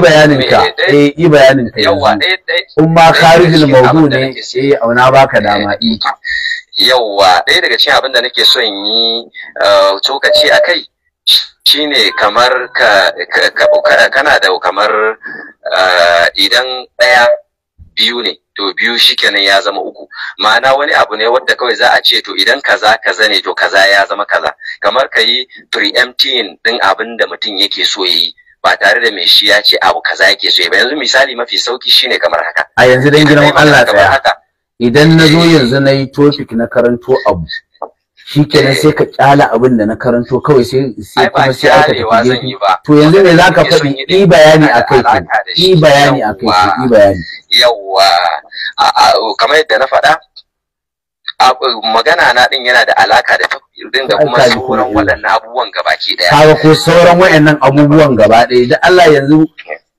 bayanin ka eh, eh yi bayanin ka yawa in ma kharijul mawdu ne eh auna baka dama eh, eh. yawa ɗaya daga cikin abin da nake son yi eh, tokaci a kai shine kamar ka kana da kamar idan ɗaya biyu ne to biyu shikenan ya zama uku ma'ana wani abu ne wadda kawai za a ce to idan kaza kaza ne to kaza ya zama kaza kamar ka yi preempting din abin da mutum yake so ya yi ba tare da mai shi ya ce abu kaza yake so ba yanzu misali mafi sauki shine kamar haka a yanzu dan gidan Allah tsaya idan na zo eh. yanzu na yi topic na karanto abu shi kenan eh. sai ka kyala abin da na karanto kawai sai sai kuma sai aka tafi gefe to yanzu me zaka faɗi yi bayani akai ki yi bayani akai ki yi bayani yawa kamar yadda na faɗa magana na din yana da alaka da tafiyar da kuma sauran waɗannan abubuwan gabaki daya kaga ko sauran waɗannan abubuwan gaba ɗaya da Allah yanzu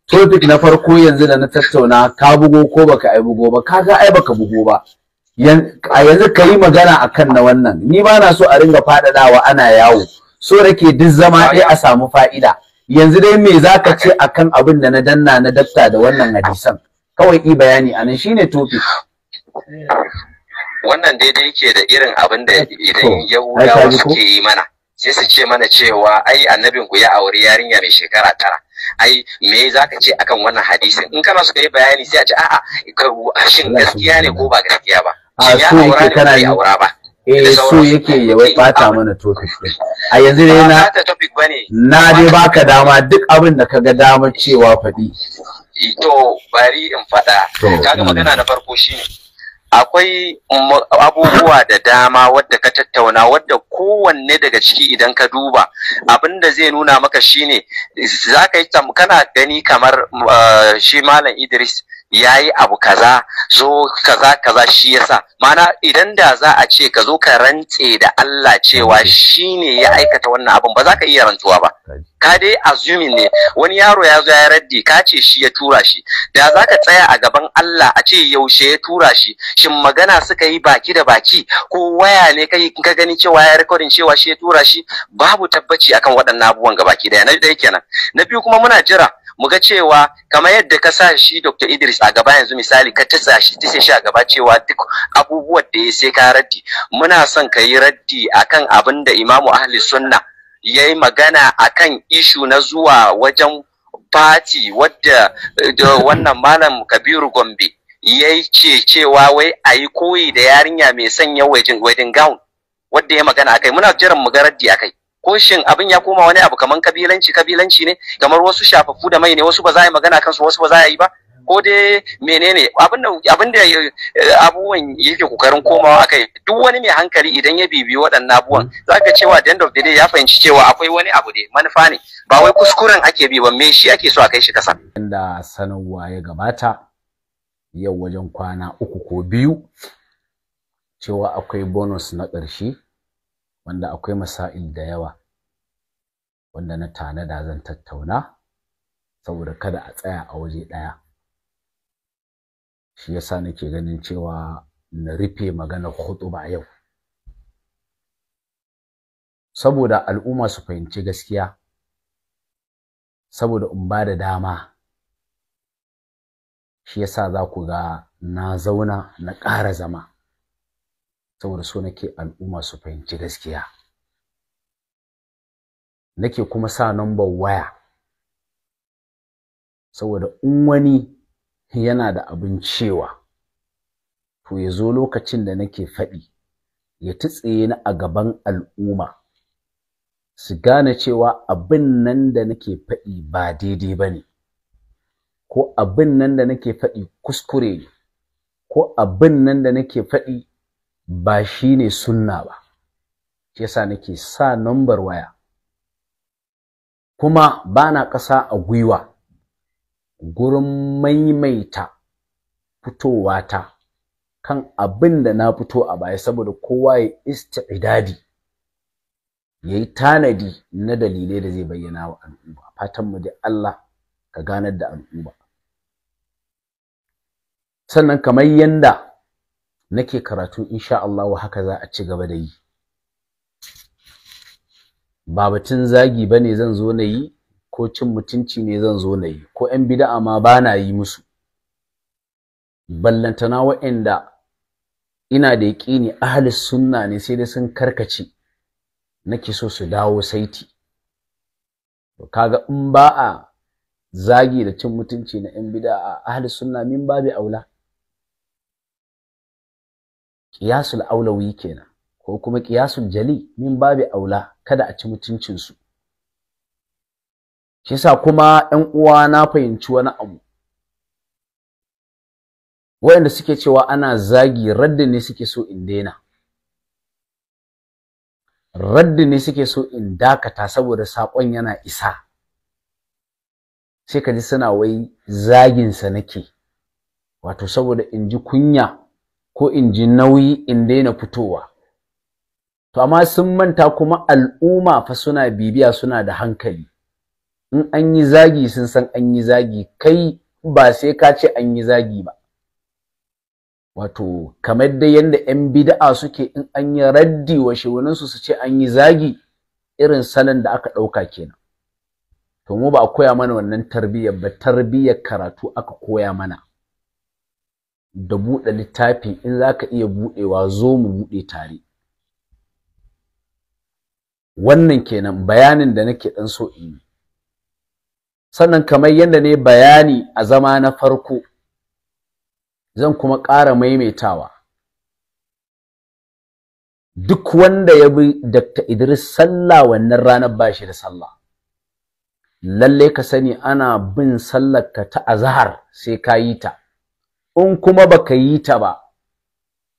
topic na farko yanzu da na tattauna ka bugo ko baka ai bugo ba kaga ai baka bugo ba a yanzu ka yi magana a kan na wannan ni ba na so a ringa faɗaɗawa ana yawo so rake duk zama ɗaya a samu fa'ida yanzu dai me za ka ce a kan abin da na danna na dafta da wannan hadisan kawai i bayani anan shine topic wannan daidai yake da irin abin da idan yahudawa suke yi mana sai su ce mana cewa ai annabin ku ya auri yarinya mai shekara tara ai me za ka ce akan wannan hadisin in kana so ka yi bayani sai a ce a'a shin gaskiya ne ko ba gaskiya ba shin ya aura ne ko ya aura ba eh so yake ya wai bata mana topic din a yanzu dai na na dai baka dama duk abin da kaga dama cewa faɗi to bari in faɗa kaga magana na farko shine akwai abubuwa da dama wadda ka tattauna wadda kowanne daga ciki idan ka duba abin da zai nuna maka shine za ka yi kana gani kamar ah, shi malam idris Ya yi abu kaza zo kaza kaza shi yasa mana idan da za a ce ka zo ka rantse da Allah cewa shi ne ya aikata wannan abin ba za ka iya rantuwa ba ka dai assuming ne wani yaro ya zo ya raddi ka ce shi ya tura shi da za ka tsaya a gaban Allah a ce yaushe ya tura shi shin magana suka yi baki da baki ko waya ne kai ka gani cewa ya rikodin cewa shi ya tura shi babu tabbaci akan waɗannan abubuwan gabaki daya na kenan na biyu kuma muna jira mu ga cewa kamar yadda ka sa shi Dr. Idris a gaba yanzu misali ka tisa shi tisa shi a gaba cewa duk abubuwan da ya sai ka raddi muna son ka yi raddi akan abin da Imamu Ahli Sunna ya yi magana akan ishu na zuwa wajen fati wadda wannan malam Kabiru Gombe ya ce cewa wai a yi koyi da yarinya mai sanya wedding gown wadda ya magana akai muna jiran mu ga raddi akai ko shin abin ya koma wani abu kamar kabilanci kabilanci ne kamar wasu shafaffu da mai ne wasu ba za a yi magana kansu wasu ba za a yi ba ko dai menene abin da eh, abubuwan yake kokarin komawa a kai? duk wani mai hankali idan ya bibiyi waɗannan abubuwan zaka cewa at the end of the day ya fahimci cewa akwai wani abu ne manufa ne ba wai kuskuren ake bi ba me shi ake so a kai shi kasa da sanarwa ya gabata yau wajen kwana uku ko biyu cewa akwai bonus na ƙarshe wanda akwai masa'il da yawa wanda na tanada zan tattauna saboda kada a tsaya a waje ɗaya shi yasa nake ganin cewa na rufe maganar ba yau saboda al'umma su fahimci gaskiya saboda in ba da dama shi yasa za ku ga na zauna na ƙara zama saboda so nake al'umma su fahimci gaskiya nake kuma sa number waya saboda in wani yana da abin cewa to ya zo lokacin da nake faɗi ya tsaye ni a gaban al'umma su gane cewa abin nan da nake faɗi ba daidai ba ne ko abin nan da nake faɗi kuskure ne ko abin nan da nake faɗi ba shi ne sunna ba shi yasa nake sa nambar waya kuma ba na ƙasa a gwiwa gurin maimaita fitowata kan abin da na fito a baya saboda kowa ya isti'dadi ya yi tanadi na dalilai da zai bayyana wa al'umma fatan mu da Allah ka ganar da al'umma sannan kamar yanda nake karatu insha Allah haka za a ci gaba da yi ba batun zagi bane zan zo na yi ko cin mutunci ne zan zo na yi ko 'yan bida'a ma ba na yi musu ballantana wa'anda ina da yaƙini ahlus sunna ne sai dai sun karkace nake so su dawo saiti To kaga in ba a zagi da cin mutunci na 'yan bida'a ahlus sunna min babu aula Ƙiyasul aulawi kenan ko kuma ƙiyasul jali min babi aula kada a ci mutuncinsu. su kisa kuma ‘yan uwa na fahimci wani abu. Waɗanda suke cewa ana zagi raddi ne suke so in daina. Raddi ne suke so in dakata saboda saƙon yana isa. Sai ka ji suna wai zaginsa nake, wato saboda in ji kunya ko in ji nauyi in daina fitowa to amma sun manta kuma al'umma fa suna bibiya suna da hankali in an yi zagi sun san an yi zagi kai ba sai ka ce an yi zagi ba wato kamar dai yadda 'yan bida'a suke in an yi raddi wa shewaninsu su ce an yi zagi irin salon da aka ɗauka kenan to mu ba a koya mana wannan tarbiyyar ba tarbiyyar karatu aka koya mana da buɗe littafi in za ka iya buɗewa zo mu buɗe tare wannan kenan bayanin da nake ɗan so in yi sannan kamar yadda ne bayani a zama na farko zan kuma ƙara maimaitawa duk wanda ya bi dakta Idris sallah wannan ranar ba shi da sallah lallai ka sani ana bin sallar ta azhar sai ka yi ta in kuma baka yi ta ba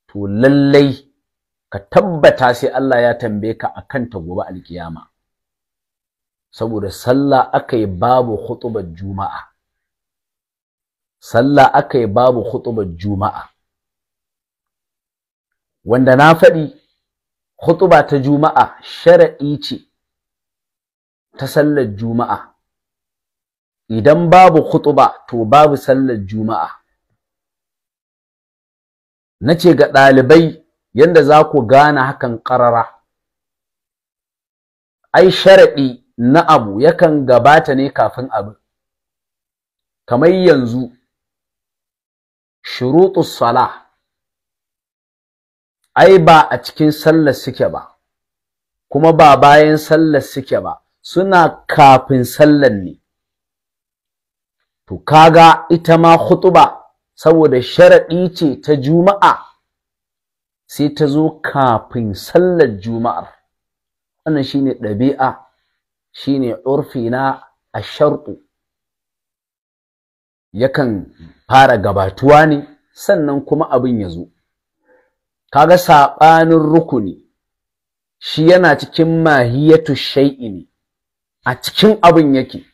to lallai ka tabbata sai Allah ya tambaye ka a kanta gobe alkiyama saboda sallah akai babu hutubar juma'a sallah akai babu hutubar juma'a wanda na faɗi hutuba ta juma'a shara'i ce ta sallar juma'a idan babu hutuba, to babu sallar juma'a na ce ga ɗalibai yadda za ku gane hakan ƙarara ai sharaɗi na abu yakan gabata ne kafin abu kamar yanzu shurutus sala ai ba a cikin sallar suke ba kuma ba bayan sallar suke ba suna kafin sallar ne to kaga ita ma khutuba saboda sharaɗi ce ta juma'a sai ta zo kafin sallar juma'ar wannan shine ɗabi'a shine urfi na a sharɗu yakan fara gabatuwa ne sannan kuma abin ya zo kaga saɓanin rukuni shi yana cikin mahiyatu shai'i ne a cikin abin yake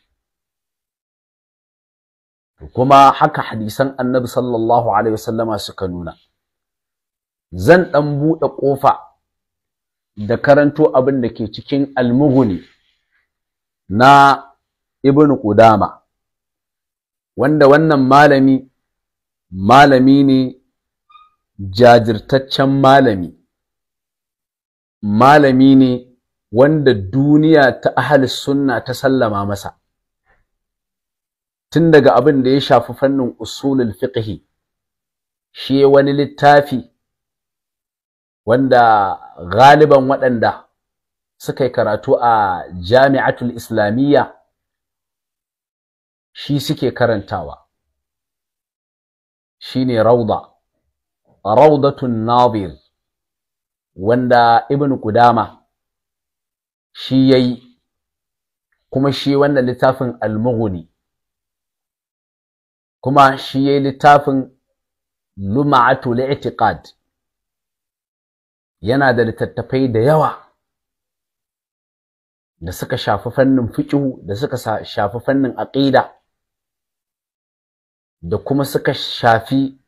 kuma haka hadisan annabi sallallahu alaihi wasallama suka nuna zan dan bude ƙofa da karanto abin da ke cikin almughni na ibn qudama wanda wannan malami malami ne jajirtaccen malami malami ne wanda duniya ta ahli sunna ta sallama masa tun daga abin da ya shafi fannin usulul fiqhi shi wani littafi wanda galiban waɗanda suka yi karatu a jami'atul islamiyya shi suke karantawa shine rauda raudatun nadir wanda ibn kudama shi yayi kuma shi wannan littafin al-mughni kuma shi yi littafin luma'atul i'tiqad yana da littattafai da yawa da suka shafi fannin fiqhu da suka shafi fannin aƙida, da kuma suka shafi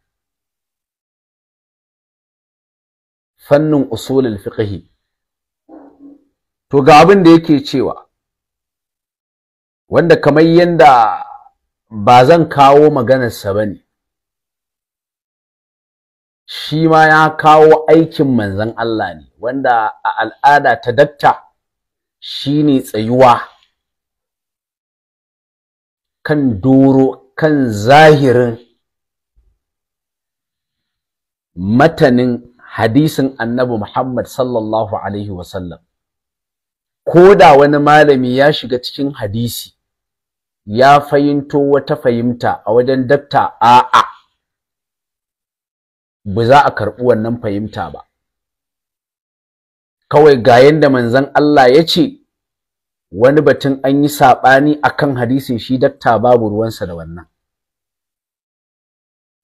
fannin usulin fiqhi to ga abin da yake cewa wanda kamar yanda ba zan kawo maganarsa ba ne shi ma ya kawo aikin Manzon Allah ne wanda a al'ada ta dakta shi ne tsayuwa kan doro kan zahirin matanin hadisin annabi Muhammad sallallahu Alaihi wasallam ko da wani malami ya shiga cikin hadisi ya fahimto wata fahimta a wajen dakta a'a ba za a karɓi wannan fahimta ba kawai ga yanda manzon Allah ya ce wani batun an yi saɓani akan hadisin shi dakta babu ruwansa da wannan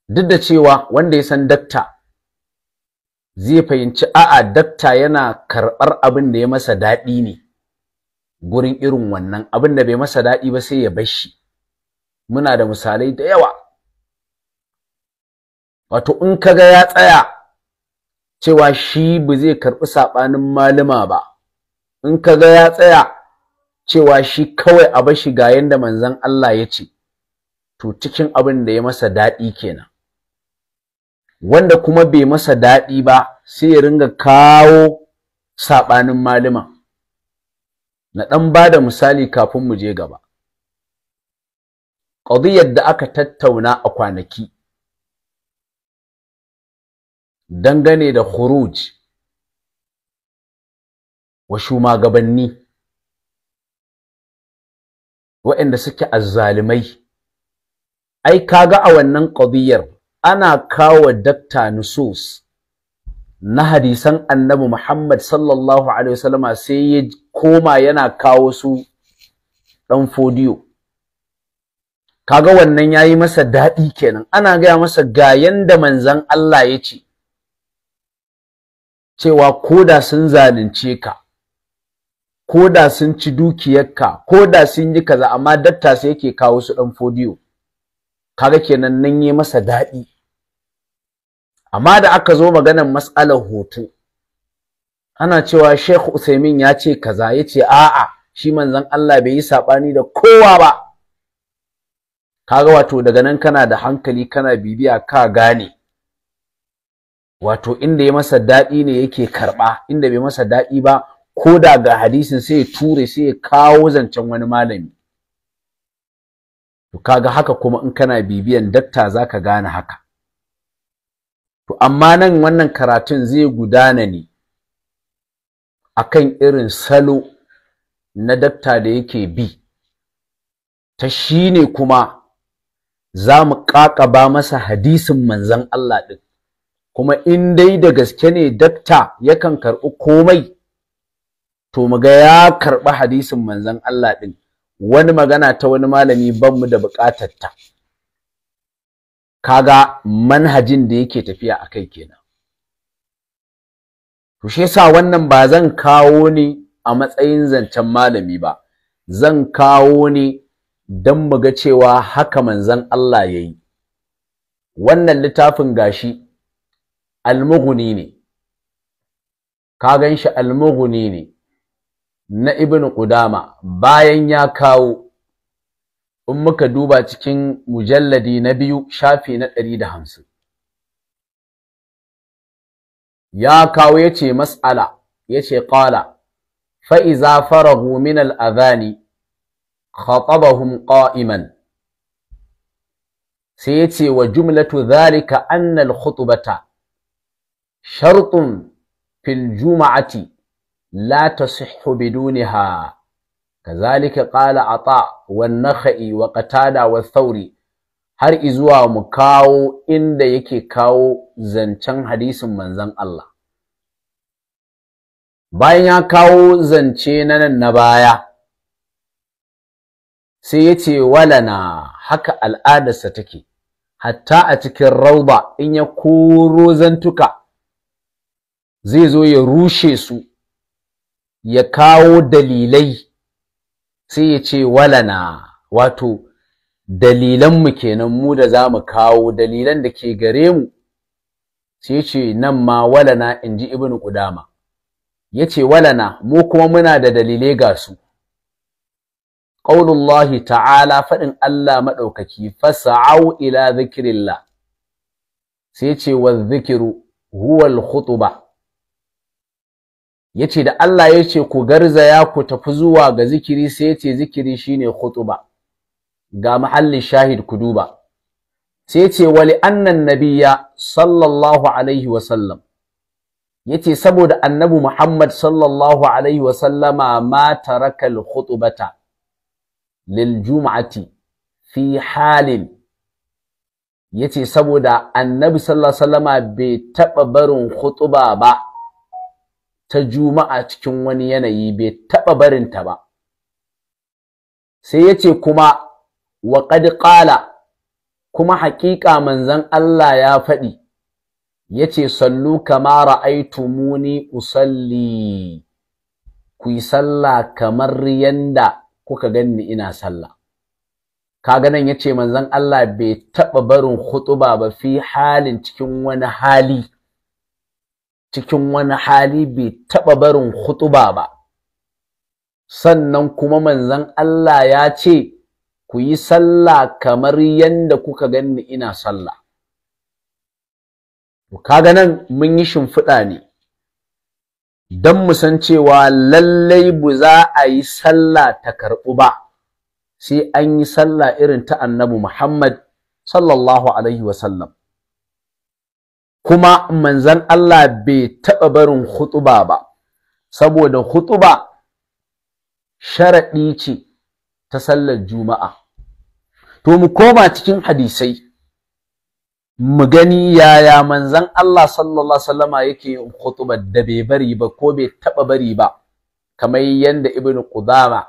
duk da cewa wanda ya san dakta zai fahimci a'a dakta yana karɓar abin da ya masa daɗi ne gurin irin wannan abin da bai masa daɗi ba sai ya bar shi muna da misalai da yawa wato in kaga ya tsaya cewa shi ba zai karɓi saɓanin malama ba in kaga ya tsaya cewa shi kawai a bashi ga yanda manzon Allah ya ce to cikin abin da ya masa daɗi kenan wanda kuma bai masa daɗi ba sai ya ringa kawo saɓanin malama na ɗan ba da misali kafin mu je gaba ƙadiyar da aka tattauna a kwanaki dangane da khuruj wa shuma gabanni, waɗanda suke azzalumai ai kaga a wannan ƙadiyar ana kawo dakta nusus na hadisan annabi Muhammad sallallahu alaihi wasallama sai ya koma yana kawo su dan fodiyo kaga wannan yayi masa daɗi kenan ana gaya masa ga yanda manzon Allah ya ce cewa koda sun zalunce ka koda sun ci dukiyarka koda sun yi kaza amma datta sai yake kawo su dan fodiyo kaga kenan nan yayi masa daɗi amma da aka zo maganar matsalar hoto ana cewa Sheikh Usaimin ya ce kaza ya ce a'a shi manzon Allah bai yi sabani da kowa ba kaga wato daga nan kana da hankali kana bibiya ka gane wato inda ya masa daɗi ne yake karɓa inda bai masa daɗi ba ko da ga hadisin sai ya ture sai ya kawo zancen wani malami to kaga haka kuma in kana bibiyan dakta zaka gane haka to amma nan wannan karatun zai gudana ne a kan irin salo na dakta da yake bi ta shi ne kuma za mu ƙaƙaba masa hadisin manzan Allah ɗin kuma in dai da gaske ne dakta yakan karɓi komai to mu ga ya karɓi hadisin manzan Allah ɗin wani magana ta wani malami ban mu da buƙatar ta kaga manhajin da yake tafiya a kai kenan to shi yasa wannan ba zan kawo ni a matsayin zancen malami ba zan kawo ni don mu ga cewa haka manzon Allah ya yi wannan littafin gashi almughni ne ka gan shi almughni ne na Ibnu qudama bayan ya kawo in muka duba cikin mujalladi na biyu shafi na ɗari da hamsin ya kawo ya ce mas'ala ya ce ƙala fa'iza faragu min al'adhani khatabahum qa'iman sai ya ce wa jumlatu zalika annal khutubata shartun fil juma'ati la tasihhu biduniha kazalika qala ata wan nakhai wa qatada wa thauri har izuwa mu kawo inda yake kawo zancen hadisin manzon Allah bayan ya kawo zance na nan na baya sai ya haka al'adarsa take hatta a cikin rauba, in ya koro zantuka zai zo ya rushe su ya kawo dalilai sai ya ce walana wato dalilanmu kenan mu da za mu kawo dalilan da ke gare mu sai ya ce nan ma walana in ji ibn kudama ya ce walana mu kuma muna da dalilai ga su ƙaunullahi ta'ala faɗin Allah maɗaukaki fasa'au ila zikirillah sai ce wa zikiru huwal khutuba Ya ce da Allah ya ce ku garzaya ku tafi zuwa ga zikiri sai ce zikiri shi shine khutba ga mahallin shahid ku duba sai ce wali annan Nabiya sallallahu alaihi wa sallam ce saboda annabi Muhammad sallallahu alaihi wa sallama ma tarakal khutbata lil jum'ati fi halin ce saboda annabi sallallahu alaihi wasallama bai taɓa barin khutuba ba ta juma'a cikin wani yanayi bai taɓa barinta ba sai ya ce kuma wa ƙala. kuma haƙiƙa manzon Allah ya faɗi ya ce sallu kama ra'aitumuni usalli ku yi sallah kamar yanda kuka ganni ina sallah kaga nan yace manzon Allah bai taɓa barin khutuba ba fi halin cikin wani hali cikin wani hali bai taɓa barin hutuba ba sannan kuma manzon Allah ya ce ku yi sallah kamar yanda kuka ganni ina sallah to kaga nan mun yi shimfiɗa ne don mu san cewa lallai bu za a yi sallah ta karɓu ba sai an yi sallah irin ta annabi Muhammad sallallahu alaihi wasallam kuma manzan Allah bai taɓa barin hutuba ba saboda hutuba sharaɗi ce ta sallar juma'a to mu koma cikin hadisai mu gani yaya manzan Allah sallallahu salama yake yin hutubar da bai bari ba ko bai taɓa bari ba kamar yadda ibnu qudama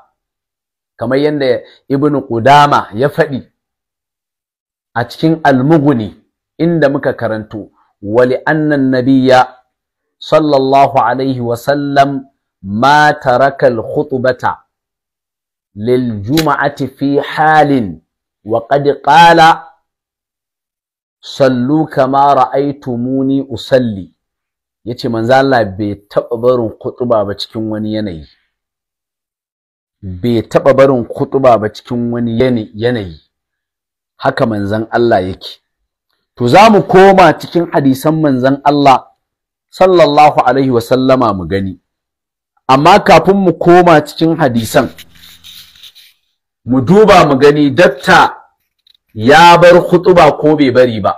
kamar yadda Ibn qudama ya faɗi a cikin almuguni inda muka karanto ولأن النبي صلى الله عليه وسلم ما ترك الخطبة للجمعة في حال وقد قال sallu kama ra'aitumuni usalli yace manzo Allah bai taba barin kutuba ba cikin wani yanayi bai taba barin kutuba ba cikin wani yanayi haka manzon Allah yake to za mu koma cikin hadisan manzan Allah sallallahu alaihi wasallama mu gani amma kafin mu koma cikin hadisan mu duba mu gani datta ya bar khutuba ko bai bari ba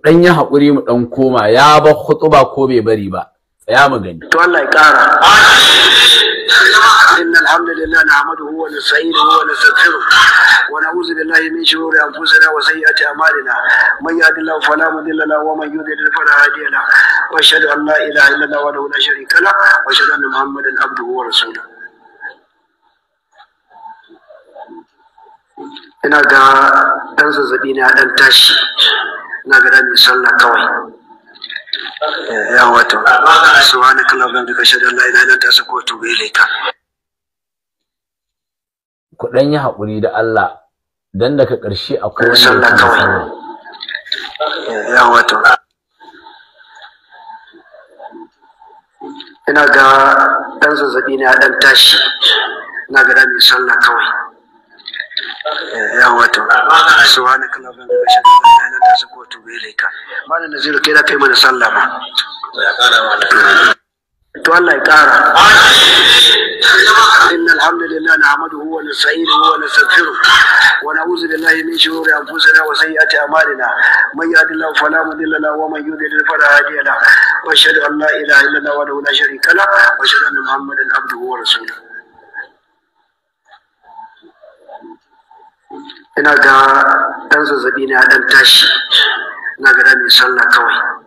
Ɗan yi haƙuri mu ɗan koma ya bar khutuba ko bai bari ba tsaya mu gani Allah ya ƙara نحمده ونستعينه ونستغفره ونعوذ بالله من شرور انفسنا وسيئات اعمالنا من يهد الله فلا مضل له ومن يضلل فلا هادي له واشهد ان لا اله الا الله وحده لا شريك له واشهد ان محمدا عبده ورسوله ina ga dan zazzabi na dan tashi ina ga dan sallah kawai yawa to subhanakallahumma wa bihamdika ashhadu an la ilaha illa anta astaghfiruka wa atubu ilayka ku dan yi haƙuri da Allah dan daga ƙarshe akwai wani da kawai ya wato ina ga dan zazzabi ne a dan tashi ina ga dan sallah kawai ya wato subhanaka allahumma wa bihamdika la ilaha illa anta astaghfiruka wa atubu ilayka malam naziru kai da kai mana sallah ma to Allah ya ƙara إن الحمد لله نحمده ونستعينه ونستغفره ونعوذ بالله من شرور أنفسنا وسيئات أعمالنا من يهد الله فلا مضل له ومن يضلل فلا هادي له وأشهد أن لا إله إلا الله وحده لا شريك له وأشهد أن محمدا عبده ورسوله ina ga ɗan zazzaɓi ne a ɗan tashi ina ga ɗan sallah kawai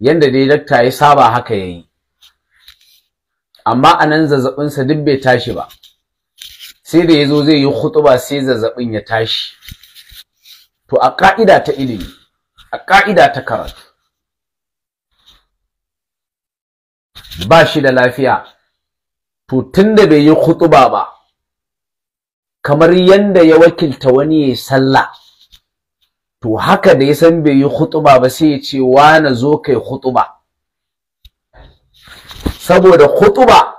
yanda dai dakta ya saba haka ya yi amma a nan zazzaɓinsa duk bai tashi ba sai da ya zo zai yi hutuba sai zazzabin ya tashi to a ƙa'ida ta ilimi a ƙa'ida ta karatu ba shi da lafiya to tun da bai yi hutuba ba kamar yanda ya wakilta wani ya sallah to haka da ya san bai yi hutuba ba sai ya ce wa na zo kai hutuba saboda hutuba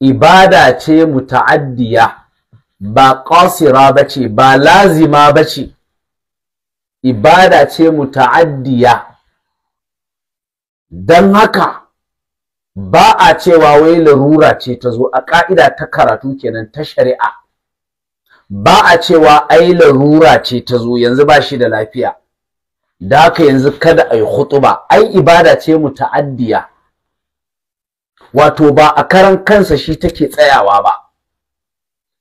ibada ce muta'addiya ba qasira bace ba lazima bace ibada ce muta'addiya dan haka ba a cewa wai larura ce ta zo a ka'ida ta karatu kenan ta shari'a ba a cewa ai larura ce ta zo yanzu ba shi da lafiya da haka yanzu kada ai ba, ai ibada ce mu ta'addiya. wato ba a karan kansa shi take tsayawa ba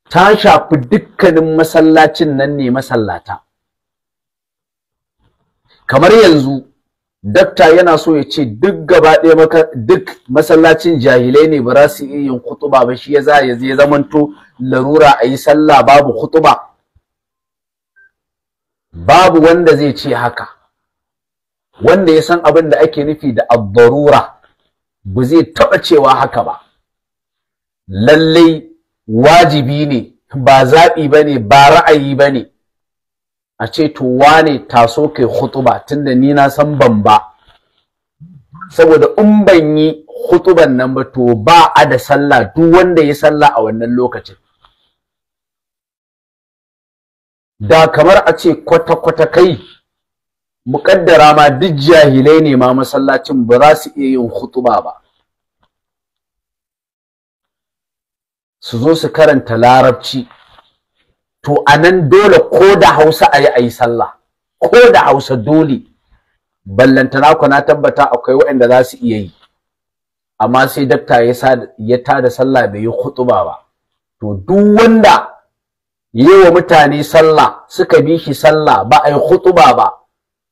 ta shafi dukkanin masallacin nan ne masallata kamar yanzu dakta yana so ya ce duk gaba ɗaya maka duk masallacin jahilai ne ba za su iya yin kutuba ba shi ya za ya zai zamanto larura a yi sallah babu kutuba babu wanda zai ce haka wanda ya san abin da ake nufi da abbarura ba zai taɓa cewa haka ba lallai wajibi ne ba zaɓi ba ne ba ra'ayi ba ne a ce to wane taso kai hutuba tunda ni na san ban ba saboda in ban yi khutuban nan ba to ba a da sallah duk wanda ya sallah a wannan lokacin da kamar a ce kwata-kwata kai muƙaddara ma duk jahilai ne ma masallacin ba za su iya yin hutuba ba su zo su karanta larabci to a nan dole ko da Hausa ayi ayi sallah ko da Hausa dole ballantana ku na tabbata akwai waɗanda za su iya yi amma sai dakta ya tada sallah bai yi khutuba ba to duk wanda yi wa mutane sallah suka bi shi sallah ba a yi khutuba ba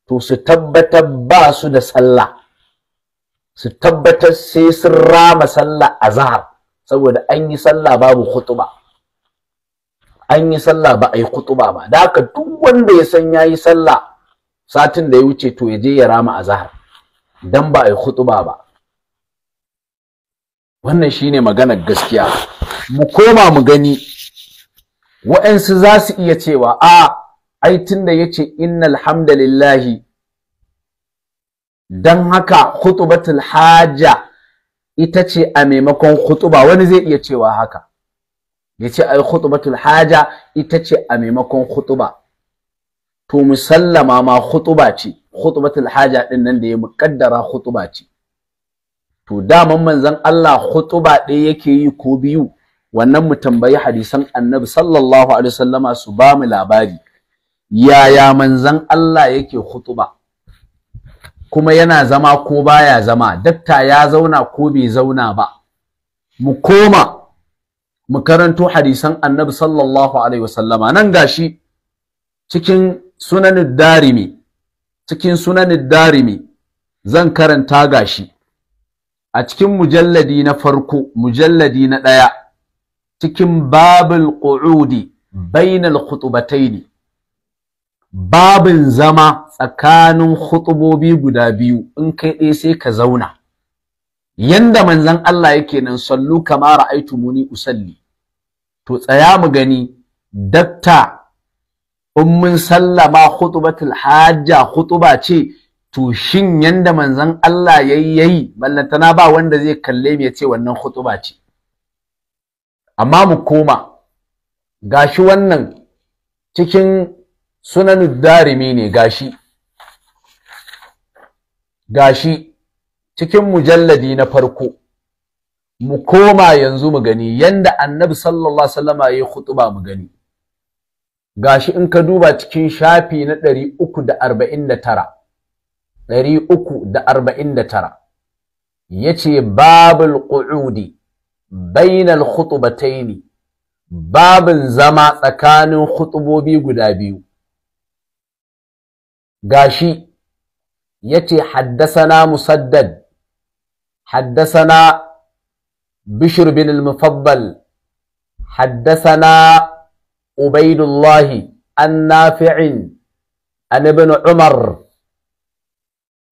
to su tabbatar ba su da sallah su tabbatar sai sun rama sallah a zahar saboda an yi sallah babu khutuba an yi sallah ba a yi kutuba ba da haka duk wanda ya san ya yi sallah satin da ya wuce to ya je ya rama zahar, dan ba a yi kutuba ba wannan shine maganar gaskiya mu koma mu gani wa'ansu za su iya cewa a ai tunda yace inna alhamdulillahi, dan haka khutubatul haja ita ce a maimakon khutuba wani zai iya cewa haka yace ai khutbatul haja ita ce a maimakon khutba to musallama ma khutba ce khutbatul haja din nan da ya mukaddara khutba ce to daman manzon Allah khutba ɗaya yake yi ko biyu wannan mu tambayi hadisan annabi sallallahu alaihi wasallama su ba mu labari yaya manzon Allah yake khutba kuma yana zama ko baya zama dakta ya zauna ko bai zauna ba mu koma mu karanto hadisan annabi sallallahu alaihi wasallama nan gashi cikin sunanin darimi cikin sunanin darimi zan karanta gashi a cikin mujalladi na farko mujalladi na ɗaya cikin babul qu'udi bainal khutubataini babin zama tsakanin khutubobi guda biyu in kai ɗaya sai ka zauna yanda manzon Allah yake nan sallu kama muni usalli to tsaya mu gani datta in mun sallama khutbatul hajja khutba ce to shin yanda manzon Allah yayi yayi ballantana ba wanda zai kalle mu ya ce wannan khutba ce amma mu koma gashi wannan cikin sunanud darimi ne gashi gashi cikin mujalladi na farko mu koma yanzu mu gani yanda annabi sallallahu alaihi wasallama ya yi khutuba mu gani gashi in ka duba cikin shafi na 349 349 yace babul qu'udi bainal khutubataini babin zama tsakanin khutubobi guda biyu gashi yace haddasana musaddad haddasa na. بشر بن المفضل حدثنا عبيد الله عن نافع عن ابن عمر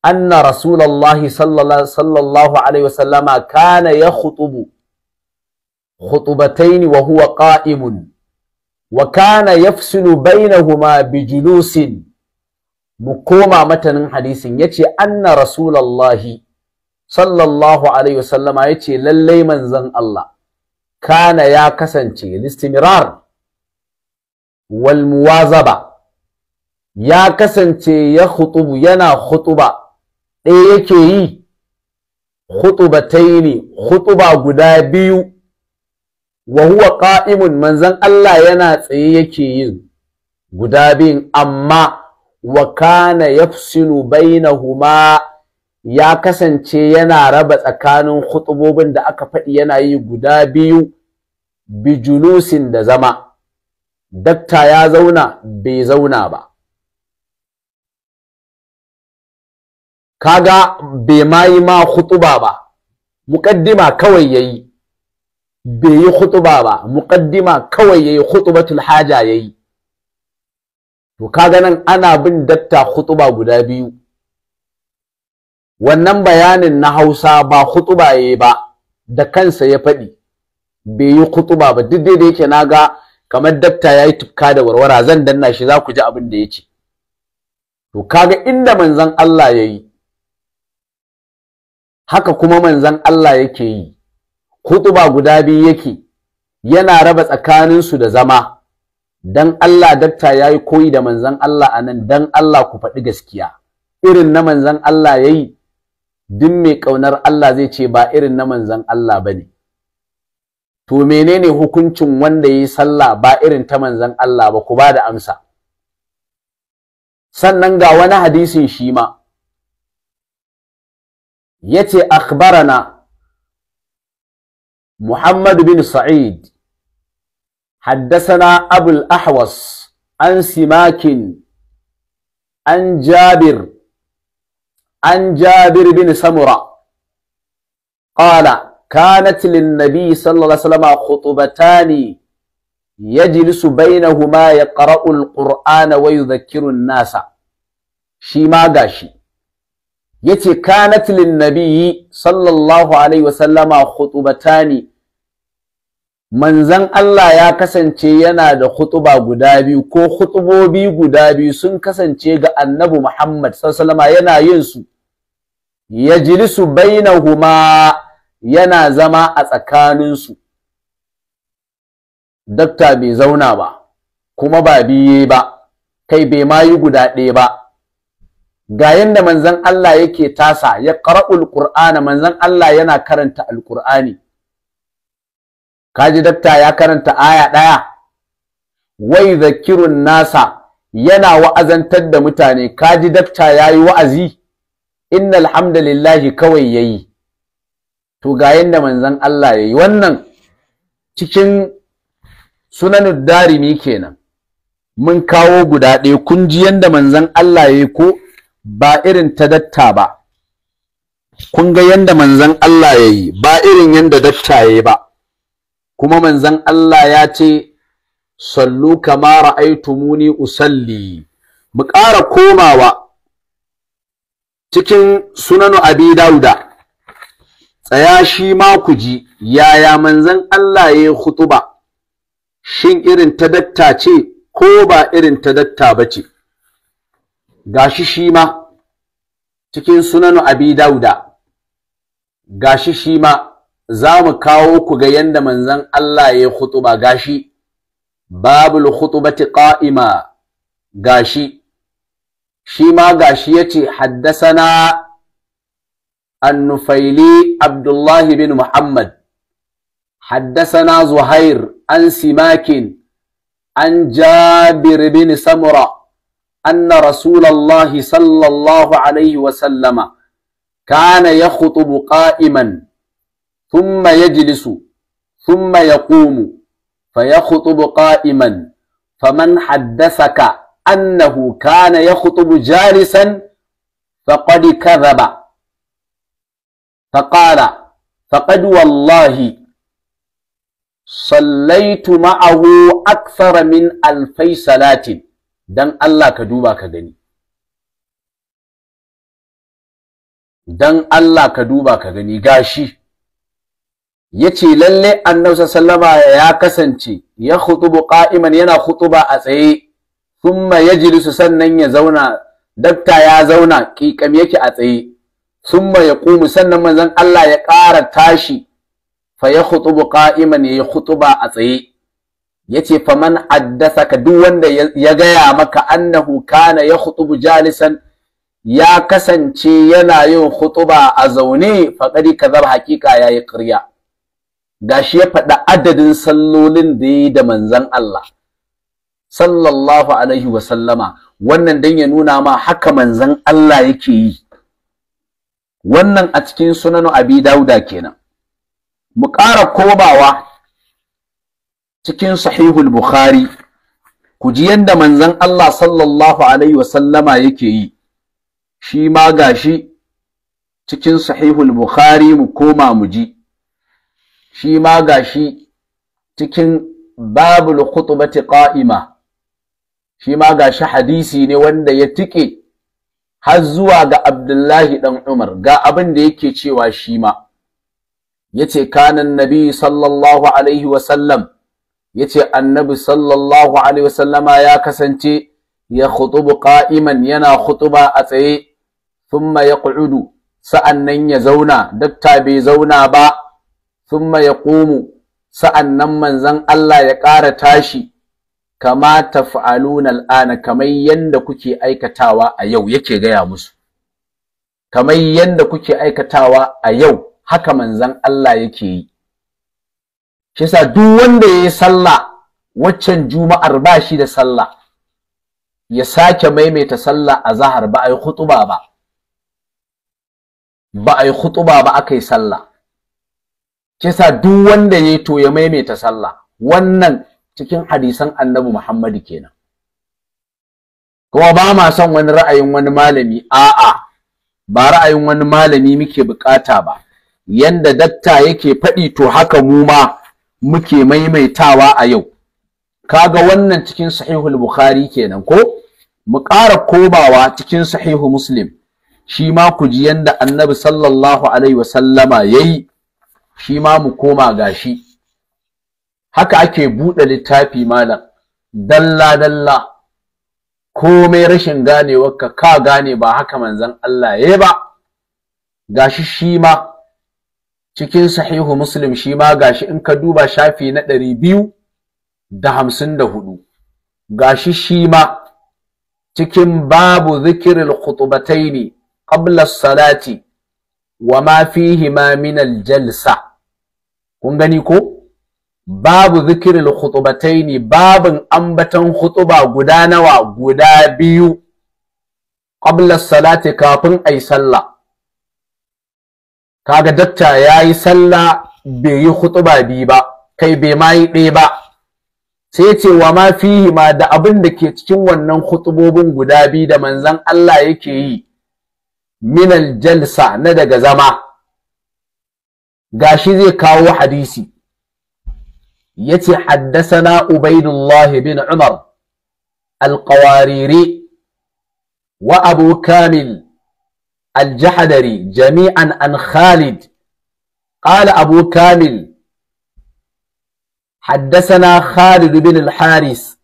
أن رسول الله صلى الله عليه وسلم كان يخطب خطبتين وهو قائم وكان يفصل بينهما بجلوس مقوما متن حديث يتي أن رسول الله sallallahu alaihi wasallama ya ce lallai manzon Allah kana ya kasance listimirar wal muwazaba ya kasance ya khutubu yana khutuba ɗaya yake yi ne khutuba guda biyu wa huwa qa'imun manzon Allah yana tsaye yake yin guda biyun amma wa kana yafsilu bainahuma ya kasance yana raba tsakanin khutubobin da aka faɗi yana yi guda biyu bijulusin da zama dakta ya zauna bai zauna ba kaga bai ma yi ma khutuba ba muqaddima kawai yayi bai yi khutuba ba muqaddima kawai yayi khutubatul haja yayi to kaga nan ana bin dakta khutuba guda biyu wannan bayanin na Hausa ba khutuba yayi ba da kansa ya faɗi bai yi khutuba ba duk da yake ga kamar dakta yayi tufka da warwara zan danna shi za ku ji abin da ya ce. to kaga inda manzon Allah yayi haka kuma manzon Allah yake yi khutuba guda biyu yake yana raba tsakaninsu da zama dan Allah dakta yayi koyi da manzan Allah anan dan Allah ku faɗi gaskiya irin na manzan Allah ya yi duk mai ƙaunar Allah zai ce ba irin na manzan Allah ba ne. To menene hukuncin wanda ya yi sallah ba irin ta manzan Allah ba ku ba da amsa. Sannan ga wani hadisin shi ma, ya ce akbarana. Muhammad bin Sa'id, Haddasa na Abul Ahwas an simakin an Jabir عن جابر بن سمرة قال كانت للنبي صلى الله عليه وسلم خطبتان يجلس بينهما يقرأ القرآن ويذكر الناس شيما غاشي yace kanat linnabi sallallahu alaihi wasallama khutbatani manzan Allah ya kasance yana da khutuba guda biyu ko khutubobi guda biyu sun kasance ga Annabu Muhammad sallallahu yana yin su yajlisu huma yana zama a tsakaninsu dakta bai zauna ba kuma ba biye ba kai bai ma yi guda ɗaya ba ga yanda manzan Allah yake tasa ya qara'ul qur'ana Manzan Allah yana karanta alqur'ani kaji dakta ya karanta aya ɗaya wai zakirun nasa yana wa'azantar da mutane kaji dakta yayi wa'azi innal hamdalillahi kawai yayi to ga yanda manzon Allah yayi wannan cikin sunanin darimi kenan mun kawo guda ɗaya kun ji yanda manzon Allah yayi ko ba irin ta datta ba kun ga yanda manzon Allah yayi ba irin yanda datta yayi ba kuma manzan Allah ya ce sallu kama muni usalli mu ƙara komawa cikin sunanu abi dauda tsaya shi ma ku ji yaya manzan Allah ya yi khutuba shin irin ta datta ce ko ba irin ta datta ba ce gashi shi ma cikin sunanu abi dauda gashi shi ma Zamu kawo ku ga yadda manzan Allah ya khutuba gashi, babu khutubati ƙa’ima gashi, shi ma gashi ya ce haddasana annufaili Abdullahi bin Muhammad, haddasana Zuhair an simakin an jabir bin Samura, أن رسول الله صلى الله عليه وسلم كان يخطب قائماً thumma yajlisu thumma yaqumu fayakhuthubu qa'iman faman haddathaka annahu kana ka jalisan faqad kadhaba faqala فقد والله صليت معه أكثر من ألفي صلاة دان الله كدوبا كغني دان الله كدوبا كغني غاشي yace lalle annabi sallama ya kasance ya khutubu qa'iman yana khutuba a tsaye thumma yajlisu sannan ya zauna dakta ya zauna kikam yake a tsaye thumma yaqumu sannan manzon Allah ya ƙara tashi fa ya khutubu qa'iman ya khutuba a tsaye yace faman ka duk wanda ya gaya maka annahu kana ya khutubu jalisan ya kasance yana yin khutuba a zaune faqadi kazab haqiqa yayi ƙarya gashi ya faɗa adadin sallolin da yi da manzan Allah sallallahu alaihi wa sallama wannan dan ya nuna ma haka manzan Allah yake yi wannan a cikin sunan abi dauda kenan mu ƙara kobawa. cikin sahihul bukhari ku ji yanda manzon Allah sallallahu alaihi wa sallama yake yi shi ma gashi cikin sahihul bukhari mu koma mu ji shi ma gashi cikin babul khutbati qa'ima shi ma gashi hadisi ne wanda ya tike har zuwa ga Abdullahi dan Umar ga abin da yake cewa shi ma yace kanan annabi sallallahu alaihi wa sallam yace annabi sallallahu alaihi wa sallama ya kasance ya khutubu qa'iman yana khutuba a tsaye thumma yaqudu sa'annan ya zauna dakta bai zauna ba thumma yaqumu sa'annan manzan Allah ya ƙara tashi kama taf'aluna al'ana kamar yanda kuke aikatawa a yau yake gaya musu kamar yadda kuke aikatawa a yau haka manzan Allah yake yi shi duk wanda yayi sallah waccan juma'ar ba shi da sallah ya sake maimaita sallah a zahar ba a yi khutuba ba ba a yi khutuba ba aka yi sallah kisa duk wanda yayi to ya maimaita sallah wannan cikin hadisan Annabi Muhammadu kenan kuma ba ma son wani ra'ayin wani malami a'a ba ra'ayin wani malami muke bukata ba yanda datta yake faɗi to haka mu ma muke maimaitawa a yau kaga wannan cikin sahihul bukhari kenan ko mu ƙara kobawa cikin sahihu muslim shi ma ku ji yanda annabi sallallahu alaihi wasallama yayi shi ma mu koma gashi haka ake buɗe littafi malam dalla dalla komai rashin ganewarka ka gane ba haka manzon Allah yayi ba gashi shi ma cikin sahihu muslim shi ma gashi in ka duba shafi na ɗari biyu da hamsin da hudu gashi shi ma cikin babu zikirin khutbataini qabla salati wa ma fihi ma min al-jalsah kun gani ko babu zikirin zikiril ne babin ambatan khutuba guda nawa guda biyu qabla salati kafin ai sallah kaga dakta yayi sallah bai yi khutuba bi ba kai bai ma yi ɗaya ba sai cewa wa ma fihi ma da abin da ke cikin wannan khutubobin guda biyu da manzan Allah yake yi minal jalsa na daga zama gashi zai kawo hadisi yace haddathana ubaydullah bin umar alqawariri wa abu kamil aljahdari jami'an an khalid qala abu kamil حدثنا خالد بن الحارث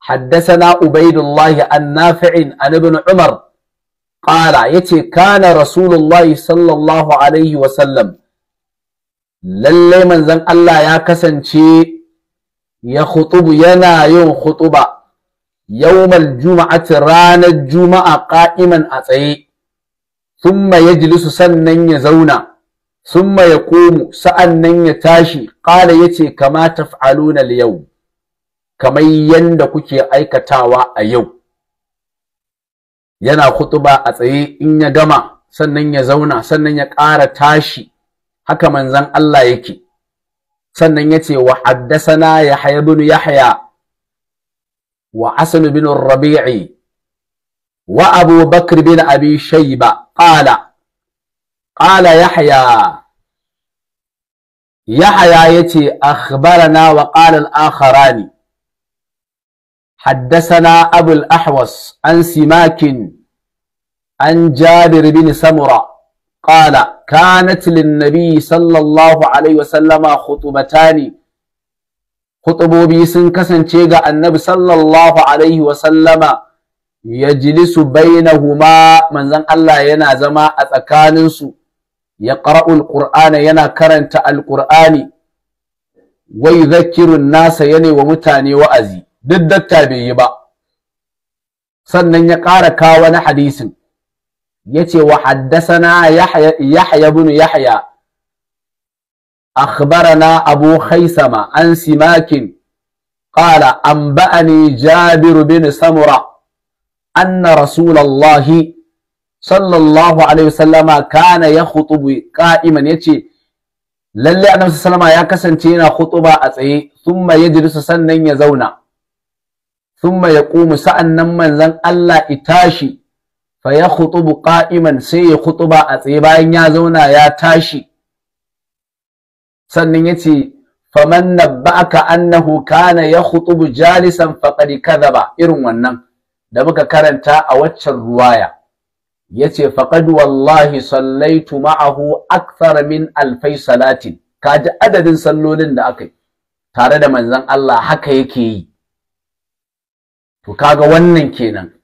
حدثنا عبيد الله النافع عن ابن عمر قال يتي كان رسول الله صلى الله عليه وسلم lalle manzon Allah ya kasance ya khutubu yana yin khutuba yawmal juma'ati ranar juma'a qa'iman a tsaye thumma yajlisu sannan ya zauna thumma yaqumu sa'annan ya tashi qala yace kama taf'aluna al-yawm kamar yanda kuke aikatawa a yau yana khutuba a tsaye in ya gama sannan ya zauna sannan ya ƙara tashi haka manzan Allah yake sannan yace wa haddathana yahya ibn yahya wa hasan ibn rabi'i wa abu bakr ibn abi shayba qala qala yahya yahya yace akhbarana wa qala al-akharani حدثنا أبو الأحوص عن سماك عن جابر بن سمرة قال كانت للنبي صلى الله عليه وسلم خطبتان خطبوبي سن كسنچe النبي صلى الله عليه وسلم يجلس بينهما من زن الله yana zama a tsakaninsu ya yaqra'u alqur'ana yana karanta Alƙur'ani. Wai zakirun nasa yana wa mutane wa'azi duk dakta bai yi ba sannan ya ƙara kawo wani hadisin yace wa haddathana yahya yahya ibn yahya akhbarana abu khaisama an simakin qala anba'ani jabir bin samura anna rasulullahi sallallahu alaihi wasallama kana yakhutubu qa'iman yace lalle annabi sallama ya kasance yana khutuba a tsaye thumma yajlisu sannan ya zauna thumma yaqumu sa'annan manzon Allah itashi fa ya khutubu qa'iman sai ya khutuba a tsaye bayan ya zauna ya tashi sannan yace faman nabba'aka annahu kana ya khutubu jalisan faƙari kadhaba irin wannan da muka karanta a waccan ruwaya yace faqad wallahi sallaitu ma'ahu akthar min alfai salatin kaji adadin sallolin da aka yi tare da manzon Allah haka yake yi to kaga wannan kenan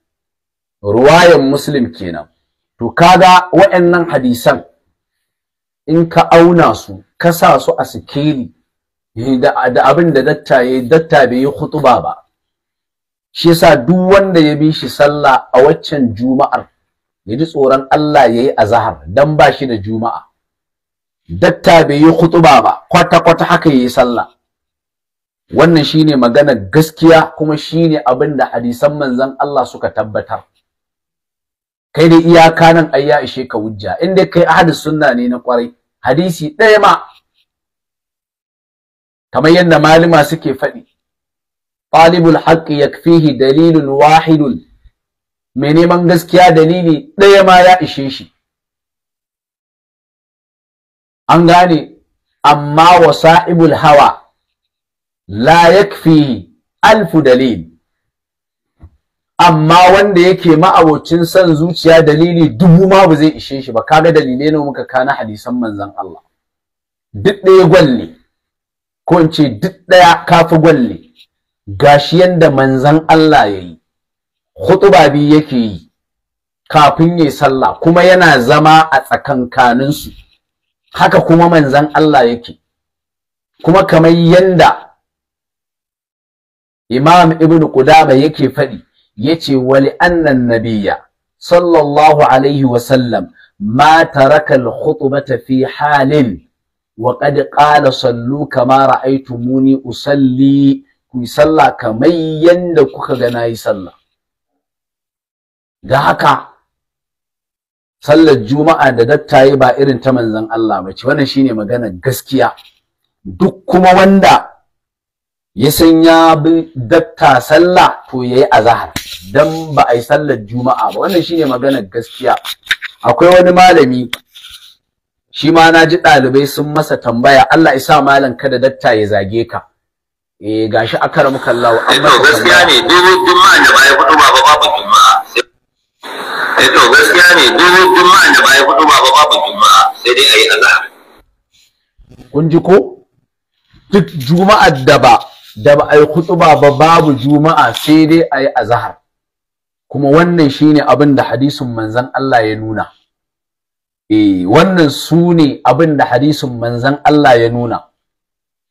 ruwayan muslim kenan to kaga wa'annan hadisan in ka auna su ka sa su a sikeli eh, da abin da datta ya datta bai yi khutuba ba shi yasa duk wanda ya bi shi sallah a waccan juma'ar ya ji tsoron Allah ya yi azahar dan ba shi da juma'a datta bai yi khutuba ba kwata kwata haka ya yi sallah wannan shine magana gaskiya kuma shine abin da hadisan manzon Allah suka tabbatar kai dai iyaka nan ai ya ishe ka hujja in dai kai ahlus sunna ne na kwarai hadisi ɗaya ma kamar yadda malima suke faɗi talibul haqqi yakfihi dalilun wahidun mai neman gaskiya dalili ɗaya ma ya ishe shi an gane amma wa sa'ibul hawa la yakfihi alfu dalil amma wanda yake ma'abocin son zuciya dalili dubu ma ba zai ishe shi ba kaga dalilai ne muka kana hadisan manzon Allah duk ɗaya gwalle ko in ce duk ɗaya kafi gwalle gashi yanda manzon Allah yayi khutuba bi yake yi kafin yayi sallah kuma yana zama a tsakankanin su haka kuma manzon Allah yake kuma kamar yanda Imam Ibn Qudama yake faɗi yace wali annan nabiyya sallallahu alaihi wa sallam ma taraka al-khutbata fi halin wa qad qala sallu kama ra'aytumuni usalli ku salla kamar yanda kuka ga nayi sallah da haka sallar juma'a da dattaye ba irin ta manzon Allah ba ce wannan shine magana gaskiya duk kuma wanda ya san ya bi datta sallah to yayi azhar dan ba a yi sallar juma'a ba wannan shine maganar gaskiya akwai wani malami shi ma na ji ɗalibai sun masa tambaya Allah ya sa malam kada datta ya zage ka eh gashi akara muka Allah an masa eh, gaskiya ne dubu juma'a da bai hudu ba babu juma'a eh to gaskiya ne dubu juma'a da bai hudu ba babu juma'a sai dai ayi azhar kun ji ko duk juma'ar da ba da ba ai khutuba ba babu juma'a sai dai ayi azhar kuma wannan shine abin da hadisin manzan Allah ya nuna eh wannan su ne abin da hadisin manzan Allah ya nuna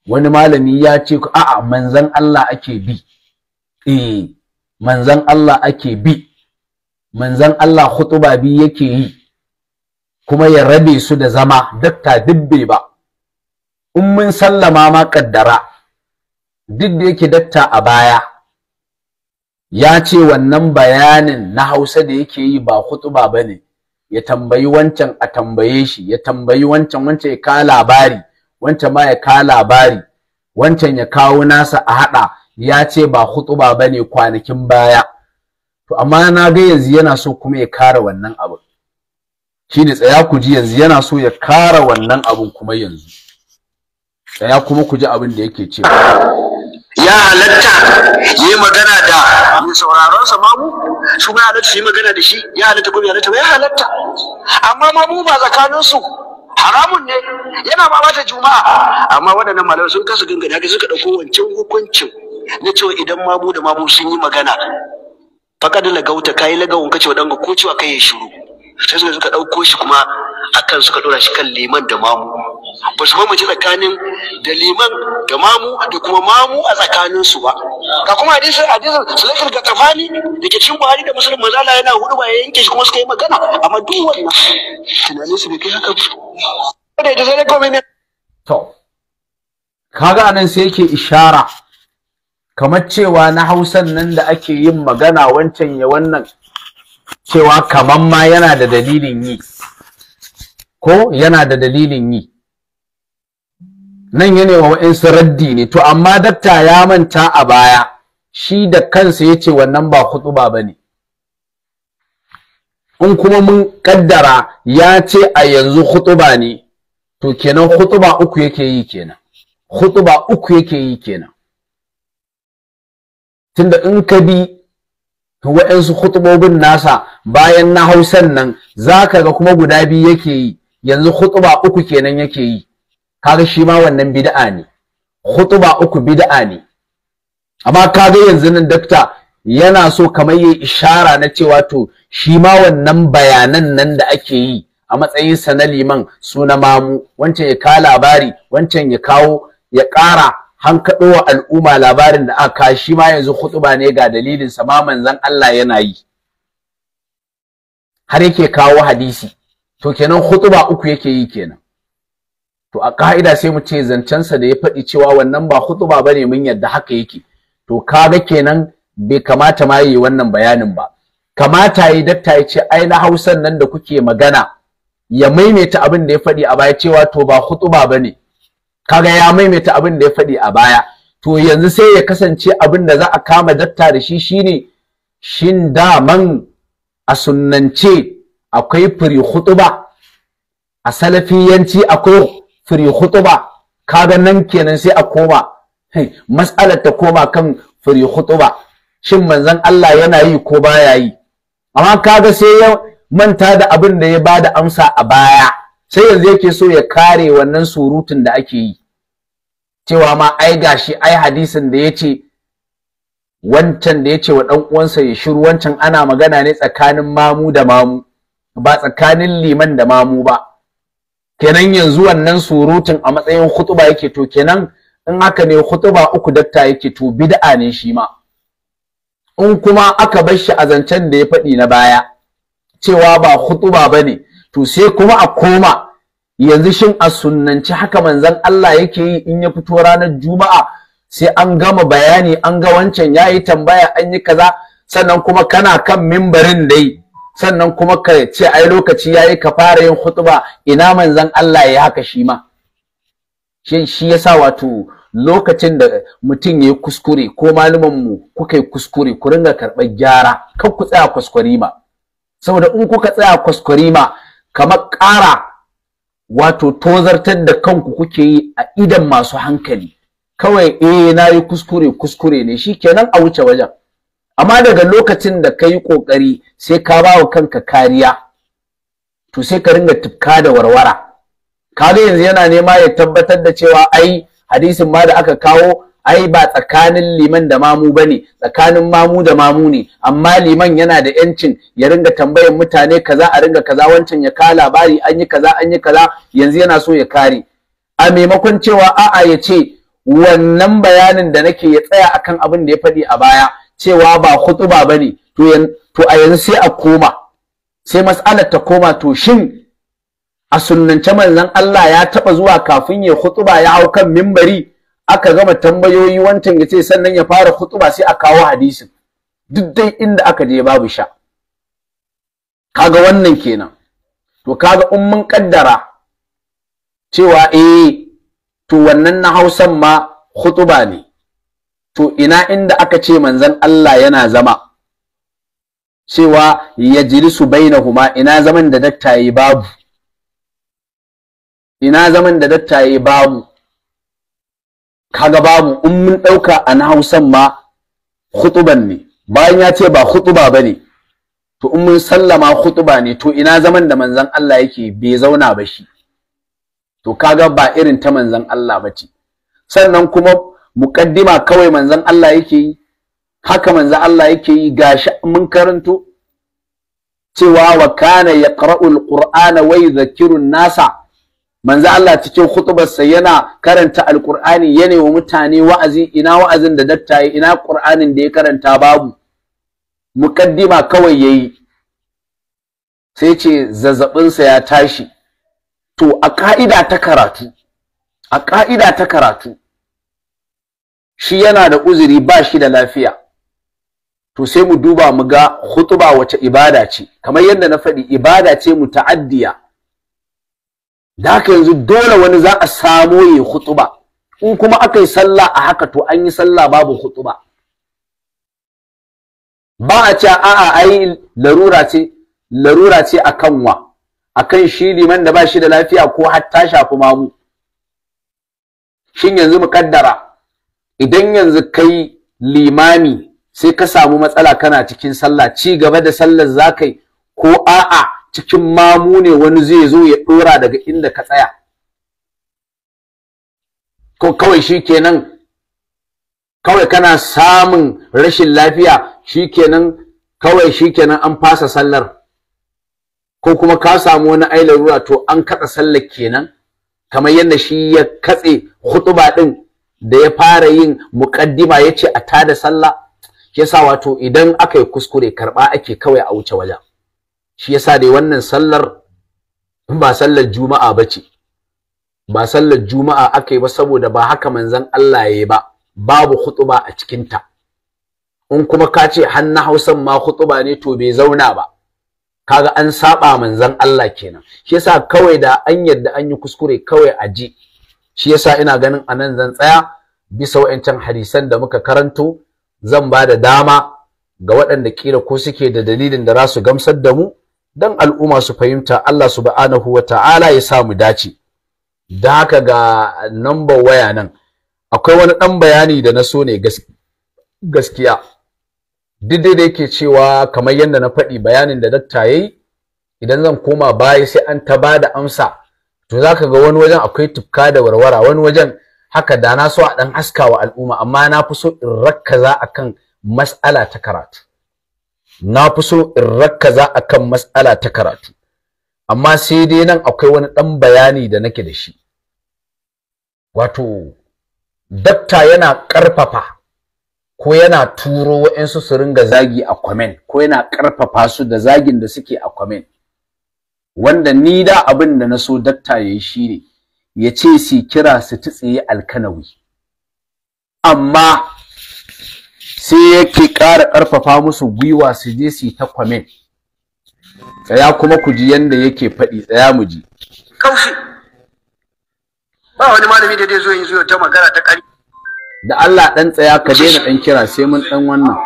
wani malami ya ce a'a manzan Allah ake bi eh manzan Allah ake bi Manzan Allah khutuba bi yake yi kuma ya rabe su da zama dakta dibbe ba in mun sallama ma kaddara duk da yake dakta a baya ya ce wannan bayanin na Hausa da yake yi ba ba bane ya tambayi wancan a tambaye shi ya tambayi wancan wancan ya kawo labari wancan ma ya kawo labari wancan ya kawo nasa a haɗa ya ce ba ba bane kwanakin baya to amma na ga yanzu yana so kuma ya kare wannan abin ne tsaya ku ji yanzu yana so ya kare wannan abin kuma yanzu tsaya kuma ku ji abin da yake cewa ya halatta yi magana su ba halatta su yi magana da shi ya halatta ko bai halatta ba ya halatta amma ma mu ba tsakanin su haramun ne yana ma bata juma'a amma waɗannan malamai sun kasa gangane haka suka ɗauko wancan hukuncin na cewa idan mamu da mamu sun yi magana fakadin lagauta kayi lagawun kace wadanga ko cewa kai ya shiru sai suka suka ɗauko shi kuma akan suka ɗora shi kan liman da mamu ba su mamaci tsakanin da liman da mamu da kuma mamu a tsakanin su ba ga kuma hadisi hadisin sulaikar ga tafani da ke cin buhari da musulun mazala yana hudu ba ya yanke shi kuma suka yi magana amma duk wannan tunanin su bai kai haka ba da ita sai dai to kaga anan sai yake ishara kamar cewa na hausan nan da ake yin magana wancan ya wannan cewa kamar ma yana da dalilin yi ko yana da dalilin yi nan ya wa waɗansu raddi ne to amma dakta ya manta a baya shi da kansa ya ce wannan ba huɗuba ba ne in kuma mun kaddara ya ce a yanzu huɗuba ne to kenan hutuba uku yake yi kenan hutuba uku yake yi kenan tunda in ka bi to wa'insu nasa bayan na hausan nan za ka ga kuma guda biyu yake yi yanzu huɗuba uku kenan yake yi kaga shi ma wannan bid'a ne khutba uku bid'a ne amma kaga yanzu nan dakta yana so kamar yayi ishara na cewa to shi ma wannan bayanan nan da ake yi a matsayin sa na liman suna mamu wancan ya kawo labari wancan ya kawo ya ƙara hankaɗo wa al'umma labarin da aka shi ma yanzu khutba ne ga dalilin sa ma manzon Allah yana yi har yake kawo hadisi to kenan khutba uku yake yi kenan to a ka'ida sai mu ce zancensa da ya faɗi cewa wannan ba hutuba bane mun yadda haka yake to kaga kenan bai kamata ma yi wannan bayanin ba kamata yi dakta ya ce ai na Hausan nan da kuke magana ya maimaita abin da ya faɗi a baya cewa to ba hutuba bane kaga ya maimaita abin da ya faɗi a baya to yanzu sai ya kasance abin da za a kama dakta da shi shine shin daman a sunnance akwai firi hutuba a salafiyanci akwai firi Ka kaga nan kenan sai a koma mas'alar ta koma kan firi khutuba shin manzon Allah yana yi ko baya yi amma kaga sai ya manta da abin da ya bada amsa a baya sai yanzu yake so ya kare wannan surutun da ake yi cewa ma ai gashi ai hadisin da yace wancan da yace wa dan uwansa ya shiru wancan ana magana ne tsakanin mamu da mamu ba tsakanin liman da mamu ba kenan yanzu wannan surutun a matsayin khutuba yake to kenan in haka ne khutuba uku datta yake to bid'a ne shi ma in kuma aka bar shi a da ya faɗi na baya cewa ba khutuba bane to sai kuma a koma yanzu shin a sunnanci haka manzon Allah yake yi in ya fito ranar juma'a sai an gama bayani an ga wancan yayi tambaya an yi kaza sannan kuma kana kan mimbarin dai sannan kuma ka ce ai lokaci yayi ka fara yin khutba ina manzon Allah ya haka shi ma shi shi yasa wato lokacin da mutum yayi kuskure ko malumin mu kuka yi kuskure ku ringa karɓar gyara kan ku tsaya ma saboda in kuka tsaya ma kamar ƙara wato tozartar da kanku kuke yi a idan masu hankali kawai eh na yi kuskure kuskure ne shikenan a wuce wajen amma daga lokacin da ka yi ƙoƙari sai ka ba wa kanka kariya to sai ka ringa tufka da warwara ga yanzu yana nema ya tabbatar da cewa ai hadisin ma da aka kawo ai ba tsakanin liman da mamu ba ne, tsakanin mamu da mamu ne amma liman yana da yancin ya ringa tambayar mutane kaza a ringa kaza wancan ya kawo labari an yi kaza an yi kaza yanzu yana so ya kare a maimakon cewa a'a ya ce wannan bayanin da nake ya tsaya akan abin da ya faɗi a baya cewa ba khutuba bane to to a yanzu sai a koma sai mas'alar ta koma to shin a sunnance manzon Allah ya taba zuwa kafin ya khutuba ya hau kan mimbari aka gama tambayoyi wancan ya ce sannan ya fara khutuba sai a kawo hadisin duk dai inda aka je babu sha kaga wannan kenan to kaga in mun kaddara cewa eh to wannan na Hausan ma khutuba ne to ina inda aka ce manzan Allah yana zama cewa ya jilisu bainahuma ina zaman da babu ina zaman da dattaye yi babu kaga babu in mun ɗauka a na hausan ma khutuban ne bayan ya ce ba khutuba ba ne to in mun sallama khutuba ne to ina zaman da manzan Allah yake bai zauna ba shi to kaga ba irin ta manzan Allah ba ce sannan kuma muqaddima kawai manzon Allah yake yi haka manzon Allah yake yi gashi mun karanto cewa wa kana yaqra'ul qur'ana wa yudhakkiru nasa manzon Allah cikin khutbarsa yana karanta alqur'ani yana wa mutane wa'azi ina wa'azin da dattaye ina qur'anin da ya karanta babu muqaddima kawai yayi sai ce zazzabinsa ya tashi to a ka'ida ta karatu a ka'ida ta karatu shi yana da uzuri ba shi da lafiya to sai mu duba mu ga hutuba wace ibada ce kamar yadda na faɗi ibada ce mu ta'addiya da haka yanzu dole wani za a samo yi hutuba in kuma aka yi sallah a haka to an yi sallah babu hutuba ba a ce a'a ai larura ce larura ce akan wa akan shi liman da ba shi da lafiya ko hatta ta shafi mamu shin yanzu mu kaddara idan yanzu kai limami sai ka samu matsala kana cikin sallah ci gaba da sallar zakai ko a'a cikin mamu ne wani zai zo ya dora daga inda ka tsaya ko kawai shikenan kawai kana samun rashin lafiya shikenan kawai shikenan an fasa sallar ko kuma ka samu wani ailar to an katsa sallar kenan kamar yadda shi ya katse hutuba din da ya fara yin muƙaddima ya ce a tada sallah shi yasa wato idan aka yi kuskure karɓa ake kawai a wuce wajen shi yasa dai wannan sallar ba sallar juma'a ba ba sallar juma'a aka yi ba saboda ba haka manzon Allah yayi ba babu khutuba a cikin ta in kuma ka ce hannu hausan ma khutuba ne to bai zauna ba kaga an saba manzon Allah kenan shi yasa kawai da an yadda an yi kuskure kawai a ji shi yasa ina ganin anan zan tsaya bisa wa'ancan hadisan da muka karanto zan ba da dama ga waɗanda kila ko suke da dalilin da za gamsar da mu dan al'umma su fahimta Allah subhanahu wa ta'ala ya sa mu dace da haka ga number waya nan akwai wani ɗan bayani da na so ne gaskiya duk da yake cewa kamar yadda na faɗi bayanin da dakta yayi idan zan koma baya sai an ta ba da amsa to za ka ga wani wajen akwai tufka da warwara wani wajen haka da na so a dan askawa al'umma amma na fi so in a kan mas'ala ta karatu na fi so in a akan mas'ala ta karatu amma sai dai nan akwai wani ɗan bayani da nake da shi wato dakta yana karfafa ko yana turo wa'ansu su ringa zagi a kwamen, ko yana ƙarfafa su da zagin da suke a comment wanda ni da abin da na so dakta ya yi shi ne ya ce su kira su ti tsaye alkanawi amma sai yake ƙara ƙarfafa musu gwiwa su je su ta kwamen tsaya kuma ku ji yanda yake faɗi tsaya mu ji kaushi ba wani malami da zai zo yin zuwa ta magana ta ƙari da Allah ɗan tsaya ka daina ɗan kira sai mun ɗan wannan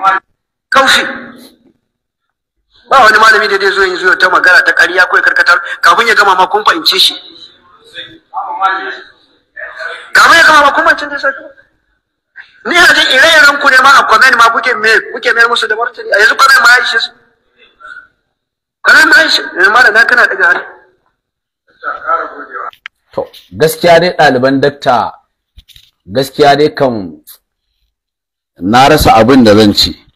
kaushi ba wani malami da zai zo yanzu ya ta magana ta ƙarya ko ya karkatar kafin ya gama ma kun fahimce shi kafin ya gama ma kun fahimce shi ni a jin ire-iren ku ne ma a kwamen ma kuke me kuke mayar musu da martani a yanzu kwamen ma aishi su kwamen ma aishi ne eh, ma da na kana daga hali? to gaskiya dai ɗaliban dakta gaskiya dai kan na rasa abin da zan ci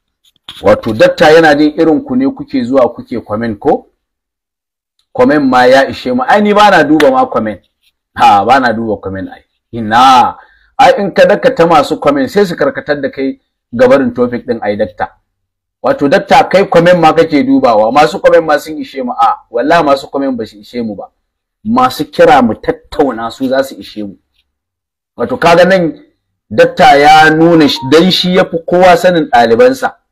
wato datta yana jin irin ku ne kuke zuwa kuke comment ko comment ma ya ishe mu ai ni ba na duba ma comment ha ba na duba comment ai ina ai in ka daka ta masu comment sai su karkatar da kai gabarin topic din ai datta wato datta kai comment ma kake dubawa masu comment ma sun ishe mu a wallahi masu comment ba su ishe mu ba masu kira mu tattauna su za su ishe mu wato kaga nan datta ya nuna dan shi yafi kowa sanin ɗalibansa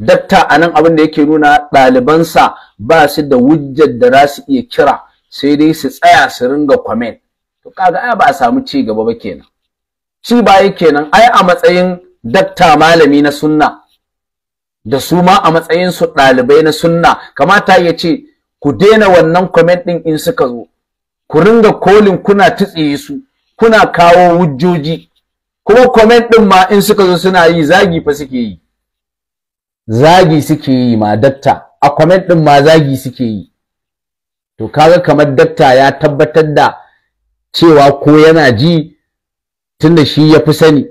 dakta a nan abin da yake nuna ɗalibansa ba su da wujjar da za su iya kira sai dai su tsaya su ringa kwamen to kaga ai ba a samu ci gaba ba kenan ci baya kenan ai a matsayin dakta malami na sunna da su ma a matsayin su ɗalibai na sunna kamata ya ce ku daina wannan kwamen ɗin in suka zo ku ringa kolin kuna tutsiye su kuna kawo wujjoji kuma kwamen ɗin ma in suka zo suna yi zagi fa suke yi zagi suke yi ma dakta a comment ɗin ma zagi suke yi to kaga kamar dakta ya tabbatar da cewa ko yana ji tunda shi ya fi sani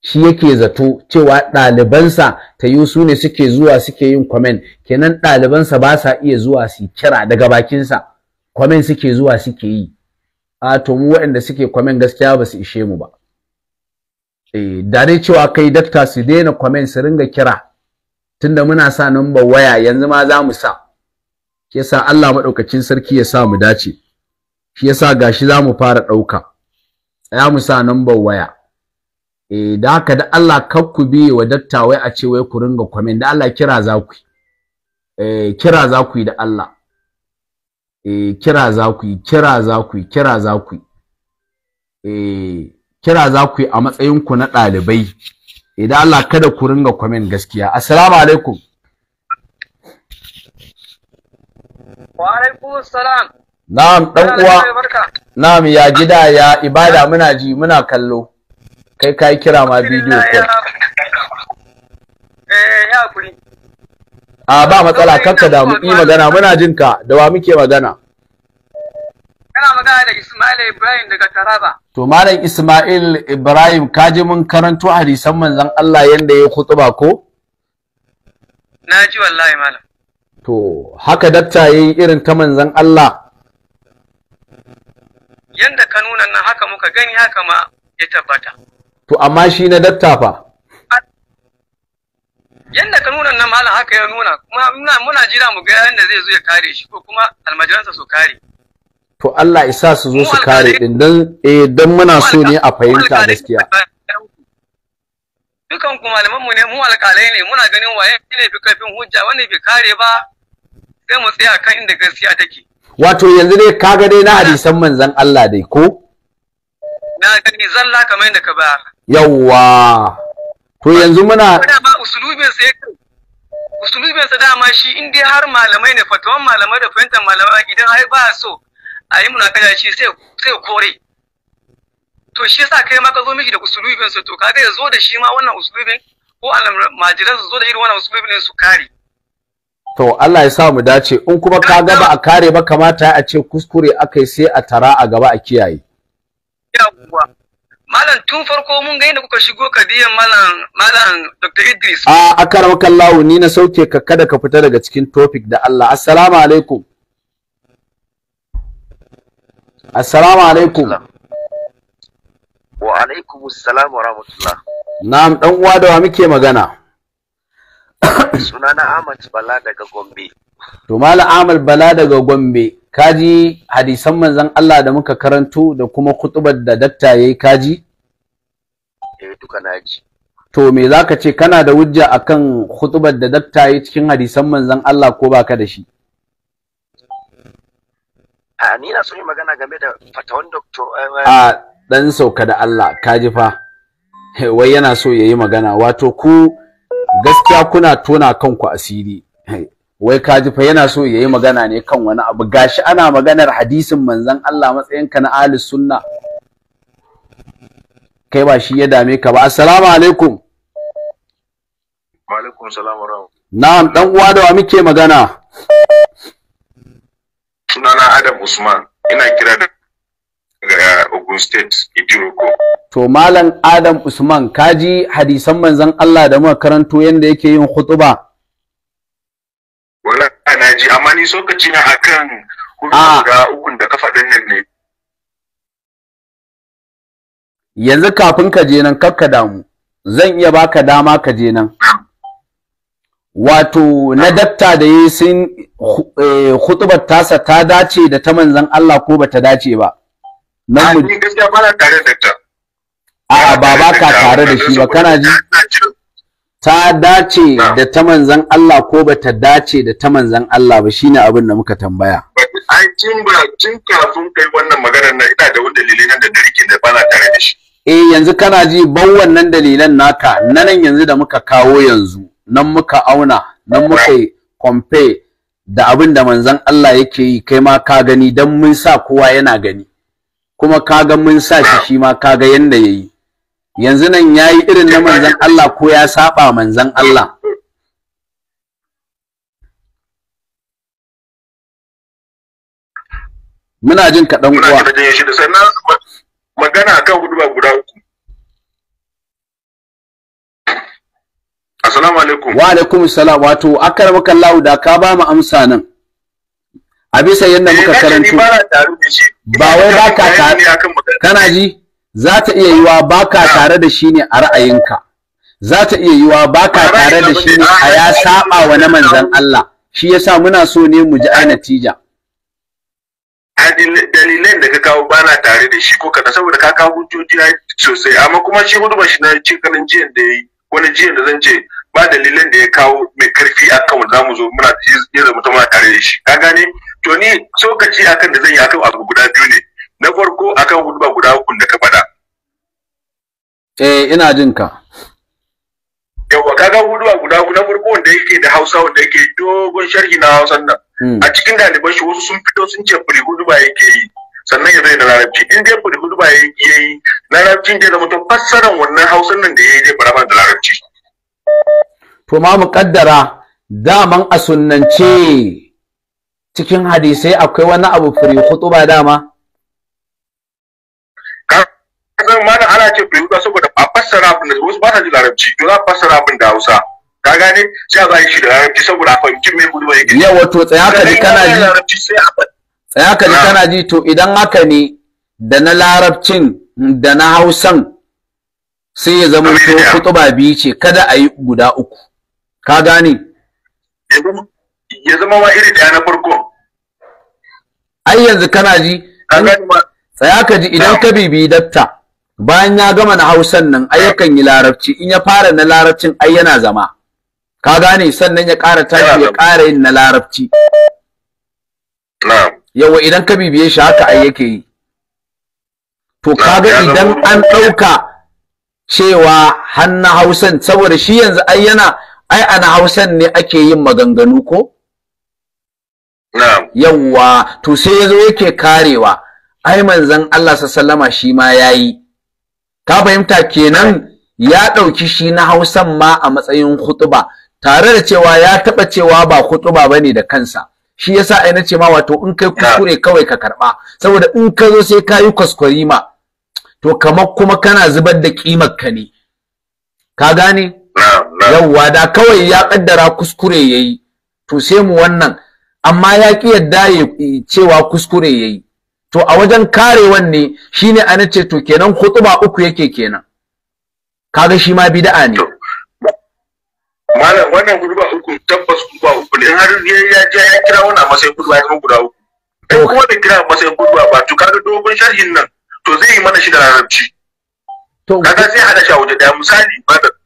shi yake zato cewa ɗalibansa ta yi su ne suke zuwa suke yin comment kenan ɗalibansa ba sa iya zuwa su kira daga bakinsa comment suke zuwa suke yi a to mu waɗanda suke comment gaskiya ba su ishe mu ba eh da cewa kai dakta su daina comment su ringa kira tunda muna sa number waya yanzu ma za mu sa shi yasa Allah maɗaukacin sarki ya sa mu dace shi yasa gashi za mu fara ɗauka ya mu sa number waya eh da haka da Allah kar ku bi wa dattawai a ce wai ku ringa comment da Allah kira za ku eh kira za ku da Allah eh kira za ku kira za ku kira za ku eh kira za ku a matsayin ku na ɗalibai idan Allah kada ku ringa kwamin gaskiya assalamu alaikum wa alaikum assalam na'am dan uwa na'am ya gida ya ibada muna ji muna kallo kai kai kira ma bidiyo ko eh ya kuri a ba matsala kakka da mu yi magana muna jinka da wa muke magana kana magana da Ismail Ibrahim daga Taraba to malam Ismail Ibrahim ka ji mun karanto hadisan manzon Allah yanda ya khutba ko na ji wallahi malam to haka dakta yayi irin ta manzon Allah yanda ka nuna nan haka muka gani haka ma ya tabbata to amma shi na dakta fa yadda ka nuna nan malam haka ya nuna kuma muna jira mu ga yadda zai zo ya kare shi ko kuma almajiransa su kare to Allah isa su zo su kare din dan eh dan muna so ne a fahimta gaskiya dukan ku malaman mu ne mu alƙalai ne muna ganin waye ne fi kafin hujja wani bai kare ba sai mu tsaya kan inda gaskiya take wato yanzu dai kaga dai na hadisan manzon Allah dai ko na gani zalla kamar yadda ka ba yawa to yanzu muna ba usulubin sai usulubin sa dama shi in dai har malamai ne fatawan malamai da fahimtar malamai idan har ba so a yi kada shi sai sai kore to shi yasa kai ma ka zo miki da usulubin su to kaga ya zo da shi ma wannan usulubin ko almajiran su zo da irin wannan usulubin su kare to Allah ya sa mu dace in kuma ka ga ba a kare ba kamata a ce kuskure akai sai a tara a gaba a kiyaye yawa malam tun farko mun ga inda kuka shigo kadiyan malam malam Dr. Idris a akarwa kallahu ni na sauke ka kada ka fita daga cikin topic da Allah assalamu alaikum Assalamu alaikum. Wa alaikum assalam wa rahmatullah. Na'am dan uwa da wa muke magana? Sunana Ahmad Bala daga Gombe. To Malam Ahmad Bala daga Gombe, kaji hadisan manzon Allah da muka karanto da kuma kutubar da datta yayi kaji? Eh duka naji. To me zaka ce kana da hujja akan kutubar da dakta yayi cikin hadisan manzon Allah ko baka da shi? a ni na so yi magana game da fatawan doctor eh, eh, a dan sauka da Allah kaji fa wai yana so yayi magana wato ku gaskiya kuna tona kanku asiri wai ji fa yana so yayi magana ne kan wani abu gashi ana maganar hadisin manzon Allah ka na ahli sunna kai ba shi ya dame ka ba assalamu alaikum wa alaikum wa na'am dan uwa da wa muke magana sunana Adam Usman ina kira da Ogun State Idiroko. To Malam Adam Usman kaji hadisan manzan Allah da muka karanto yanda yake yin khutuba. Wala ana ji amma ni sokaci na akan kuma ah. ga ukun da kafa din nan ne. Yanzu kafin ka je nan kakka damu zan iya baka dama ka je nan. wato na datta da yi sun khutubar eh, tasa ta dace da ta manzan Allah ko ta dace ba. Na mu gaskiya ba na tare da ta. A'a ba ba ka tare da shi ba kana ji? Ta dace da ta manzan Allah ko ba ta dace da ta manzan Allah ba shine abin da muka tambaya. An cin ba cin kafin kai wannan maganar na ina da wani dalilai nan da na da bana tare da shi. Eh yanzu kana ji ban wannan dalilan naka nan yanzu da muka kawo yanzu. nan muka auna nan muka yi compare da abin da manzon Allah yake yi kai ma ka gani dan mun sa kowa yana gani kuma ka ga mun sa shi shi ma ka ga yanda yayi yanzu nan yayi irin na manzon Allah ko ya saba manzon Allah muna jin kaɗan uwa magana akan hudu guda uku assalamu alaikum wa alaikum salam wato akramaka Allah da ka ba mu amsa nan a bisa yadda muka eh, karanto eh, ba wai ba ka tare kana ji za ta iya yiwa ba ka tare da shi ne a ra'ayinka za ta iya yiwa ba ka tare da shi ne a ya saba wa na manzan Allah shi yasa muna so ne mu ji a natija dalilan da ka kawo ba na tare da shi ko kada saboda ka kawo hujjoji sosai amma kuma shi hudu ba shi na cikin jiyan da ya yi wani jiyan da zan ce ba dalilin da ya kawo mai karfi kan wanda zamu zo muna ya zama ta muna tare da shi ka gane to ni a kan da zan yi akan abu guda biyu ne na farko a hudu ba guda hukun da ka faɗa eh ina jin ka yawa kaga hudu ba guda hukun na farko wanda yake da Hausa wanda yake dogon sharhi na Hausa nan hmm. a cikin daliban shi wasu sun fito sun ce furi hudu ba yake yi sannan ya zai da larabci in dai furi hudu ba yake yi larabcin da zama ta fassaran wannan Hausan nan da ya yi dai fara da larabci to ma mu kaddara daman a sunnance cikin hadisai akwai wani abu firi khutuba dama kasan ma da ana ce firi saboda a fassara abin da wasu ba sa ji larabci to za a fassara abin da Hausa ka gane sai a yi shi da larabci saboda a fahimci gudu khutuba yake yawa to tsaya ka ji kana ji tsaya ka ji kana ji to idan haka ne da na larabcin da na Hausan sai ya zama to kutuba biyu ce kada a yi guda uku ka gane ya zama ma iri daya na farko ai yanzu kana ji tsaya ka ji idan ka bibi datta bayan ya gama na hausan nan ai yakan yi larabci in ya fara na larabcin ai yana zama ka gane sannan ya ƙara tashi ya ƙara yin na larabci yawa idan ka bibiye shi haka ai yake yi to kaga idan an ɗauka cewa hannu hausan saboda shi yanzu ai yana ai ana hausan ne ake yin maganganu ko yawwa to sai yazo yake karewa ai manzon Allah sallama shi ma yayi ka fahimta kenan ya ɗauki shi na hausan ma a matsayin huɗuba, tare da cewa ya taɓa cewa ba hutuba bane da kansa shi yasa ai nace ma wato in kai kuskure kawai ka karɓa saboda in ka zo sai kayi yi kuskure ma to kamar kuma kana zubar da kimar ka ne ka gane yawwa da kawai ya kaddara kuskure yayi to sai mu wannan amma ya ki yadda ya cewa kuskure yayi to a wajen kare ne shine ana ce to kenan hutuba uku yake kenan kaga shi ma bid'a ne malam wannan gurba uku tabbas gurba uku ne har ya ja ya kira wannan matsayin gudu ya kuma guda uku kuma da kira matsayin gurba ba to kaga dogon sharhin nan to zai yi mana shi da larabci kaga sai hada shi a waje daya misali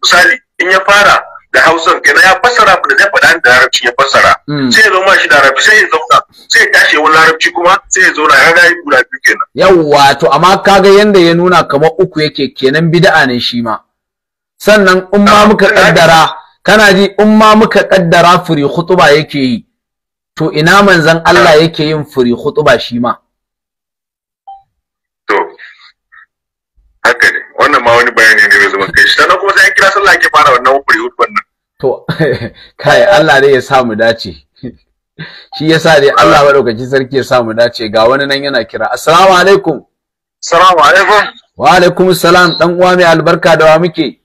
misali in ya fara da hausan kenan ya fassara da zai faɗa da larabci ya fassara hmm. sai ya zama shi da larabci sai ya zauna sai ya tashi wani larabci kuma sai ya zauna ya yi guda biyu kenan yawwa to amma kaga yanda ya nuna kamar uku yake kenan bid'a ne shi ma sannan in ma ah, muka kaddara kana ji in ma muka kaddara furi khutuba yake yi to ina manzon Allah ah. yake yin furi khutuba shi ma haka ne wannan ma wani bayani ne mai zaman kai sannan kuma sai an kira sallah ake fara wannan wuri hudban nan to kai Allah ne ya sa mu dace shi yasa dai Allah madaukakin sarki ya sa mu dace ga wani nan yana kira assalamu alaikum assalamu alaikum wa alaikum salam dan uwa mai albarka da wa muke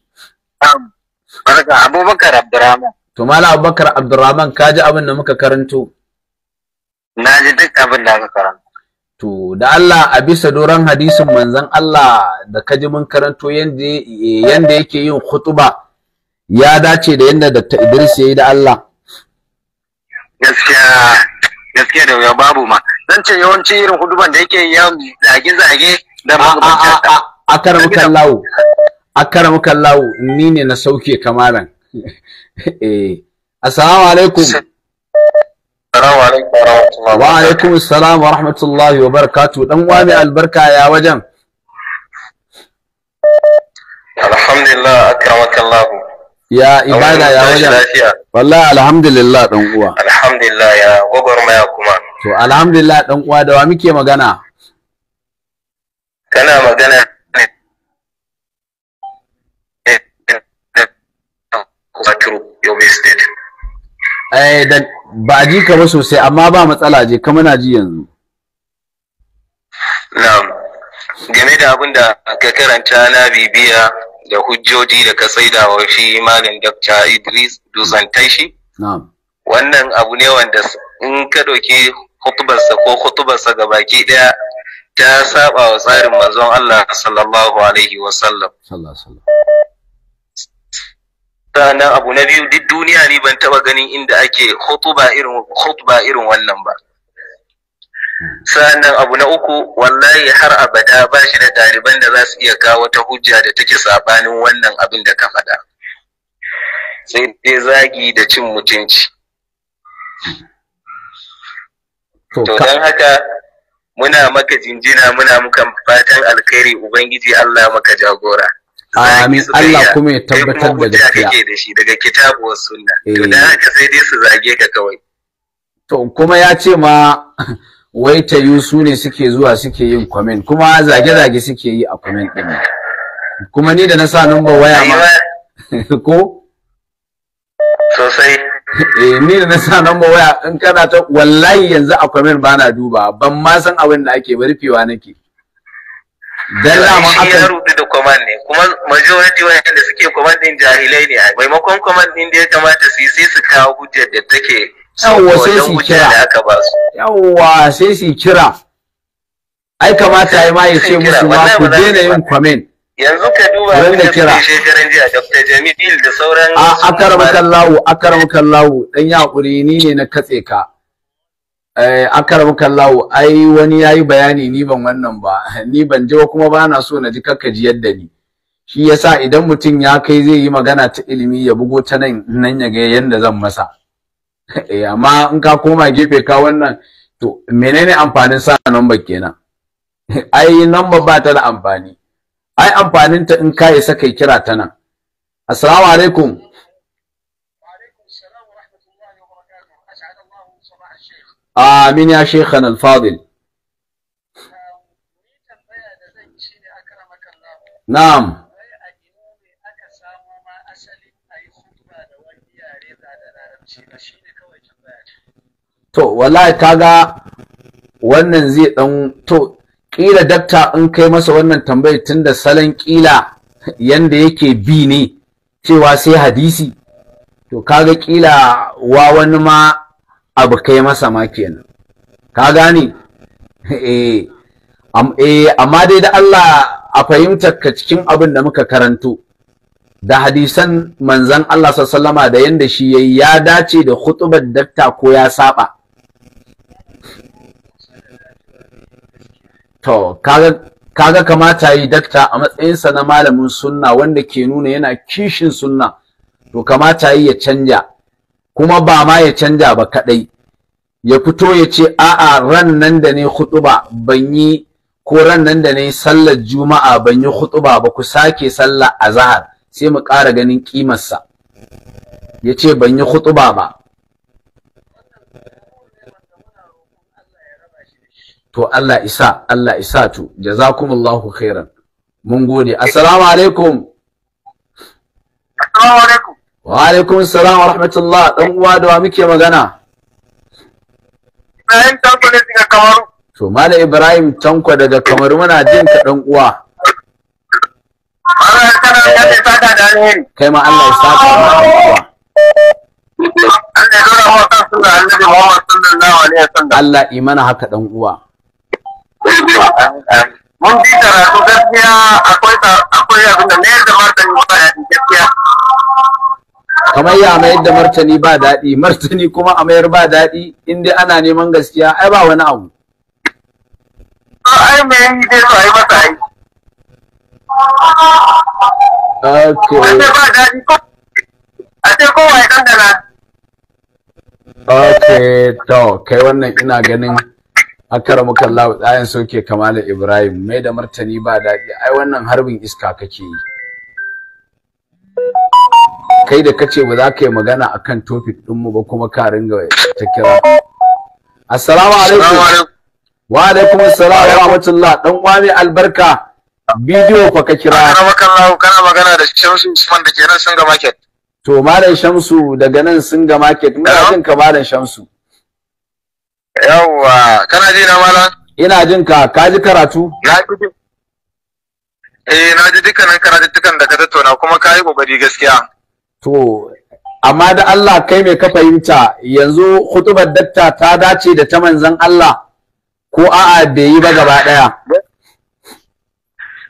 barka Abubakar Abdurrahman to malam Abubakar Abdurrahman ka ji abin da muka karanto na ji duk abin da aka karanta to da Allah a bisa doron hadisin manzan Allah da kaji mun karanto yanda yake yin khutuba ya dace da yanda da Idris yayi da Allah gaskiya gaskiya da ya babu ma zan ce yawanci irin huduban da yake ya zage zage da magubancin a karamu kallawo a karamu kallawo ni ne na sauke kamaran. eh assalamu alaikum wa rahmatullahi wa alaikum assalam wa rahmatullahi wa barakatuh dan uwa mai albarka ya wajen Alhamdulillah akramakallahu ya ibada ya wajen wallahi alhamdulillah dan uwa alhamdulillah ya gwagwarmaya kuma to alhamdulillah dan uwa da wa muke magana kana magana ne Yau State. Eh, ba a ji ka ba sosai amma ba matsala je ka na ji yanzu na'am game da abin da ka karanta na bibiya da hujjoji da ka wa shi malam Dr. Idris Dusantashi na'am wannan abu ne wanda in ka ɗauki hutubarsa ko hutubarsa ga baki ɗaya ta saba wa tsarin manzon Allah sallallahu alaihi wasallam sannan abu na biyu duk duniya ne ban taba ganin inda ake khutba irin khutba irin wannan ba sannan abu na uku wallahi har abada ba shi da daliban da za su iya kawo ta hujja da take sabanin wannan abin da ka faɗa sai dai zagi da cin mutunci to don haka muna maka jinjina muna muka fatan alkhairi ubangiji Allah maka jagora amin Allah kuma ya tabbatar da gaskiya to kuma ya ce ma wai ta yi su ne suke zuwa suke yin comment kuma zage-zage suke yi a comment ɗin. kuma ni da na sa number waya ma ko sosai eh ni da na sa number waya in kana ta wallahi yanzu a comment na duba ban ma san abin da ake barfewa nake dan lamun aka ya da command ne kuma majority wayanda suke command din jahilai ne maimakon command din da ya kamata su yi su kawo hujjar da take yawwa sai su kira yawwa sai su kira ai kamata ya ma ya ce musu ma ku daina yin comment yanzu ka duba da kira Dr. Jamil da sauran a akaramakallahu akaramakallahu dan ya hakuri ni ne na katse ka Eh, akaram kallahu ai wani yayi bayani ni ban wannan ba ni ban ji ba kuma ba na so na ji kakkaji yadda ni shi yasa idan mutum ya kai zai yi magana ta ilimi ya bugo ta nan nan ya ga yanda zan masa eh amma in ka koma gefe ka wannan to menene amfanin sa nan ba kenan ai nan ba ta da amfani ai amfanin ta in ka yi kai kira ta nan assalamu alaikum amin ya شيخنا الفاضل نعم to wallahi kaga wannan zai dan to kila dakta in kai masa wannan tambayar tunda salon kila yanda yake bi ne cewa sai hadisi to kaga kila wa wani ma abu kai masa ma kenan ka gane eh, eh amma dai da Allah a fahimtar ka cikin abin da muka karanto da hadisan manzan Allah sallama da yanda shi yayi ya dace da khutubar dakta ko ya saba to kaga kaga kamata yi dakta a matsayinsa na malamin sunna wanda ke nuna yana kishin sunna to kamata yi ya canja kuma ba ma ya canja ba kaɗai. ya fito ya ce a'a ran nan da ne khutuba ban yi ko ran nan da ne sallar juma'a ban yi khutuba ba ku sake sallar azhar sai mu ƙara ganin kimarsa ya ce ban yi khutuba ba to Allah isa Allah isa to jazakumullahu khairan mun gode assalamu alaikum assalamu alaikum wa alaikum salam wa rahmatullah dan uwa da wa muke magana Ibrahim Tanko ne daga Kamaru to mala Ibrahim Tanko daga Kamaru muna jin ka dan uwa kai ma Allah ya saka ma Allah imana haka ɗan uwa mun bi karatu gaskiya akwai akwai abin da ne da martani gaskiya kamar ya mayar da martani ba daɗi martani kuma a mayar ba daɗi in dai ana neman gaskiya ai ba wani abu Okay, to kai wannan ina ganin akara muka lawo ɗayan soke kamala Ibrahim mai da martani ba daɗi ai wannan harbin iska kake yi kai da kace ba za ka yi magana akan topic din mu ba kuma ka ringa ta kira assalamu alaikum wa alaikum assalam wa rahmatullah dan wani albarka bidiyo fa ka kira kana magana da Shamsu Usman da ke nan Singa Market to malam Shamsu daga nan Singa Market muna jin ka malam Shamsu yawwa kana ji na malam ina jin ka ka ji karatu na ji eh na ji dukkanin dukkan da ka tattauna kuma ka yi kokari gaskiya to amma da Allah kai mai ka fahimta yanzu khutubar datta ta dace da ta manzan Allah ko a'a bai yi ba gaba daya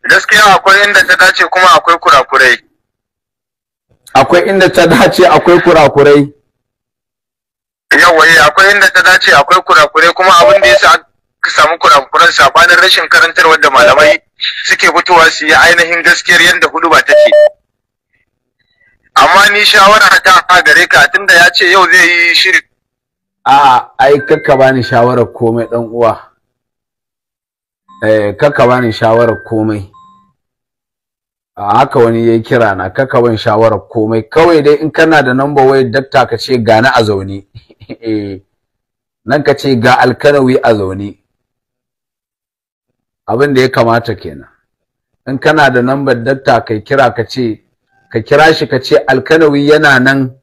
Gaskiya akwai inda ta dace kuma akwai kurakurai. Akwai inda ta dace akwai kurakurai. yawai eh, akwai inda ta dace akwai kurakurai kuma abin da ya sa samu kurakuran sabanin rashin karantarwa da malamai suke fitowa su yi ainihin gaskiyar yadda hudu ba take. amma ni shawara ta gare ka tunda ya ce yau zai yi shirin. a ai kakka bani shawarar komai dan uwa eh kakka bani shawarar komai a haka wani yayi kira na kakka ban shawarar komai kawai dai in kana da number waya dakta ka ce ga na a zaune eh nan ka ce ga alkanawi a zaune abin da ya kamata kenan in kana da number dakta kai kira ka ce ka kira shi ka ce alkanawi yana nan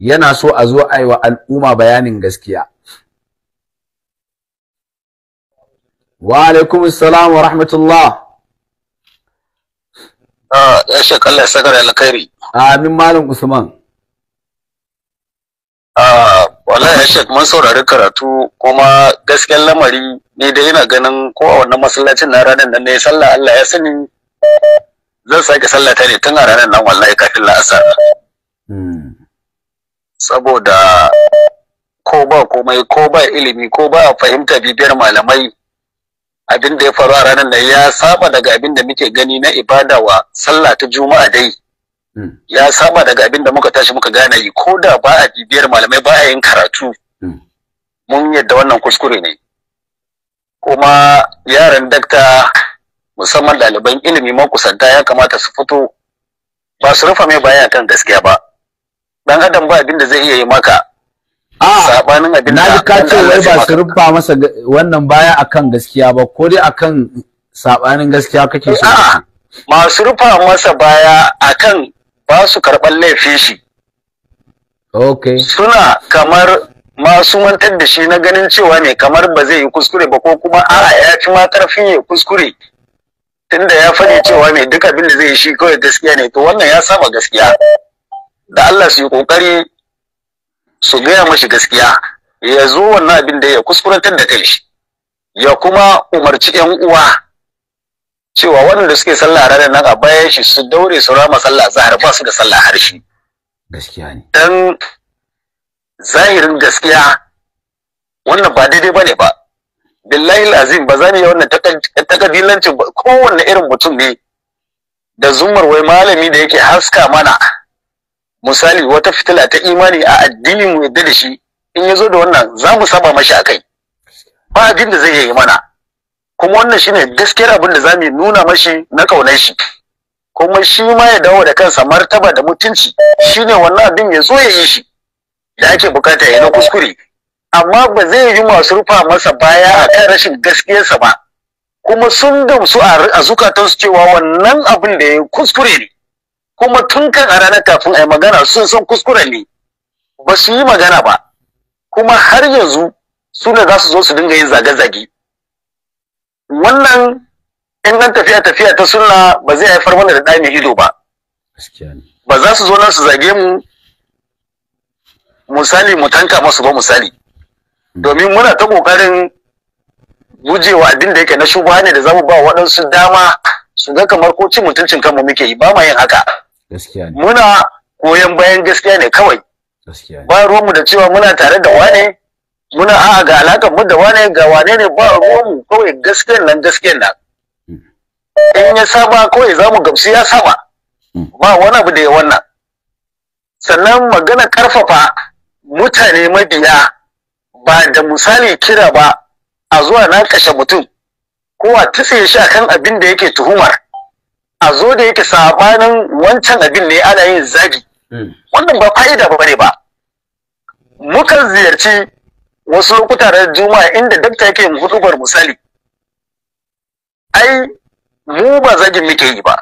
yana so a zo a yi wa al'umma bayanin gaskiya wa alaikum assalam wa rahmatullah ah, ya shekalla ya saka da alkhairi amin malam usman ah, wala ya shek mun saurari karatu kuma gaskiyar lamari ne dai ina ganin kowa wannan masallacin na ranar nan ne sallah Allah ya sani zan sake sallata ne tun a ranar nan wallahi kafin la'asar hmm. saboda ko ba komai ko ba ilimi ko ba fahimta bibiyar malamai abin da ya faru a ranar nan ya saba daga abin da muke gani na ibada wa sallah ta juma'a dai hmm. ya saba daga abin da muka tashi muka gane yi ko da ba a bibiyar malamai ba a yin karatu hmm. mun yadda wannan kuskure ne kuma yaran dakta musamman ɗaliban ilimi makusanta ya kamata su fito ba su rufa mai baya kan gaskiya ba dan adam ba abin da zai iya yi maka sabanin abin da na ka ce wai ba su rufa masa wannan baya akan gaskiya ba ko dai akan sabanin gaskiya kake so masu rufa masa baya akan ba su karɓar laifin shi okay suna kamar masu mantar da shi na ganin cewa ne kamar ba zai yi kuskure ba ko kuma a'a ya fi ma ƙarfin ya kuskure tunda ya fadi cewa mai duk abin da zai shi kawai gaskiya ne to wannan ya saba gaskiya da Allah su yi kokari su gaya mashi gaskiya ya zo wannan abin da ya kuskurantar da kai shi ya kuma umarci yan uwa cewa waɗanda suke sallah a ranar nan a baya shi su daure su rama sallah zahar ba su da sallah har gaskiya ne dan zahirin gaskiya wannan ba daidai bane ba billahi lazim ba za mu yi wannan takadilancin ba kowanne irin mutum ne da zumar wai malami da yake haska mana misali wata fitila ta imani a addinin mu yadda da shi in ya zo da wannan za mu saba mashi a kai ba abin da zai yi mana kuma wannan shine gaskiyar abin da za mu nuna mashi na kaunar shi kuma shi ma ya dawo da kansa martaba da mutunci shine wannan abin ya zo ya yi shi da ake bukata ya yi na kuskure amma ba zai yi masu rufa masa baya a kan rashin gaskiyarsa ba kuma sun gamsu a zukatansu cewa wannan abin da ya kuskure ne kuma tun kan a ranar kafin a yi magana sun san kuskure ne ba su yi magana ba kuma har yanzu su ne za su zo su dinga yin zage-zage wannan in ɗan tafiya-tafiya ta sunna ba zai haifar mana da ɗa ido ba ba za su zo nan su zage mu misali mu tanka masu ba misali domin muna ta kokarin gujewa abin da yake na shubha ne da zamu ba waɗansu dama su ga kamar ko cin mutuncin kanmu muke yi ba ma yin haka muna koyan bayan gaskiya ne kawai ba ruwanmu da cewa muna tare da wane muna a'a ga alakan mu da wane ga wane ne ba ruwanmu kawai gaskiyan nan gaskiyan nan hmm. in ya saba kawai za mu gamsu ya saba hmm. ba wani abu da ya wannan sannan magana karfafa mutane mabiya ba da misali kira ba a zuwa na kashe mutum ko a ya shi akan abin da yake tuhumar a zo da yake sabanin wancan abin ne ana yin zagi hmm. wannan ba fa'ida ba ne ba mukan ziyarci wasu lokuta da juma'a inda dakta yake hudubar misali ai mu ba zagin muke yi ba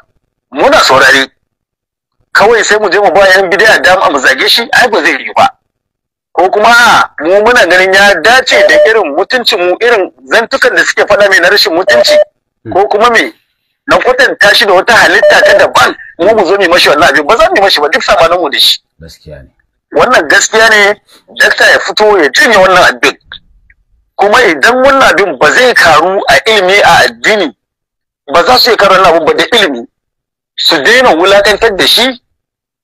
muna saurari. kawai sai mu je mu ba yan bid'a dama mu zage shi ai ba zai yi ba ko kuma mu muna ganin ya dace da irin mutuncin mu irin zantukan da suke faɗa mai na rashin mutunci ko kuma me na kwatanta shi da wata halitta ta daban mu mu zo mu mashi wannan abin ba za mu mashi ba duk sabanin mu da shi gaskiya ne wannan gaskiya ne dakta ya fito ya janye wannan abin kuma idan wannan abin ba zai karu a ilimi a addini ba za su yi karu wannan abin ba da ilimi su daina wulakantar da shi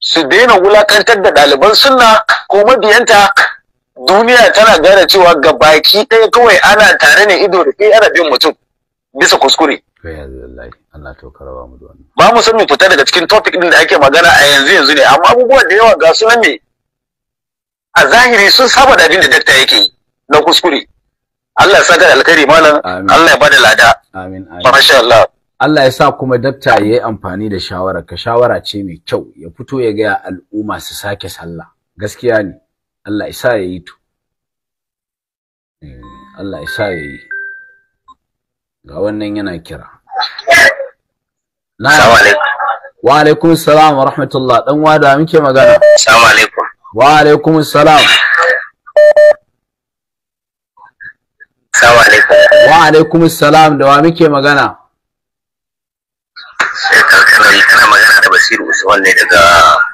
su daina wulakantar da ɗaliban sunna ko mabiyanta duniya tana gane cewa ga baki ɗaya kawai ana tare ne ido da ana bin mutum bisa kuskure. Ba mu san mu fita daga cikin topic ɗin da ake magana a yanzu yanzu ne amma abubuwa da yawa ga su nan ne a zahiri sun saba da abin da dakta yake yi na kuskure. Allah ya saka da alkhairi malam Allah ya bada lada. Amin amin. Masha Allah. Allah ya sa kuma dakta ya yi amfani da shawara ka shawara ce mai kyau ya fito ya gaya al'umma su sake sallah gaskiya ne Allah ya sa ya yi to eh, Allah ya sa ya yi ga wannan yana kira alaikum wa alaikum salam wa rahmatullah dan wada muke magana assalamu alaikum wa alaikum salam assalamu alaikum wa alaikum salam da wa muke magana kana magana da Basiru Usman ne daga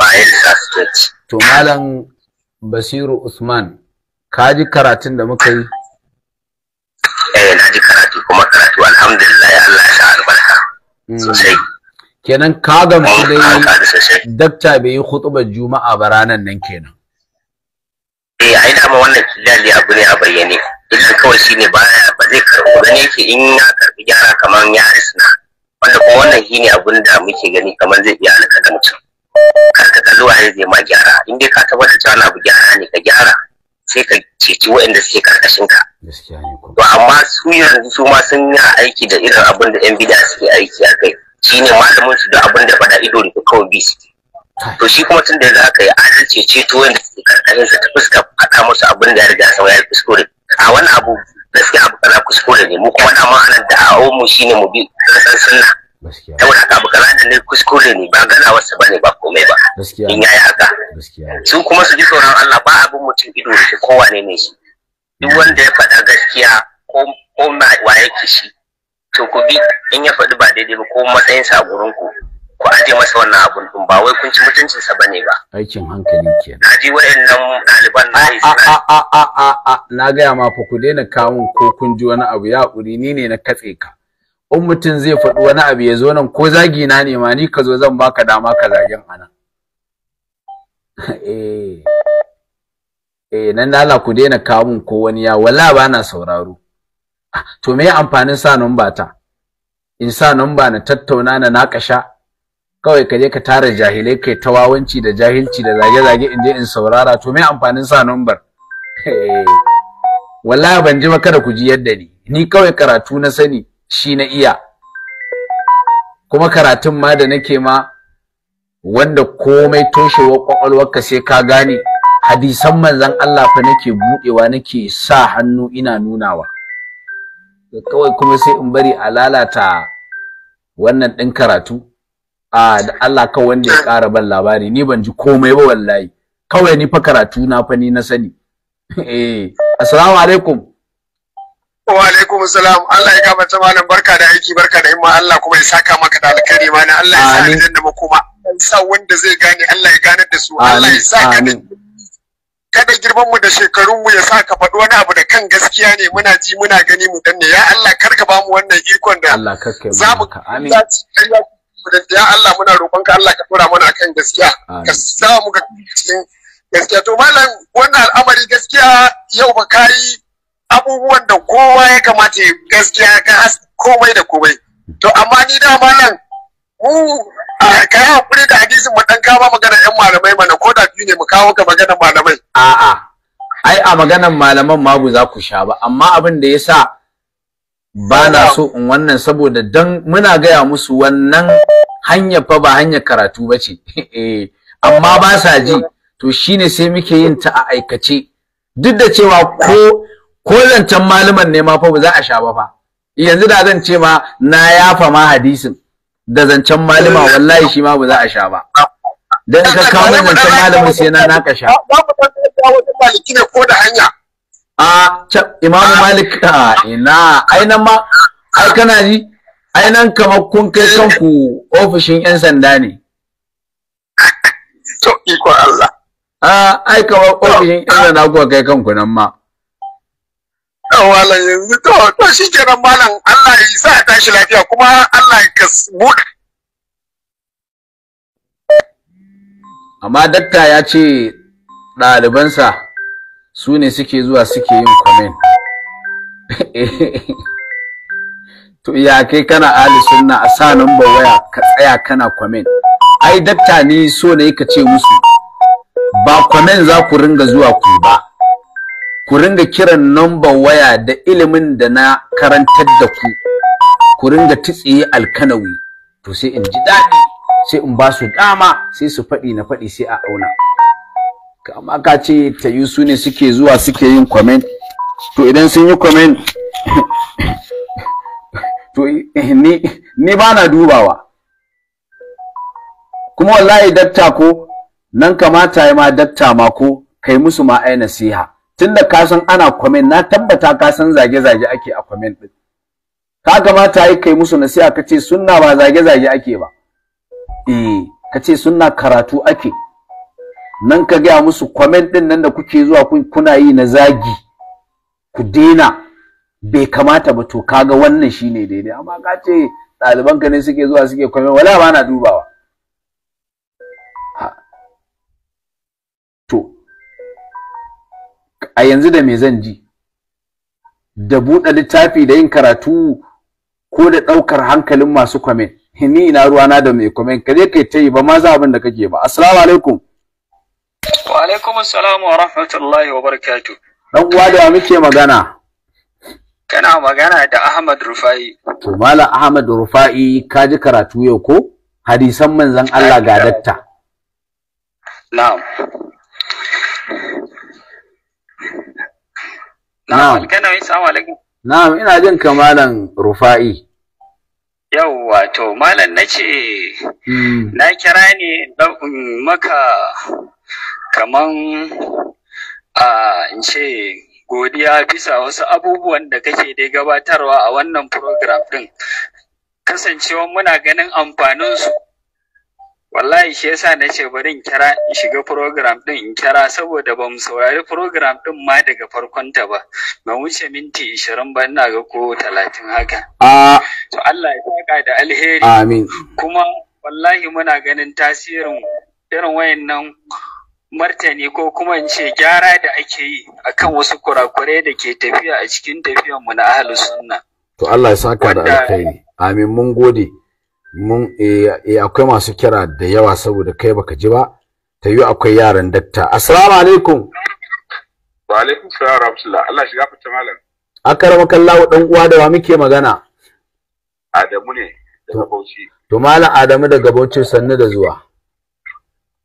Bayelsa State. To Malam Basiru Usman, ka ji karatun da muka yi? Eh na ji karatu kuma karatu alhamdulillah Allah ya sa albarka mm. sosai. Kenan ka gamsu dai dakta bai yi hutubar juma'a ba ranar nan kenan. Eh ai dama wannan kilali abu ne a bayyane. Illa kawai shine ba ba zai karɓi gane yake in ya karɓi gyara kamar ya risna. wanda kuma wannan shine abin da muke gani kamar zai iya halaka da mutum kar ka a waye zai ma gyara in dai ka tabbata cewa abu gyara ne ka gyara sai ka ceci waɗanda suke karkashin ka to amma su yanzu su ma sun yi aiki da irin abin da yan bida suke aiki a kai shine malamin su da abin da faɗa ido ne kawai bi suke to shi kuma tun da za ka yi adalci ceto waɗanda suke karkashin sa ta fuska faɗa musu abin da ya riga sauya fuskure a wani abu gaskiya abu kana kuskure ne mu kuma ma anan da a mu shine mu bi san sunna saboda haka abu kana ne kuskure ne ba gana wasu ba ne ba komai ba in yayi haka su kuma su ji tsoron Allah ba abin mutum ido shi kowa ne ne shi duk mm. wanda ya faɗa gaskiya ko ko ma wa yake to ku bi in ya faɗi ba daidai ba ko matsayin sa gurin ku ku aje masa wannan abun din ba wai kun ci mutuncin sa bane ba aikin hankali kenan na ji wayannan ɗaliban na yi suna a a a a na gaya ma fa ku daina kawun ko kun ji wani abu ya kuri ni ne na katse ka in mutum zai faɗi wani abu ya zo nan ko zagi na ne ma ni ka zo zan baka dama ka zagen anan eh eh nan da Allah ku daina kamun ko wani ya wala ba na sauraro ah, to me amfanin sa numba ta in sa numba na tattauna na naƙasha kawai ka je ka tara jahilai kai tawawanci da jahilci da zage-zage in je in saurara to me amfanin sa nambar. wallahi ban ji maka da ku ji yadda ni ni kawai karatu na sani shi na iya kuma karatun ma da nake ma wanda komai toshewar kwakwalwarka sai ka gane hadisan manzan Allah fa nake budewa nake sa hannu ina nunawa kawai kuma sai in bari a lalata wannan ɗin karatu a da Allah kawai wanda ya ƙara ban labari ni ban ji komai ba wallahi kawai ni fa karatu na fa ni na sani eh assalamu alaikum wa alaikum assalam Allah ya ta malam barka da aiki barka da himma Allah kuma ya saka maka da alkhairi ma Allah ya sa aljanna makoma sa wanda zai gane Allah ya ganar da su Allah ya saka ni kada girman mu da shekarun mu ya sa ka faɗi wani abu da kan gaskiya ne muna ji muna gani mu danne ya Allah karka ba mu wannan ikon da Allah karka ba mu amin ku da ya Allah muna rokonka, Allah ka tura mana akan gaskiya ka sa mu ga cikin gaskiya to malam wannan al'amari gaskiya yau ba kai abubuwan da kowa ya kamata ya gaskiya ka komai da komai to amma ni da malam mu a kai hakuri da hadisin mu dan kawo magana yan malamai mana ko da biyu ne mu kawo ka magana malamai a'a ai a maganan malaman ma za ku sha ba amma abin da yasa bana so in wannan saboda dan muna gaya musu wannan hanya fa ba hanyar karatu ba ce amma ba sa ji to shine sai muke yin ta a aikace duk da cewa ko ko zancen malaman ne ma fa ba za a sha ba fa yanzu da zan ce ma na yafa ma hadisin da zancen malama wallahi shi ma ba za a sha ba dan ka kawo zancen malamin sai na naka sha ba ku san ko da hanya a imamu malik ina ainan ma ai kana ji ainan kamar kun kai kanku ofishin yan sanda ne to iko Allah a ai kamar ofishin yan sanda kuka kai kanku nan ma wala yanzu to to nan malam Allah ya sa tashi lafiya kuma Allah ya kasbu amma dakta ya ce ɗalibansa su ne suke zuwa suke yin comment to ya kai kana ahli sunna a sa number waya ka tsaya kana comment ai datta ni so ne ka ce musu ba comment za ku ringa zuwa ku ba ku ringa kiran number waya da ilimin da na karantar da ku ku ringa titsiye alkanawi to sai in ji daɗi sai in ba su dama sai su faɗi na faɗi sai a auna kama ka ce ta yi su ne suke zuwa suke yin comment to idan sun yi comment to ni ba na dubawa kuma wallahi datta ko nan kamata ya ma datta ma ko kai musu ma ai nasiha tunda ka san ana comment na tabbata ka san zage-zage ake a comment din ka kamata yi kai musu nasiha ka ce sunna ba zage-zage ake ba eh ka ce sunna karatu ake nan ka gaya musu kwamen ɗin nan da kuke zuwa kuna yi na zagi ku daina bai kamata ba to kaga wannan shine daidai amma ka ce ɗalibanka ne suke zuwa suke kwamen wala ba na dubawa to a yanzu da me zan ji da buɗe littafi da yin karatu ko da ɗaukar hankalin masu kwamen ni ina ruwana da mai kwamen ka je kai ta yi ba ma za abin da kake ba assalamu alaikum Wa alaikum assalam wa rahmatullahi wa barakatu. Dan uwa da muke magana. Kana magana da Ahmad Rufai. To Malam Ahmad Rufai ka ji karatu yau ko? Hadisan manzon Allah ga datta. Na'am. Na'am. Kana yi salamu alaikum. Na'am ina jin ka Malam Rufa'i. Yawwa to Malam nace hmm. na kira ne maka kaman a in ce godiya bisa wasu abubuwan da kake dai gabatarwa a wannan program din kasancewa muna ganin amfanin su wallahi shi yasa na ce bari in kira in shiga program din in kira saboda ba mu saurari program din ma daga farkon ta ba ba wuce minti 20 ba ina ga ko talatin haka to Allah ya saka da alheri amin kuma wallahi muna ganin tasirin irin wayannan martani ko kuma in ce gyara da ake yi akan wasu kurakurai da ke tafiya a cikin tafiyar mu na ahli sunna to Allah ya saka da alkhairi amin mun gode mun eh, eh akwai masu kira da yawa saboda kai baka ji ba ta yi akwai yaran dakta assalamu alaikum wa alaikum salam rahmatullah Allah shiga fita malam akarama kallahu dan uwa da wa muke magana Adamu ne daga Bauchi to malam Adamu daga Bauchi sanne da zuwa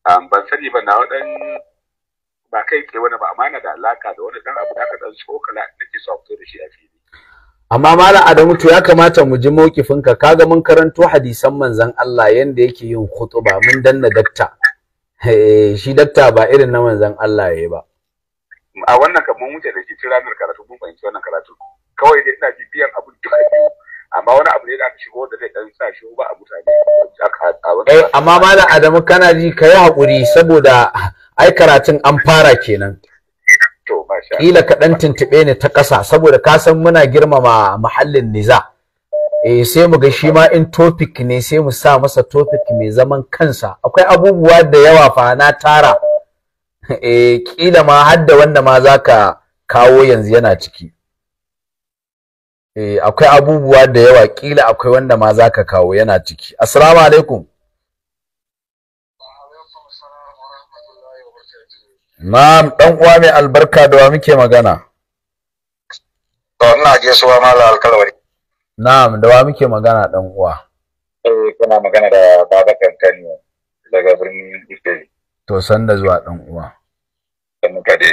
ban sani ba na wadan ba kai ke wani ba amana da alaka da wani dan abu da aka dan tsokala ke so fito da shi a fili amma malam Adamu to ya kamata mu ji maukifinka kaga mun karanto hadisan manzon Allah yanda yake yin khutuba mun danna dakta eh, shi dakta ba irin na manzon Allah yayi ba a wannan kan mun wuce da shi ranar karatu mun fahimci wannan karatu kawai dai ina biyan abu duka biyu amma wani abu ne da aka shigo da zai dan sa shi ba a mutane a eh, amma malam Adamu kana ji ka yi haƙuri saboda ai karatun an fara kenan kila ka dan tuntube ni ta ƙasa saboda ka san muna girmama mahallin niza eh sai mu ga shi ma in topic ne sai mu sa masa topic mai zaman kansa akwai abubuwa da yawa fa na tara eh kila ma har da wanda ma zaka kawo yanzu yana ciki eh akwai abubuwa da yawa kila akwai wanda ma zaka kawo yana ciki assalamu alaikum Na'am dan uwa mai albarka da wa muke magana To ina gaisuwa mallam alkalwari Na'am da wa muke magana dan uwa Eh kana magana da baba kankani daga birnin Ife To sanda zuwa dan uwa Dan ka Sanda kade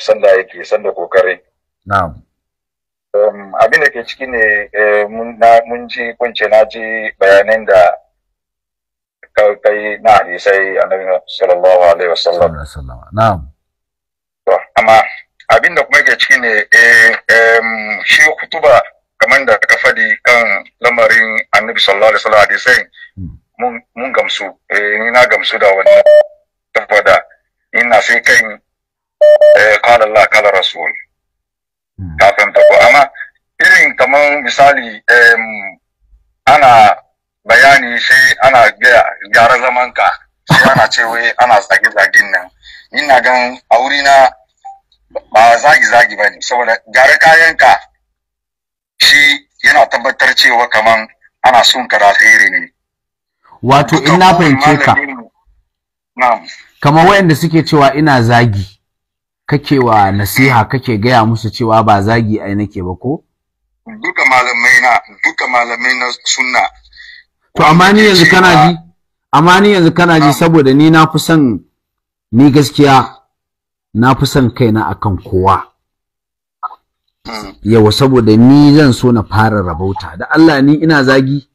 sanda yake sanda kokari Na'am Um, abin da ke ciki ne eh, mun ji kunce na ji bayanan da kai na hadisai annabi sallallahu alaihi wasallam na'am to amma abin da kuma ke ciki ne eh, shi kutuba kamar da ka fadi kan lamarin annabi sallallahu alaihi wasallam hadisai hmm. mun gamsu eh, ni na gamsu da wani tafada ina sai kan kala Allah kala rasul hmm. kanta ko amma irin kamar misali ana bayani sai ana gyara zaman ka sai ana ce wai ana zage-zagen nan ina gan a wuri na ba zagi-zagi ba ne saboda gyara kayan ka shi yana tabbatar cewa kamar ana sun ka da alheri ne wato in na fahimce ka kamar wayanda suke cewa ina zagi kake wa nasiha kake gaya musu cewa ba zagi ai nake ba ko duka malamai na duka malamai na sunna to amma ni yanzu kana ji amma ni yanzu kana ji saboda ni na fi son ni gaskiya na fi son kaina akan kowa hmm. yawa saboda ni zan so na fara rabauta da Allah ni ina zagi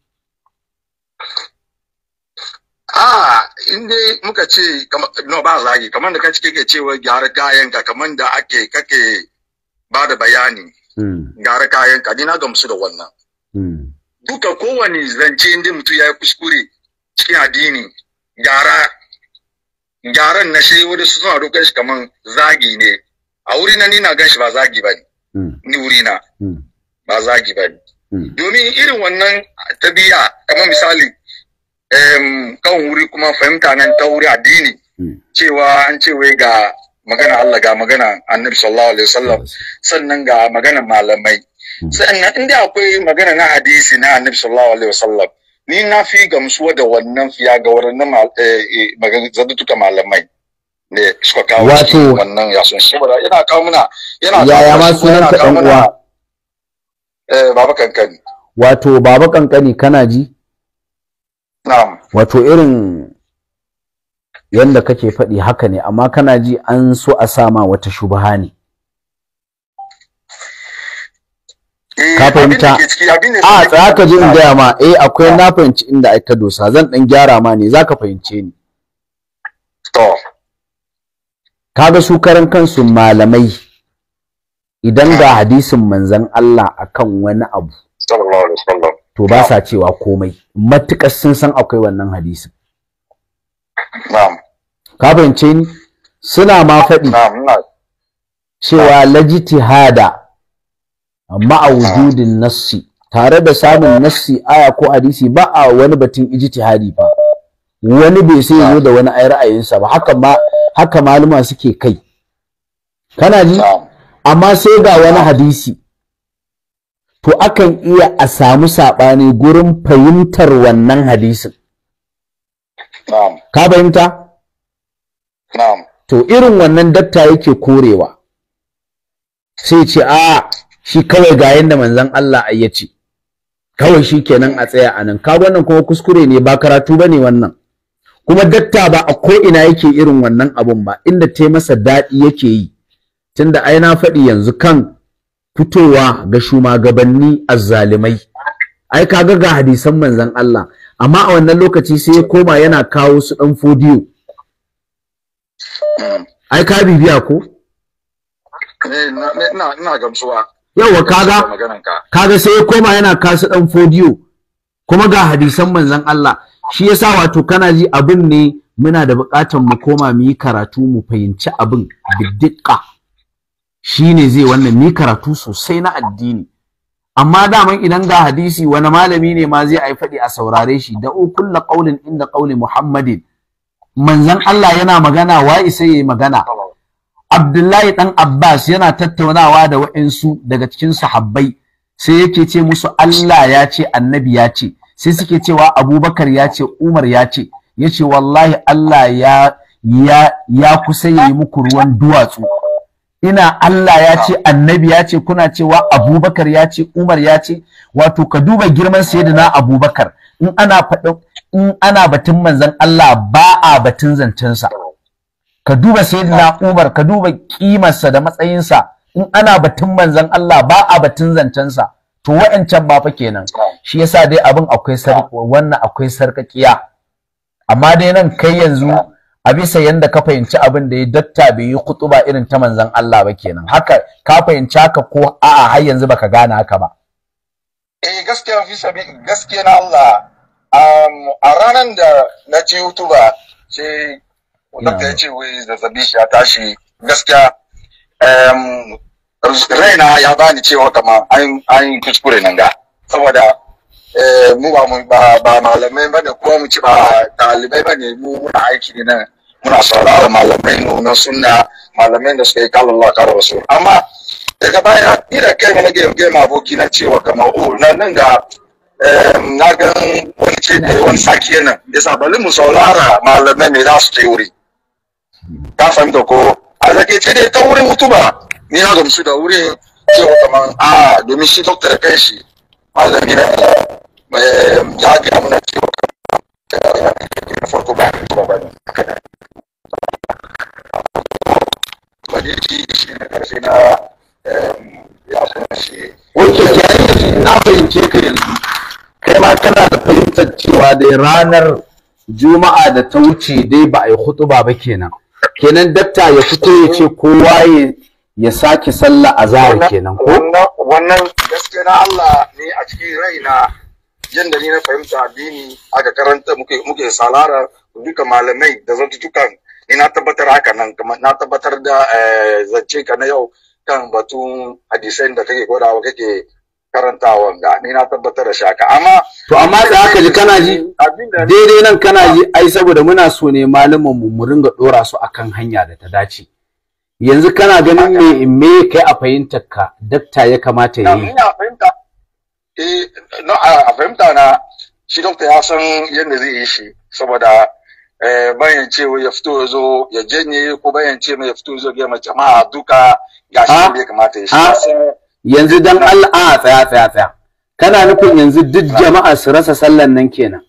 ah, in dai muka ce no ba zagi kamar da ka cike ke cewa gyara kayan ka kamar da ake kake ba da bayani hmm. gyara kayan ka ni na gamsu da wannan hmm. duka kowane zance inda mutum ya yi kuskure cikin addini gyara gyaran na shi wani su suna roƙon shi kamar zagi ne a wuri na ni na gan shi ba zagi ba ne hmm. ni wuri na ba zagi ba ne domin irin wannan tabiya kamar misali kan wuri kuma fahimta nan ta wuri addini hmm. cewa an ce wai ga magana Allah ga magana annabi sallallahu alaihi wasallam sannan ga magana malamai hmm. sannan inda akwai magana na hadisi na annabi sallallahu alaihi wasallam ni na fi gamsuwa da wannan fiya ga wannan eh, eh, zaddutuka malamai ne suka kawo wato wannan ya sun saboda yana kawo muna yana yaya ma sunan ka dan uwa eh baba kankani wato baba kankani kana ji wato irin yadda kake faɗi haka ne amma kana ji an so a sama wata shubaha ne eh, ka fahimta a tsaya ah, ka ji in gaya ma eh akwai na fahimci inda ai ka dosa zan dan gyara ma ne zaka fahimce ni to ga su karan kansu malamai idan ga hmm. hadisin manzon Allah akan wani abu sallallahu alaihi wasallam to ba sa cewa komai matukar sun san akwai wannan hadisin ka bance ni suna ma faɗi cewa lajitihada ma'a wujudin nassi tare da samun nassi aya ko hadisi ba a wani batun ijtihadi ba wani bai sai yazo da wani ai ra'ayinsa ba haka ma haka maluma suke kai kana ji amma sai ga wani hadisi to akan iya a samu saɓani gurin fahimtar wannan hadisin ka fahimta to irin wannan datta yake korewa sai ce a shi kawai ga yanda manzon Allah ya ce kawai shi kenan a tsaya anan ka wannan kuma kuskure ne ba karatu bane wannan kuma datta ba a ko ina yake irin wannan abun ba inda ta masa daɗi yake yi tunda ai na faɗi yanzu kan fitowa ga shugabanni azzalimai ai kaga ga hadisan manzon Allah amma a wannan lokaci sai ya koma yana kawo su dan fodiyo ai ka bibiya ko eh, na ina gamsuwa yawa kaga kaga sai ya koma yana kasu dan fodiyo kuma ga hadisan manzon Allah shi yasa wato kana ji abin ne muna da bukatun mu koma mu yi karatu mu fahimci abin biddiƙa shi ne zai wannan ni karatu sosai na addini amma daman idan ga hadisi wani malami ne ma zai ai faɗi a saurare shi da kullu qaulin inda qauli muhammadin manzon Allah yana magana wa isa yayi magana Abdullahi dan Abbas yana tattaunawa da wa'insu daga cikin sahabbai sai yake ce musu Allah ya ce annabi ya ce sai suke cewa Abubakar ya ce Umar ya ce yace wallahi Allah ya ya ya kusa yayi muku ruwan duwatsu ina Allah ya ce annabi ya ce kuna cewa abubakar ya ce umar ya ce wato ka duba girman sayyidina abubakar in ana faɗin in ana batun manzan Allah ba a batun zancensa ka duba sayyidina umar ka duba kimarsa da matsayinsa in ana batun manzon Allah ba a batun zancensa to wa'ancan ba fa kenan shi yasa dai abin akwai sarki wannan akwai sarƙaƙiya amma dai nan kai yanzu a bisa yanda ka fahimci abin da ya datta bai yi ba irin ta manzan Allah ba kenan haka ka fahimci haka ko a'a har yanzu baka gane haka ba eh gaskiya fi sabi gaskiya na Allah a ranar da na ci hutuba sai wanda ta ce wai zazzabi shi ya tashi gaskiya raina ya bani cewa kama an yi kuskure nan ga saboda Eh, mu ba mu ba malamai ba ne kuma mu ci ba ɗalibai ba ne mu muna aiki ne nan muna saurara malamai mu na sunna malamai da suka yi kalan Allah karo su amma daga baya ina kai mana game game aboki na cewa kamar o oh, na nan ga na ga wani ce ne wani saki yana yasa bari mu saurara malamai ne za su ce wuri ka fahimta ko a zake ce dai ta wurin ba. ni na gamsu da wuri cewa kamar a ah, domin shi doktor kan shi malam na farko ba ba wani fahimce da dai ranar juma'a da ta wuce dai ba a yi ba ba kenan kenan dakta ya fito ya ce kowa ya ya sake sallah azhar kenan ko wannan gaskiya na Allah ne a cikin raina yanda ni na fahimta addini aka karanta muke muke salara duka malamai da zantutukan ni na tabbatar haka nan kuma na tabbatar da eh, zance ka na yau kan batun hadisai da kake gwadawa kake karantawan ga ni na tabbatar da shaka amma to amma da haka ji kana ji daidai nan kana ji ai saboda muna so ne malaman mu mu ringa dora su akan hanya da ta dace yanzu kana ganin me me kai a fahimtar ka dakta ya kamata yi na fahimta eh no a fahimta na shi dokta ya san yanda zai yi shi saboda eh bayan cewa ya fito ya zo ya janye ko bayan ce mai ya fito ya zo ya mace duka ga shi ne kamata ya shi yanzu dan Allah a tsaya tsaya tsaya kana nufin yanzu duk jama'a su rasa sallan nan kenan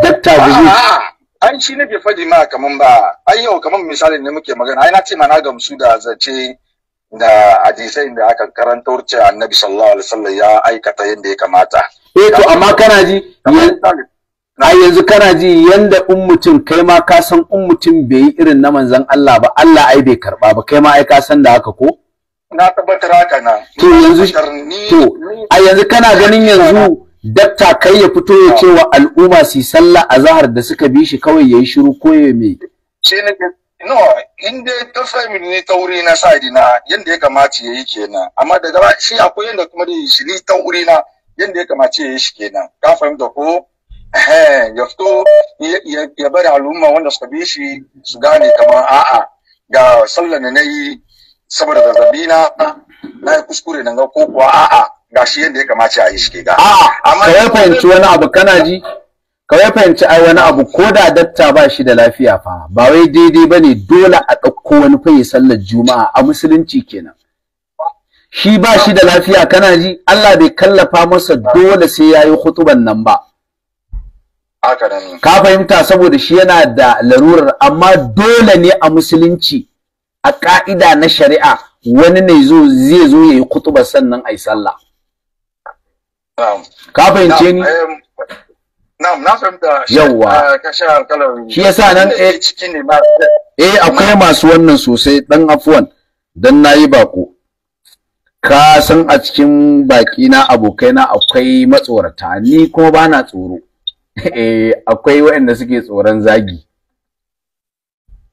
dakta bai an ci bai fadi ma kaman ba ai yau kaman misalin ne muke magana ai na ce ma na gamsu da zace da hadisai da aka karanta wurce annabi sallallahu alaihi wasallam ya aikata yadda ya kamata eh to amma kana ji ai yanzu kana ji yanda in mutum kai ma ka san in mutum bai yi irin na manzon Allah ba Allah ai bai karba ba kai ma ai ka san da haka ko na tabbatar haka na to yanzu to a yanzu kana ganin yanzu dakta kai ya fito ya ce wa al'umma su sallah a zahar da suka bi shi kawai yayi shiru ko ya me shi ne no in dai ta family ne ta wuri na sa na yanda ya kamata yayi kenan amma daga ba shi akwai yanda kuma da shi ni ta wuri na yanda ya kamata yayi shi kenan ka fahimta ko eh ya fito ya bari al'umma wanda suka bi shi su gane kamar a'a ga sallar ne nayi saboda zazzabi na na kuskure nan ga ko kuwa a'a ga yadda ya kamace a yi shi ke ga. A'a, ka ya fahimci wani abu kana ji? Ka fahimci ai wani abu ko da datta ba shi da lafiya fa ba wai daidai ba ne dole a ɗauko wani ya sallar juma'a a musulunci kenan. Shi ba shi da lafiya kana ji Allah bai kallafa masa dole sai ya yi hutuban nan ba. Ka fahimta saboda shi yana da larurar amma dole ne a musulunci a ƙa'ida na shari'a wani ne zai zo ya yi kutuba sannan a yi sallah. ka fahimce ni Na'am, eh, na fahimta yawa eh, shi yasa nan eh, eh akwai masu wannan sosai dan afuwan dan nayi bako ka san a cikin baki na abokai na akwai matsorata ni kuma bana tsoro eh akwai waɗanda suke tsoron zagi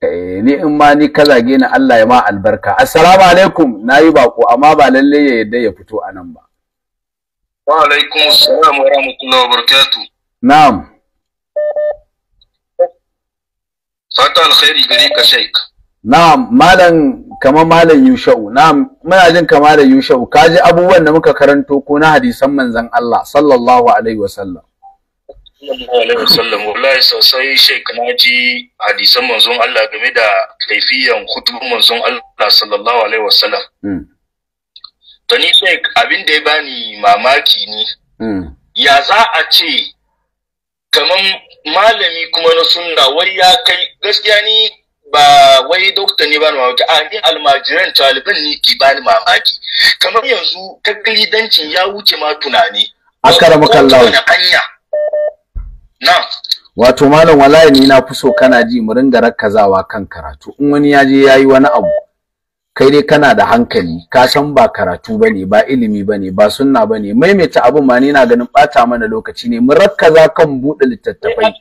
eh ni in ma ni ka zage ni Allah ya ma albarka assalamu alaikum nayi bako amma ba lalle ya yadda ya fito anan ba Wa alaikum assalam wa rahmatullahi wa barakatuh. Na'am. Fata alkhairi gare ka Sheikh. Na'am, malam kama malam Yusha'u. Na'am, muna jin kama da Yusha'u. Ka ji abubuwan da muka karanto ko na hadisan manzon Allah sallallahu wa sallam. wa sallam. Wallahi sosai Sheikh na ji hadisan manzon Allah game da kaifiyan hutubun manzon Allah sallallahu alaihi wa sallam. Hmm. to ni sheik abin da ya bani mamaki ne hmm. ya za a ce kamar malami kuma na sunna wai ya kai gaskiya ni ba wai dokta ne bani mamaki a ni almajiran taliban ne ke bani mamaki kamar yanzu taklidancin ya wuce ma tunani akara makallawa na wato malam wallahi ni na fi so kana ji mu ringa rakkazawa kan karatu in wani ya je yayi wani abu kai dai kana da hankali ka san ba karatu bane ba ilimi bane ba sunna bane maimaita abin ma ni na ganin bata mana lokaci ne murakkaza kan buɗe littattafai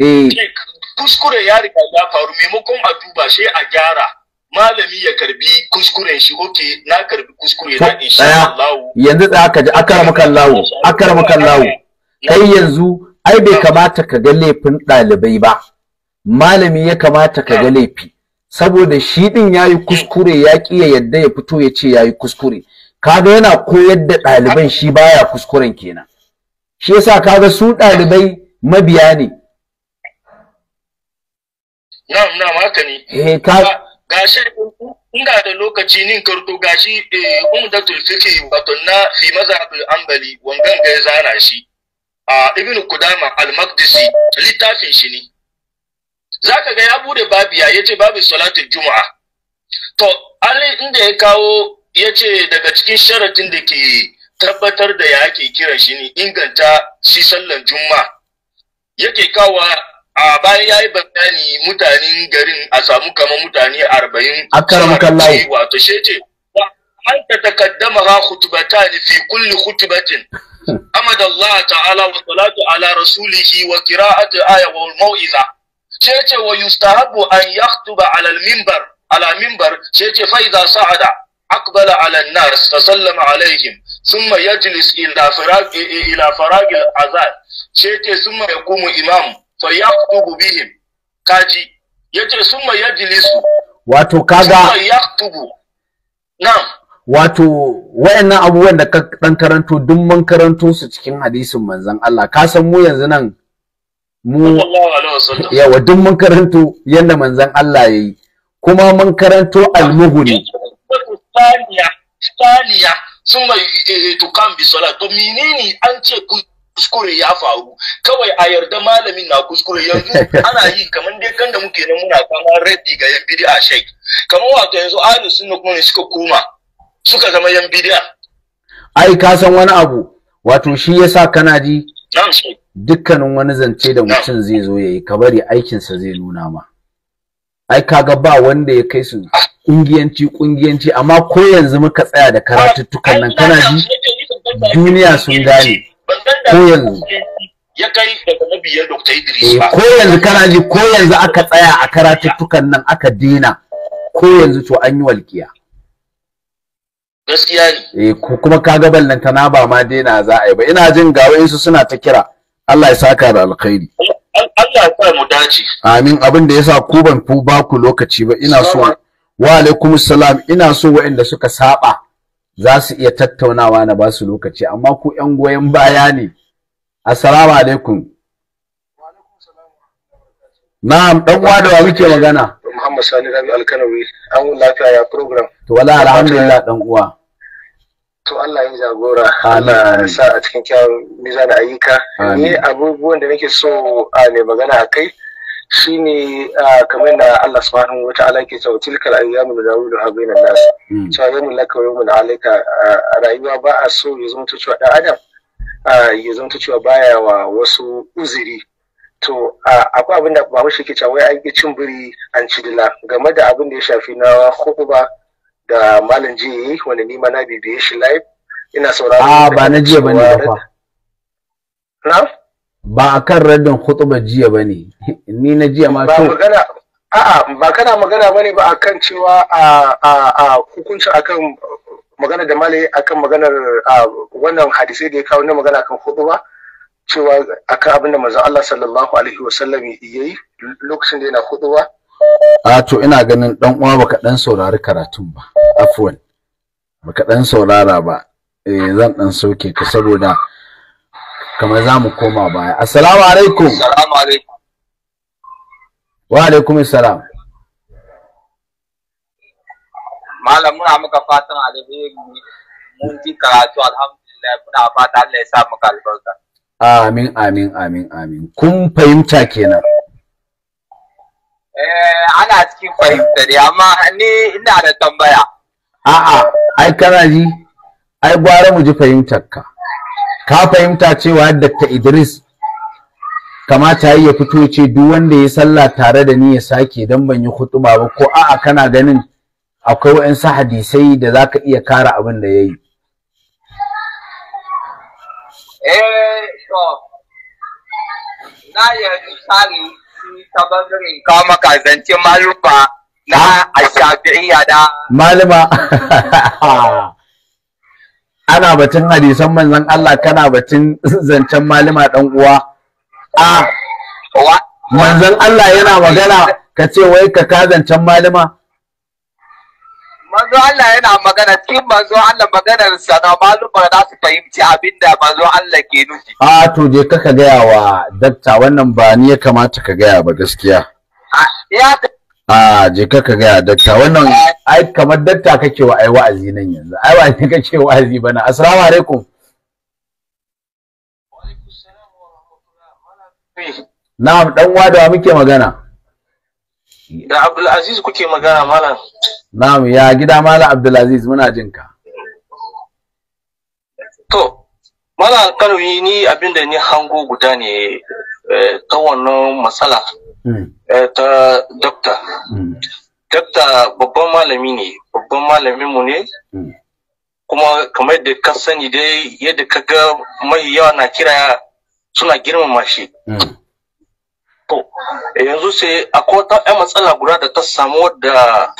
eh, eh. kuskure ya riga ya faru maimakon a duba sai a gyara malami ya karbi kuskuren shi oke na karbi kuskure na insha Allah yanzu da aka ji akarama akara akarama lawo. kai yanzu ai bai kamata ka ga laifin ɗalibai ba malami ya kamata ka ga laifi saboda shi din yayi kuskure ya ki ya yadda ya fito ya ce yayi kuskure kaga yana koyar da ɗaliban shi baya kuskuren kenan shi yasa kaga su ɗalibai mabiya ne na'am na'am haka ne eh ka gashi inda da lokaci nin karto gashi eh umdatul fiqh wato na fi mazhabul ambali wangan ga zana shi a ah, ibnu kudama al-maqdisi littafin shi ne zaka ga ya bude ya yace babu salatin juma'a to ali inda ya kawo yace daga cikin sharatin da ke tabbatar da ya ake kiran shi ne inganta shi sallan juma'a yake kawo a bayan yi bayani mutanen garin a samu kamar mutane arba'in a akram kallahi wato ce an ta takaddama ha ne fi kulli hutubatin amadallah ta'ala wa salatu ala rasulihi wa kira'atu aya wa mau'iza sai ya ce wa yustahabu an yaktuba ala mimbar ala mimbar sai ya ce fa idza sa'ada aqbala ala an-nas fa sallama alaihim thumma yajlis ila faraqi ila faraqi al-azan sai ya ce thumma yaqumu imam fa yaktubu bihim kaji ya ce thumma yajlis wato kaga yaktubu na'am wato wayannan abubuwan da ka dan karanto duk mun karanto su cikin hadisin manzon Allah ka san mu yanzu nan mu yawa duk mun karanto yadda manzan Allah ya yi kuma mun karanto almuhuni saniya sun mai tukan bisola to menene an ce kuskure ya faru kawai a yarda malamin na kuskure yanzu ana yi kamar dai kan da muke nan muna fama raddi ga yan bid'a shek kamar wato yanzu ahlus sunna kuma ne suka koma suka zama yan bid'a ai ka san wani abu wato shi yasa kana ji na'am shek dukkanin wani zance da mutum zai zo ya yi ka bari aikinsa zai nuna ma ai kaga ba wanda ya kai su kungiyanci kungiyanci amma ko yanzu muka tsaya da karatuttukan nan kana ji duniya sun gane ko yanzu ya kai daga Idris eh, ba. Ko yanzu kana ji ko yanzu aka tsaya a karatuttukan nan aka dina ko yanzu to an yi walƙiya. Gaskiya ne. Eh kuma kaga ballantana ba ma dena za a yi ba ina jin ga su suna ta kira. Allah ya saka da alkhairi Allah ya sa mu dace amin abin da yasa ku ban ku ba ku lokaci ba ina so wa alaikum salam ina so waɗanda suka saba za su iya tattaunawa na ba su lokaci amma ku ƴan goyen baya ne assalamu alaikum na'am dan uwa da wa muke magana Muhammad Sani Rabi Alkanawi an lafiya ya program to wala alhamdulillah dan uwa to Allah ya jagora ana sa a cikin kyawun mizan ayyuka ni abubuwan da nake so ne magana a kai shine kamar na Allah subhanahu wa ta'ala ke cewa tilkal ayyamu da dawudu ha bainan nas hmm. cewa yawmun laka wa yawmun alayka rayuwa ba a so ya zama cewa dan adam ya zama cewa baya wa wasu uziri. to akwai abin da ba shi ke cewa wai an cin biri an ci dila game da abin da ya shafi na hukuba da malam ji wanda ni ma na bibiye shi live ina sauraron ah, a ba na jiya bane ba na ba akan radon khutba jiya bane ni na jiya ma to magana a'a ba kana magana bane ba akan cewa a a a hukunci akan magana da malai akan maganar wannan hadisai da ya kawo na magana akan khutba cewa akan abin da manzon Allah sallallahu alaihi wasallam yayi lokacin da yana khutba a ah, to ina ganin dan uwa baka dan saurari karatun ba afwan baka dan saurara ba eh zan dan sauke ka saboda kamar zamu koma baya assalamu alaikum assalamu alaikum wa alaikum assalam malam muna muka fatan alheri mun ji karatu alhamdulillah muna fata Allah ya sa muka albarka amin amin amin amin kun fahimta kenan Eh, ana cikin fahimta ne amma ni ina da tambaya a'a ai kana ji ai gwara mu ji fahimtar ka ka fahimta cewa Dr. Idris kamata ya fito ce duk wanda ya sallah tare da ni ya sake dan ban yi hutuba ba ko a'a kana ganin akwai waɗansu hadisai da zaka iya kara abin da ya Eh, to, na yanzu ta bangaren maka zance maluma na ashafi'iyya da maluma ana batun hadisan manzon Allah kana batun zancen malama dan uwa a manzon Allah yana magana ka ce wai ka ka zancen malama manzo Allah yana magana cikin manzo Allah maganar sa na malumar za su fahimci abin da manzo Allah ke nufi a to je ka ka gaya wa dakta wannan ba ni ya kamata ka gaya ba gaskiya ya a je ka ka gaya dakta wannan ai kamar dakta kake wa ai wa'azi nan yanzu ai wa'azi ne kake wa'azi bana assalamu alaikum Na'am dan wa muke magana Da Abdul Aziz kuke magana malam Na'am ya gida Malam Abdulaziz muna jin ka. To Malam Alkanoyi ni abinda ni hango guda ne eh, ta wannan matsala hmm. eh, ta dokta. Hmm. Dokta babban malami ne, babban malaminmu ne, hmm. kuma kamar yadda ka sani dai yadda ka ga mai yawa na kira suna girmama shi. To, yanzu sai akwai wata 'yan matsala guda da ta samu wadda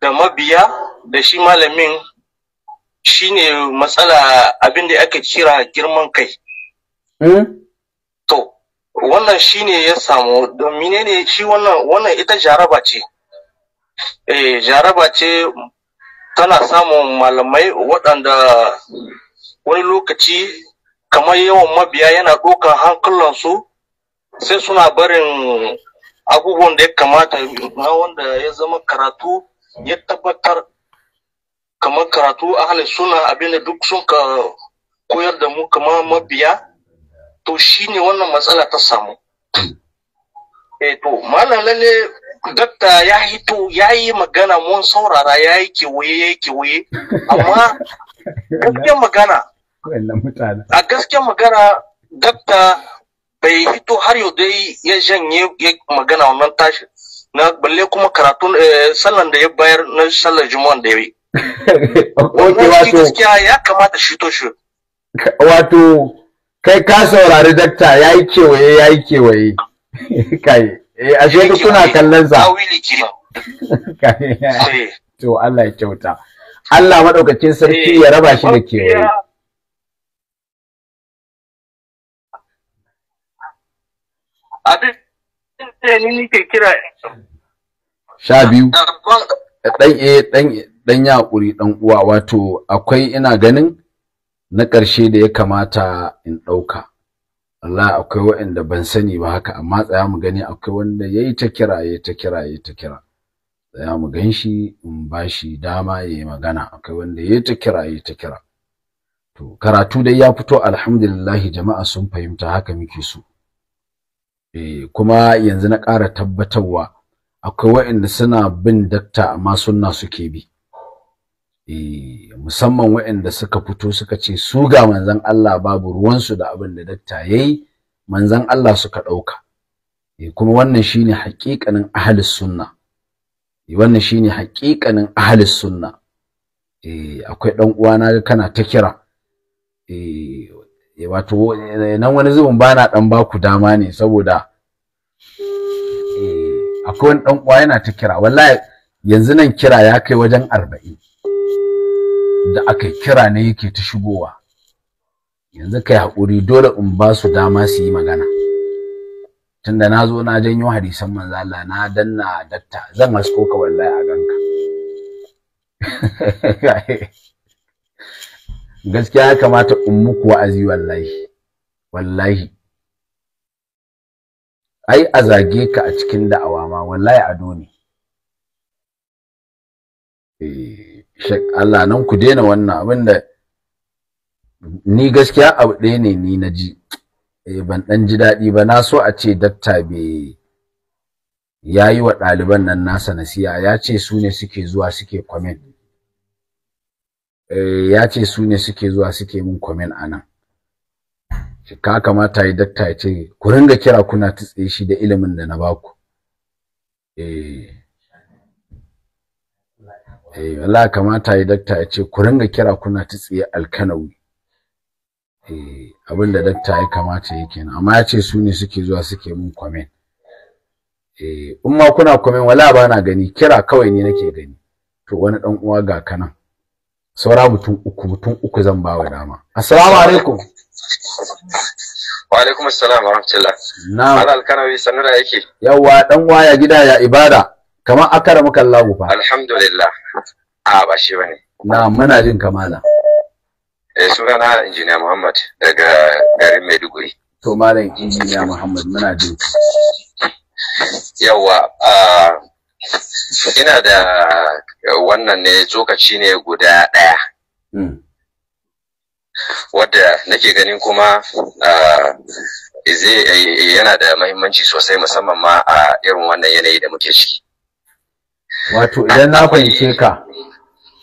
da mabiya da shi malamin shine matsala abinda da aka kira girman kai eh? to wannan shine ya samu domin ne shi wannan wannan ita jaraba ce eh jaraba ce tana samun malamai waɗanda wani lokaci kamar yawan mabiya yana ɗaukar hankulansu sai suna barin abubuwan da ya kamata na wanda ya zama karatu ya tabbatar kamar karatu a halin suna abinda duk sun ka koyar da mu kamar mabiya to shi ne wannan matsala ta samu e to malam lalle dakta ya hito ya yi magana mun saurara ya yi kewaye ya yi kewaye amma gaskiyar magana a gaskiyar magana dakta bai hito har yau dai ya janye magana wannan tashi na balle kuma karatun eh, sallan da ya bayar na sallar juma'an da ya yi gaskiya ya kamata shi to shi wato kai ka saurari dakta ya yi kewaye ya yi kewaye kai eh, a duk kuna kallon sa eh. to Allah ya kyauta Allah maɗaukacin sarki ya raba shi da kewaye abin ni nike kira sha biyu ah, dan eh dan dan ya dan uwa wato akwai ina ganin na ƙarshe da ya kamata in ɗauka Allah akwai waɗanda ban sani ba haka amma tsaya mu gani akwai wanda yayi ta kira yayi ta kira yayi ta kira tsaya mu gan shi in ba shi dama yayi magana akwai wanda yayi ta kira yayi ta kira to karatu dai ya fito alhamdulillah jama'a sun fahimta haka muke so Eh, kuma yanzu na ƙara tabbatarwa akwai waɗanda suna bin dakta amma sunna suke bi eh, musamman waɗanda suka fito suka ce su ga manzon Allah babu ruwansu da abin da dakta yayi manzon Allah suka ɗauka eh, kuma wannan shine haƙiƙanin ahlus sunna wannan shine haƙiƙanin ahlus sunna akwai ɗan uwana kana ta kira Eh, wato eh, nan wani zubin ba na ɗan ba ku dama ne saboda eh, akwai wani ɗan uwa yana ta kira wallahi yanzu nan kira ya kai wajen arba'in da aka kira ne yake ta shigowa yanzu kai haƙuri dole in ba su dama su yi magana tunda na zo na janyo hadisan manzo Allah na danna datta zan hasko ka wallahi a ganka gaskiya ya kamata in muku wa'azi wallahi wallahi ai a zage ka a cikin da'awa ma wallahi a ne eh, Allah nan ku daina wannan abinda ni gaskiya abu ɗaya ne ni na ji eh, ban ɗan ji daɗi ba na so a ce datta be ya yi wa ɗaliban nan nasa nasiya ya ce su ne suke zuwa suke comment Eh, ya ce su ne suke zuwa suke min comment a nan ka kamata ya dakta ya ce ku ringa kira kuna tutse shi da ilimin da na baku eh eh wala kamata ya dakta ya ce ku ringa kira kuna tutse alkanawi eh abin da dakta ya kamata ya kenan amma ya ce su ne suke zuwa suke min comment eh in ma kuna comment wala ba na gani kira kawai ne nake gani to wani dan uwa ga kanan saura mutum uku mutum uku zan ba wa dama assalamu alaikum wa alaikum assalam wa rahmatullah na ala alkanawi sanura yake yawa dan waya gida ya ibada kamar akara muka Allahu fa alhamdulillah a ba shi bane Na muna jin kamala eh sunana injiniya Muhammad daga garin Maiduguri to malam injiniya Muhammad muna jin yawa ina da wannan ne tsokaci ne guda ɗaya hmm. wadda nake ganin kuma yana da mahimmanci sosai musamman ma a irin wannan yanayi da muke ciki wato idan na fahimce ka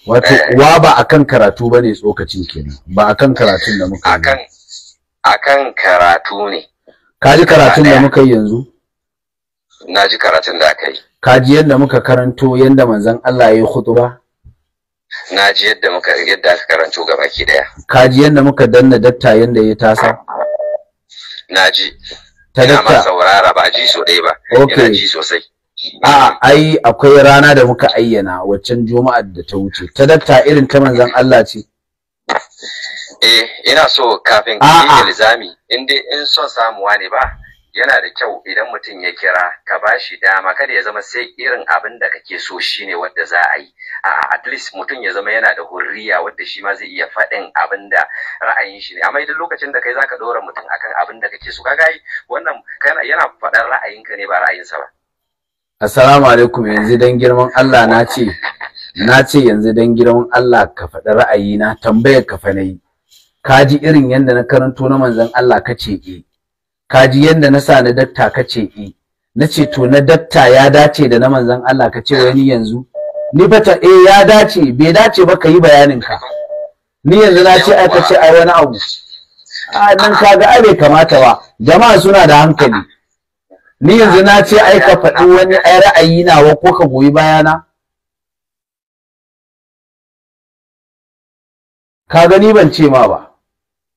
wato eh. wa ba akan karatu bane tsokacin kenan ba akan karatun da muka akan akan karatu ne ka ji karatun da muka yi yanzu na ji karatun da aka yi kaji yadda muka karanto yadda manzon Allah ya yi khutba na ji yadda muka yadda aka karanto gabaki daya kaji yadda muka danna datta yadda ya tasa na ji ta datta saurara ba ji so dai ba ina ji sosai a ai akwai rana da muka ayyana waccan juma'ar da ta wuce ta datta irin ta manzon Allah ce eh ina so kafin ki ilzami in dai in son samuwa ne ba yana da kyau idan mutum ya kira ka ba shi dama kada ya zama sai irin abin da kake so shi ne wanda za a yi a at least mutum ya zama yana da hurriya wanda shi ma zai iya faɗin abin da ra'ayin shi ne amma idan lokacin da kai ka ɗora mutum akan abin da kake so kaga wannan kana yana faɗan ra'ayinka ne ba ra'ayin sa ba assalamu alaikum yanzu dan girman Allah na ce na ce yanzu dan girman Allah ka faɗi ra'ayina tambayar ka fa ka ji irin yadda na karanto na manzon Allah ka ce eh kaji yanda na sa na dakta ka eh na to na dakta ya dace da na manzon Allah ka wani yanzu ni fata eh ya dace bai dace ba ka bayanin ka ni yanzu na ce ai ka ce ai wani abu a nan kaga ai bai kamata ba jama'a suna da hankali ni yanzu na ce ai ka faɗi wani ai ra'ayi nawa ko ka goyi bayana ka gani ban ce ma ba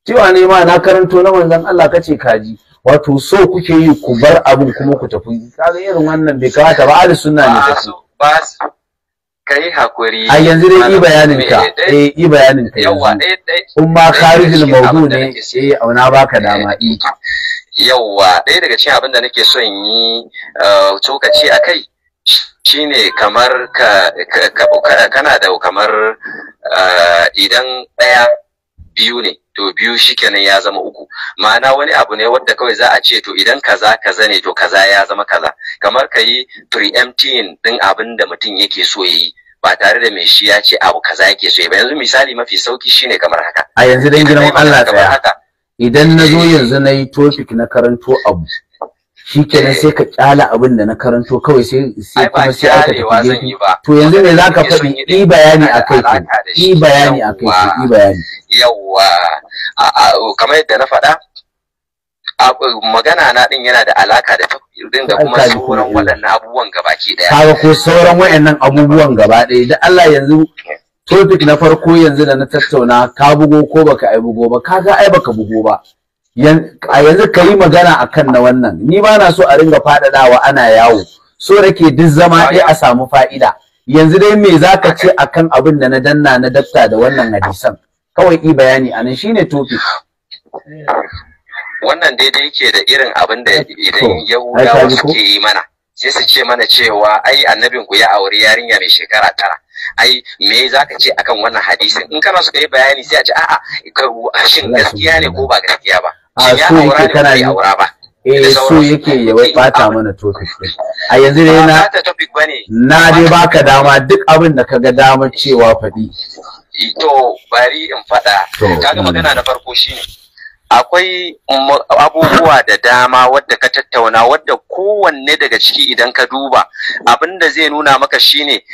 cewa ne ma na karanto na manzon Allah kace kaji wato so kuke yi ku bar abin kuma ku tafi kaga irin wannan bai kamata ba ahli sunna ne ba su kai hakuri a yanzu dai yi bayanin ka eh yi bayanin ka yawa in ma kharijul mawdu ne eh auna baka dama yi eh. yawa ɗaya daga cikin abin da nake son yi eh, tsokaci a kai shine kamar ka kana da kamar eh, idan ɗaya biyu ne to biyu shikenan ya zama uku ma'ana wani abu ne wadda kawai za a ce to idan kaza kaza ne to kaza ya zama kaza kamar ka yi preempting din abin da mutum yake so ya yi ba tare da mai shi ya ce abu kaza yake so ya ba yanzu misali mafi sauki shine kamar haka a yanzu dan girman Allah haka idan na zo eh. yanzu na yi topic na karanto abu shi kenan eh. sai ka kyala abin da na karanto kawai sai sai kuma sai aka tafi gefe to yanzu ne zaka faɗi i bayani akai ki i bayani akai ki i bayani yawwa kamar yadda na faɗa magana na ɗin yana da alaka da tafiyar da kuma sauran waɗannan abubuwan gabaki ɗaya. Kaga ko sauran waɗannan abubuwan gaba ɗaya da Allah yanzu topic na farko yanzu da na tattauna ka bugo ko baka ai bugo ba kaga ai baka bugo ba. A yanzu ka yi magana a kan na wannan ni ba na so a ringa faɗaɗawa ana yawo so rake duk zama ɗaya a samu fa'ida yanzu dai me za ka ce a kan abin da na danna na dafta da wannan hadisan. kawai i bayani anan shine topic wannan daidai yake da irin abin da idan yahudawa suke yi mana sai su ce mana cewa ai annabin ku ya auri yarinya mai shekara tara ai me za ka ce akan wannan hadisin in kana so ka yi bayani sai a ce a'a shin gaskiya ne ko ba gaskiya ba ya aura ne ko bai aura ba eh su yake yawai bata mana topic din a yanzu dai na na dai baka dama duk abin da kaga dama cewa faɗi to bari in faɗa kaga mm. magana na farko shine akwai abubuwa da dama wadda ka tattauna wadda kowanne daga ciki idan ka duba abinda zai nuna maka shine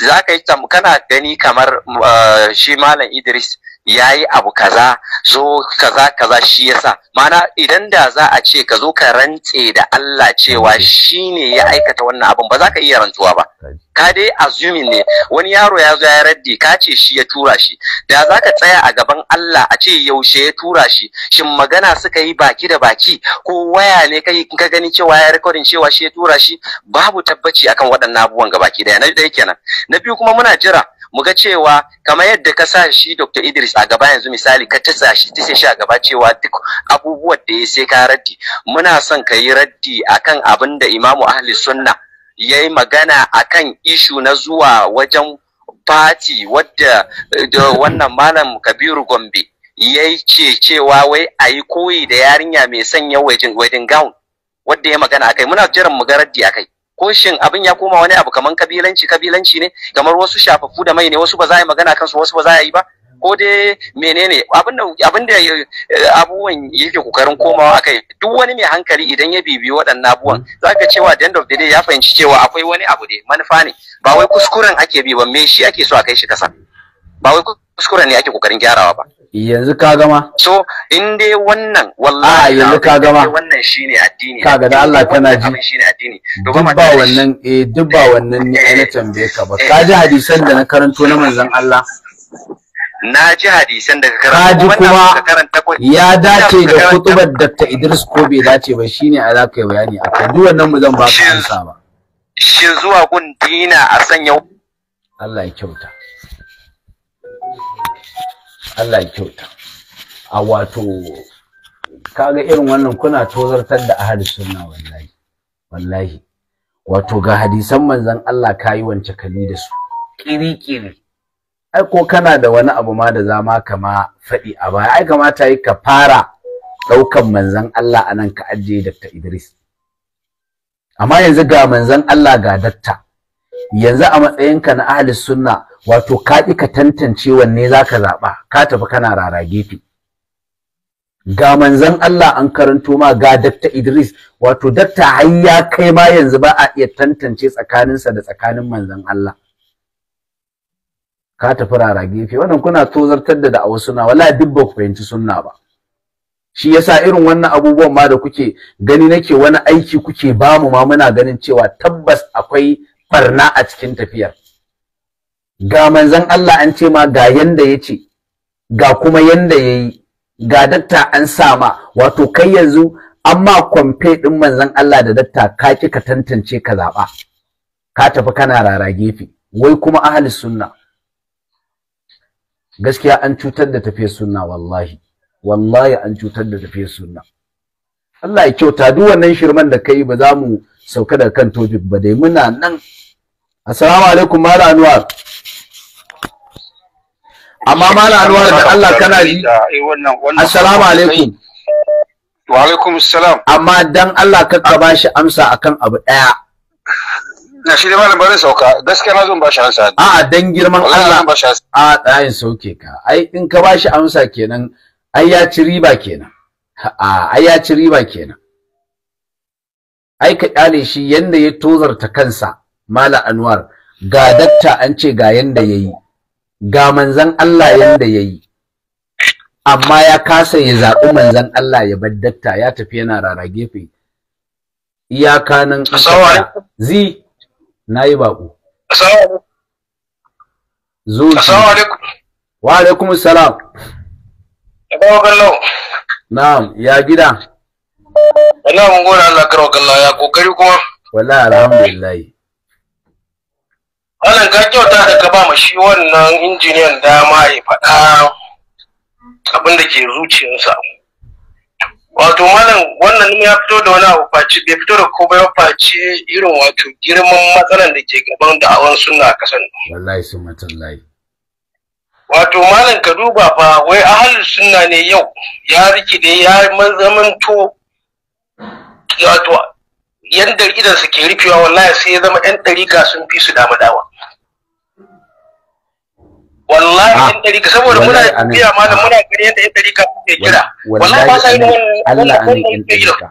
za ka yi kana gani kamar uh, shi malam idris ya yi abu kaza zo kaza kaza shi yasa mana idan da za a ce ka zo ka rantse da Allah cewa shi ne ya aikata wannan abin ba za ka iya rantsuwa ba ka dai assuming ne wani yaro ya zo ya raddi ka ce shi ya tura shi da za ka tsaya a gaban Allah a ce yaushe ya tura shi shin magana suka yi baki da baki ko waya ne kai ka gani cewa ya recording cewa shi ya tura shi babu tabbaci akan waɗannan abubuwan gabaki daya na ɗaya kenan na biyu kuma muna jira mu ga cewa kamar yadda ka sa shi Dr. Idris a gaba yanzu misali ka tisa shi tisa shi a gaba cewa duk abubuwan da ya sai ka raddi muna son ka yi raddi akan abin da Imamu Ahli Sunna ya yi magana akan ishu na zuwa wajen fati wadda wannan malam Kabiru Gombe ya ce cewa wai a yi koyi da yarinya mai sanya wedding gown wadda ya magana akai muna jiran mu ga raddi akai ko shin abin ya koma wani abu kamar kabilanci kabilanci ne kamar wasu shafafu da mai ne wasu ba za a yi magana kansu wasu ba za a yi ba ko dai menene abin da abin da eh, abubuwan yake kokarin komawa akai duk wani mai hankali idan ya bibiyi waɗannan abubuwan zaka cewa the end of the day ya fahimci cewa akwai wani abu ne manufa ne ba wai kuskuren ake bi ba me shi ake so a kai shi kasa ba wai kuskuren ne ake kokarin gyarawa ba yanzu ka gama so in dai wannan wallahi ah, yanzu ka gama wannan shine addini ka ga da Allah tana ji shine addini to ba wannan eh duk ba wannan ne na tambaye ka ba ka ji hadisan da na karanto na manzon Allah na ji hadisan daga karanta ka kuma ya dace da kutubar Dr. Idris ko bai dace ba shine a za ka yi bayani a kai duk wannan mu zan ba ka amsa ba shin zuwa gun dina a sanya Allah ya kyauta Allah ya kyauta a wato kaga irin wannan kuna tozartar da ahli sunna wallahi wallahi wato ga hadisan manzon Allah kayi wance kali da su kiri-kiri ai ko kana da wani abu ma da zama kama faɗi a baya ai kamata yi ka fara ɗaukan manzon Allah anan ka ajiye Dr. Idris amma yanzu ga manzon Allah ga datta yanzu a matsayinka na ahli sunna wato ka ka tantance wanne za ka zaɓa ka tafi kana rara gefe ga manzan Allah an karanto ma ga Dr. Idris wato Dr. har ya kai ma yanzu ba a iya tantance tsakaninsa da tsakanin manzan Allah ka tafi rara gefe wannan kuna tozartar da da'awar suna, wala duk ba ku fahimci sunna ba shi yasa irin wannan abubuwan ma da kuke gani nake wani aiki kuke bamu ma muna ganin cewa tabbas akwai barna a cikin tafiyar ga manzan Allah an ce ma ga yanda ya ce ga kuma yanda ya yi ga datta an sa ma wato kai yanzu an ma kwamfe ɗin manzan Allah da datta ka ki ka tantance ka zaba ka tafi kana rara gefe wai kuma ahli sunna gaskiya an cutar da tafiyar sunna wallahi wallahi an cutar da tafiyar sunna Allah ya kyauta duk wannan shirman da kai ba za mu sauka daga kan topic ba dai muna nan assalamu alaikum Mara anwar amma mala anwar da Allah kana ni eh, assalamu alaikum wa alaikum assalam amma dan Allah ka ka bashi amsa akan abu daya na shi da malam bare sauka gaskiya na zo ba shi amsa a a dan girman Allah a dayin sauke ka ai in ka bashi amsa kenan ai ya ci riba kenan a ai ya ci riba kenan ai ka kyale shi yanda ya tozarta kansa mala anwar ga dakta an ce ga yanda yayi ga manzan Allah yanda ya yi amma ya kasa ya zaɓi manzan Allah ya bar dakta ya tafi yana rara gefe iyaka nan zi na yi baƙo zo wa alaikum salam na'am ya gida Ina mun gode Allah karo kallah ya kokari kuma wallahi alhamdulillah wannan ka kyauta da ka ba ma shi wannan injiniyan dama ya faɗa abin da ke zuciyarsa wato malam wannan ya fito da wani abu face bai fito da ko bayan face irin wato girman matsalan da ke gaban da awon suna kasan wallahi su matallahi wato malam ka duba fa wai ahalin suna ne yau ya da ya zamanto wato yadda idan su ke rufewa wallahi sai ya zama yan ɗarika sun fi su damu dawa wallahi in ah, ɗarika saboda muna biya malam muna ah. gari yadda in ɗarika suke kira wallahi ba sa yi Allah an in ɗarika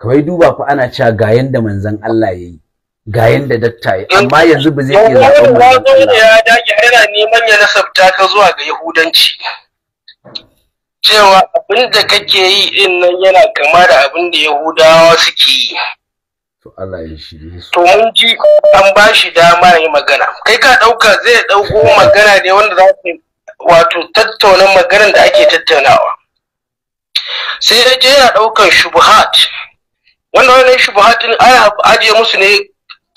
kawai duba fa ana cewa ga yanda manzon Allah yayi ga yanda datta yi amma yanzu ba zai iya zaɓen manzon Allah ya dage yana neman ya nasabta ka zuwa ga yahudanci cewa abin da kake yi din nan yana kama da abin da yahudawa suke yi to Allah ya shirye su to mun ji an ba shi dama yi magana kai ka dauka zai dauko magana ne wanda za ku wato tattauna maganar da ake tattaunawa sai ya je yana daukan shubuhat wannan wannan shubuhatin ai ajiye musu ne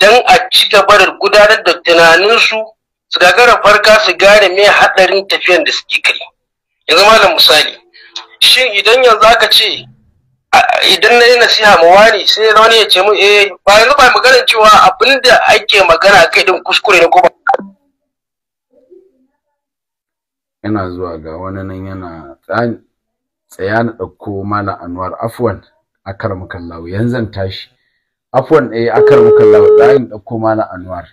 dan a ci gaba da gudanar da tunaninsu su gagara farka su gane me hadarin tafiyan da suke kai yanzu malam misali shin idan yanzu aka ce idan na yi nasiha mu wani sai na wani ya ce mu 'E, eh, ba yanzu ba maganar cewa abinda ake magana kai din kuskure ne ko ba yana zuwa ga wani nan yana tsaya na ɗauko mala anwar afwan akar mukallawu yanzu tashi afwan eh akar mukallawu tsayin ɗauko mala anwar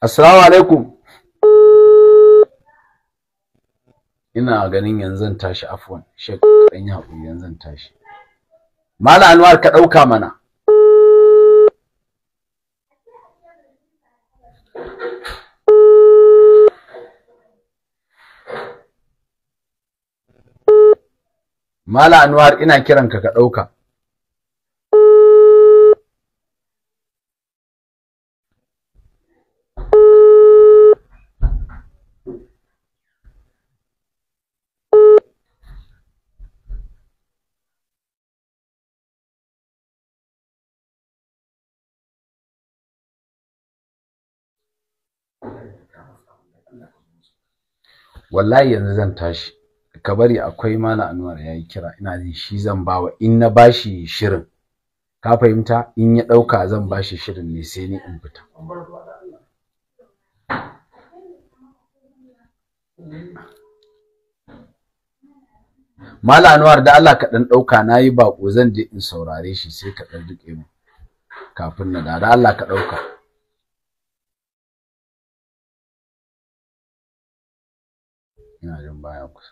assalamu alaikum ina ganin yanzu zan tashi afwan shek dan yi hakuri yanzu zan tashi mala anwar ka dauka mana mala anwar ina kiranka ka dauka wallahi yanzu zan tashi ka bari akwai malam anwar ya yi kira ina jin shi zan bawa in na bashi shirin ka fahimta in ya ɗauka zan bashi shirin ne sai ni in fita Mala Anwar da Allah ka ɗan ɗauka na yi baƙo zan je in saurare shi sai ka ɗan riƙe mu kafin na da Allah ka ɗauka. baya kusa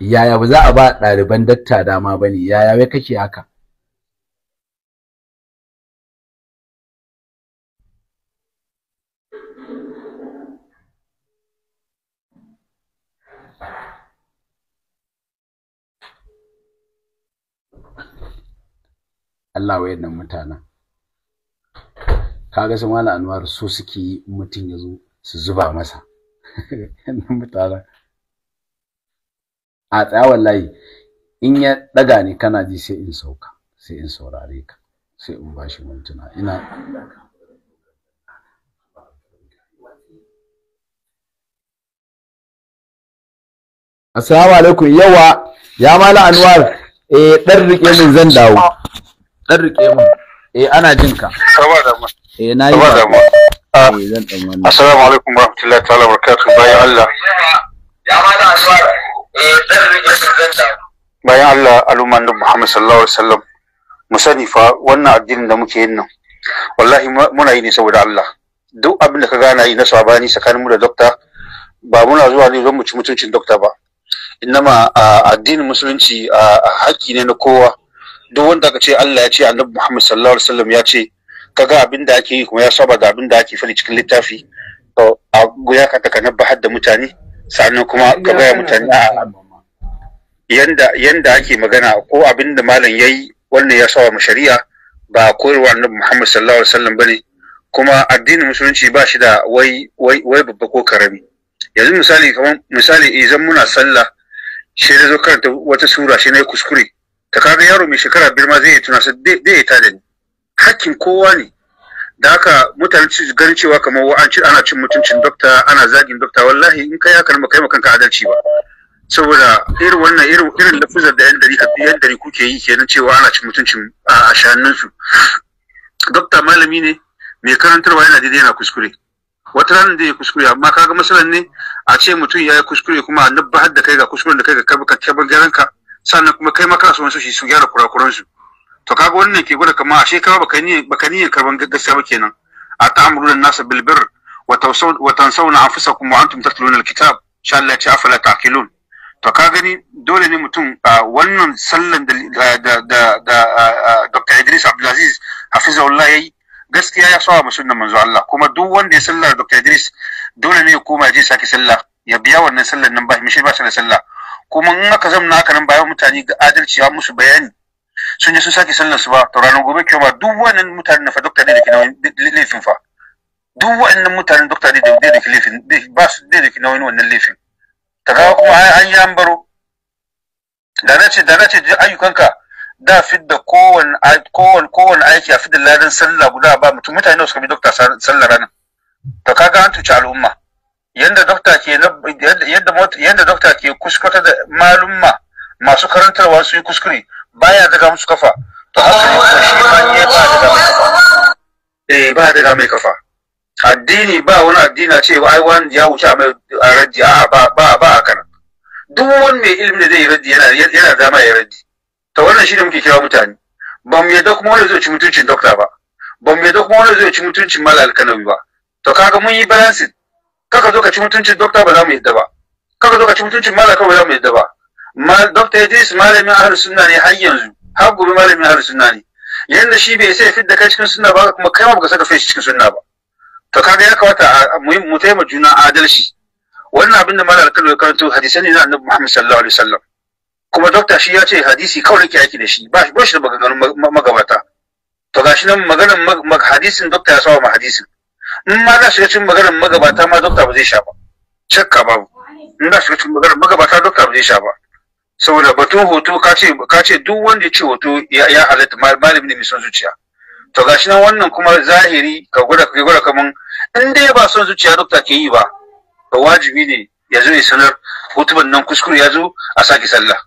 yaya ba za a ba ɗaliban datta dama ba ne yaya wai kake haka Allah wa nan mutanen kaga sun mala anwar su suke yi mutum ya zo su zuba masa mutanen a tsaya wallahi in ya daga ni kana ji sai in sauka sai in saurare ka sai in bashi mintuna ina Assalamu alaikum yawa ya mala Anwar eh dan rike min zan dawo dan rike min eh ana jinka saboda eh na yi assalamu eh, alaikum warahmatullahi ta'ala barakatuh bayan Allah eh, bayan Allah aluman da Muhammad sallallahu alaihi wasallam mu sani fa wannan addinin da muke yin nan wallahi muna yi ne saboda Allah duk abin da ka gana yi na sabani tsakanin mu da dokta ba muna zuwa ne don mu ci mutuncin dokta ba innama addinin musulunci a haƙƙi ne na kowa duk wanda ka ce Allah ya ce annabi Muhammad sallallahu alaihi wasallam ya ce Ka ga abin da ake yi kuma ya saba da abin da ake fari cikin littafi to a guya ka ka bahar da mutane sannan kuma ka gaya mutane a yanda yanda ake magana ko abin da malam yayi wannan ya saba mu shari'a ba koyarwa annabi Muhammad sallallahu alaihi wasallam bane kuma addinin musulunci ba shi da wai wai wai babba ko karami yanzu misali kamar misali idan muna sallah shi da zo karanta wata sura shi ne kuskure ta kaga yaro mai shekara biyar ma zai yi tunasa dai ya tada ni hakkin kowa ne da haka mutane su ganin cewa kamar wa'ancin ana cin mutuncin dokta ana zagin dokta wallahi in kai hakan ba kai ma kanka adalci ba saboda irin wannan irin lafuzar da yan dari yan dari kuke yi kenan cewa ana cin mutuncin a shanun su dokta malami ne mai karantarwa yana daidai yana kuskure wata ranar da ya kuskure amma kaga masalan ne a ce mutum ya yi kuskure kuma a nabba da kai ga kuskuren da kai ga kabin ka sannan kuma kai ma kana su shi su gyara kurakuransu to kaga wannan ke gwada kama ashe ka baka niyan baka niyan karban gaskiya ba kenan a ta'amuruna nasa bil birr wa tansawna anfusakum wa antum tatluna al kitab insha Allah ya ce afala taqilun to ka gani dole ne mutum wannan sallan da da Dr. Idris Abdulaziz hafizahullah yayi gaskiya ya sawa mu sunnan manzo Allah kuma duk wanda ya sallar Dr. Idris dole ne ya koma ya je sake sallah ya biya wannan sallan nan ba shi ba shi da sallah kuma in aka zamna haka nan bayan mutane ga adalci ya musu bayani sun je sun sake sallar su ba to ranar gobe ba duk wannan mutanen na fa dokta ne da ke nauyin laifin fa duk wannan mutanen dokta ne da ke laifin ba su da da ke nauyin wannan laifin ta kawo kuma an yi an baro da na ce da na ce ayyukanka da fidda da kowane kowane aiki a fidda ladan sallah guda ba mutum mutane suka bi dokta sallar ranar to kaga an tuci al'umma yadda dokta ke yadda yadda dokta ke kuskure da malumma masu karantarwa su yi kuskure baya daga musu kafa to asali ba shi ba ne ba daga mai kafa eh ba daga mai kafa addini ba wani addini a ba ai wani ya wuce a mai raddi a ba ba ba a kana duk wani mai ilimi da zai raddi yana yana dama ya raddi to wannan shine muke kira mutane ba mu yadda kuma wani zai ci mutuncin dokta ba ba mu yadda kuma wani zai ci mutuncin mala alkanawi ba to kaga mun yi balancing kaka zo ka ci mutuncin dokta ba za mu yadda ba kaka zo ka ci mutuncin mala kawai ba za mu yadda ba Dr. Idris malamin ahlus sunna ne har yanzu har gobe malamin ahlus sunna ne yanda shi bai sai fidda kai cikin sunna ba kuma kai ma baka saka fishi cikin sunna ba to kaga ya a mutai ma juna adalci wannan abin da malar kallo ya karanto hadisan ne na annabi Muhammad sallallahu alaihi wasallam kuma dokta shi ya ce hadisi kawai yake aiki da shi ba shi bashi shi da maganganun magabata to gashi nan maganar hadisin dokta ya sawa ma hadisin in ma za shiga cikin maganar magabata ma dokta ba zai sha ba shakka babu in za shiga cikin maganar magabata dokta ba zai sha ba saboda batun hoto ka ce duk wanda ya ce hoto ya halatta malami ne mai son zuciya to gashi nan wannan kuma zahiri ka gwada ka gwada kaman in dai ba son zuciya dokta ke yi ba to wajibi ne ya zo ya sanar hutuban nan kuskure ya zo a sake sallah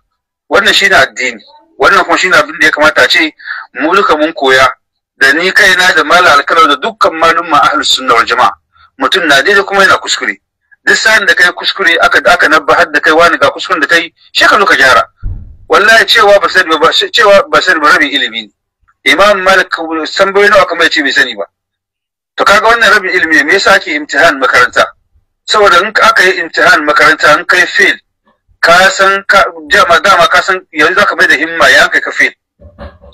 wannan shine addini wannan kuma shine abin da ya kamata a ce mu duka mun koya da ni kaina da mala alkarar da dukkan malumma ahlus sunna wal jama'a mutum na daidai kuma yana kuskure duk sa'an da kai kuskure aka aka har da kai wani ga kuskuren da kai shi ka zo ka gyara wallahi cewa ba sani ba cewa ba sai ba rabin ilimi ne imam malik san bai nawa kamar ce bai sani ba to kaga wannan rabin ilimi me yasa ake imtihan makaranta saboda in aka yi imtihan makaranta in kai fail ka san ka dama ma ka san yanzu zaka mai da himma ya kai ka fail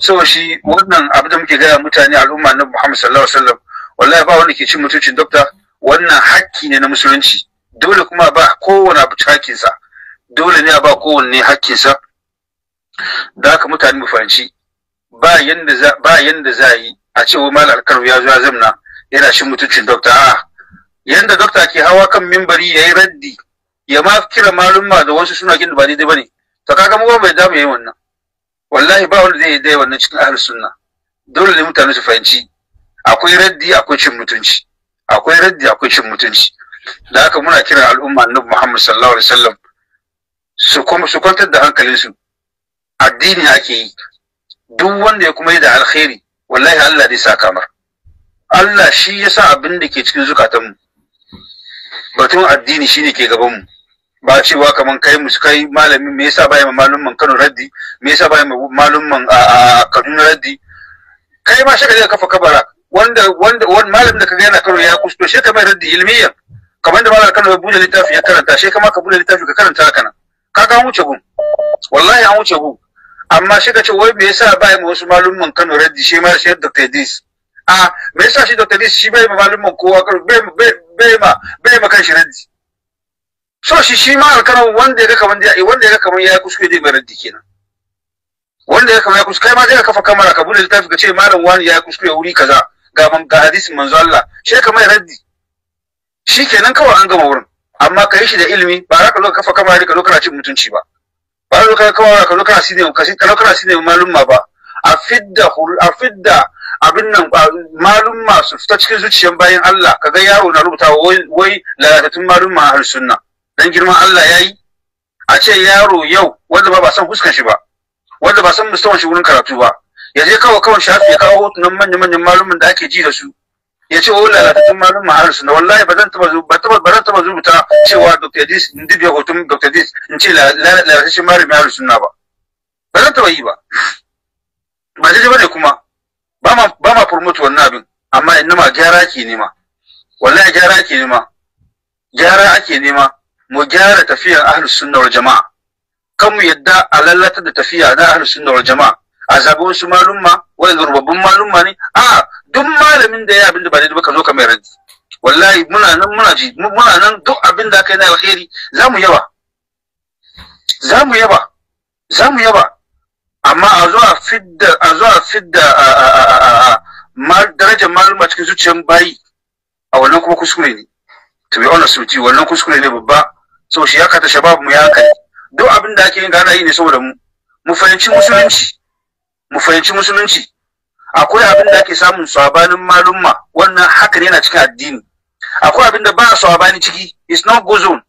so shi wannan abu da muke gaya mutane al'umma na Muhammad sallallahu alaihi wasallam wallahi ba wanda ke cin mutuncin dokta wannan hakki ne na musulunci dole kuma ba kowane abu hakinsa dole ne a ba kowanne hakinsa da haka mutane mu fahimci ba yanda za a yi a ce wai mal alkaru ya zo zamna yana shi mutuncin dokta a yanda dokta ke hawa kan mimbari ya yi raddi ya ma kira malumma da wasu suna gina ba daidai ne to kaga mu bai damu ya yi wannan wallahi ba wanda zai dai wannan cikin ahlus sunna dole ne mutane su fahimci akwai raddi akwai cin mutunci akwai raddi akwai cin mutunci da haka muna kiran al'umma annabi Muhammad sallallahu alaihi wasallam su kuma su kwantar da hankalin su. addini ake yi duk wanda ya kuma yi da alkhairi wallahi Allah zai sa kamar Allah shi ya sa abin da ke cikin mu. batun addini shine ke gaban mu. ba cewa kaman kai musu kai malami me yasa baya malumman Kano raddi me yasa baya malumman a Kaduna raddi kai ma ka kafa kabara wanda wanda wani malam da kaga yana Kano ya kusto shi kamar raddi ilmiyan kamar da malaka Kano ya bude littafi ya karanta shi kama ka bude littafi ka karanta haka nan kaga an wuce gun wallahi an wuce gun amma shi ka ce wai me yasa ba mu wasu malumman Kano raddi shi ma shi Dr. Idris a me yasa shi Dr. Idris shi bai ma malumman kowa kar bai bai ma bai ma kan shi raddi so shi shi ma alkaran wanda ya ga kaman wanda ya ga kamar ya kuskure dai mai raddi kenan wanda ya kama ya kuskure kai ma zai kafa kamera ka bude littafi ka ce malam wani ya kuskure wuri kaza ga ga hadisin manzo Allah shi kamar raddi shi kenan kawai an gama wurin amma ka yi shi da ilimi ba za ka zo kafa kama ka zo kana cin mutunci ba ba za ka kawo ka zo kana sine ka zo kana sine malumma ba a fidda a fidda abin nan malumma su fita cikin zuciyan bayan Allah ka ga yaro na rubuta wai lalatatun malumma a sunna dan girman Allah yayi a ce yaro yau wanda ba san huskan shi ba wanda ba san musamman shi wurin karatu ba ya je kawo kawai shafi ya kawo hotunan manya-manyan malumin da ake ji da su ya ce wala lalatun malum mahar sunna wallahi ba zan taba ba taba ba zan taba rubuta cewa Dr. Dis in dibiya hoton Dr. Dis in ce lalatun malum mahar sunna ba ba zan taba yi ba ba daidai bane kuma ba ma ba ma promote wannan abin amma inna ma gyara ke nema wallahi gyara ake nema gyara ake nema mu gyara tafiyar ahlus sunna wal jama'a kan mu yadda a lallata da tafiya na ahlus sunna wal jama'a a zaɓi wasu malumma wai rubabbun malumma ne a duk malamin da ya abin da ba daidai ba ka zo ka mai raddi wallahi muna nan muna ji muna nan duk abin da aka yi na alheri za mu yaba za mu yaba za mu yaba amma a zo a fidda a zo a fidda darajar malumma cikin zuciyar bayi a wannan kuma kuskure ne to be honest with you wannan kuskure ne babba so shi ya kata shabab mu ya hankali duk abin da ake yin gana yi ne saboda mu mu fahimci musulunci mu fahimci musulunci akwai abin da ake samun sabanin malumma wannan hakan yana cikin addini akwai abin da ba sabani ciki it's not go zone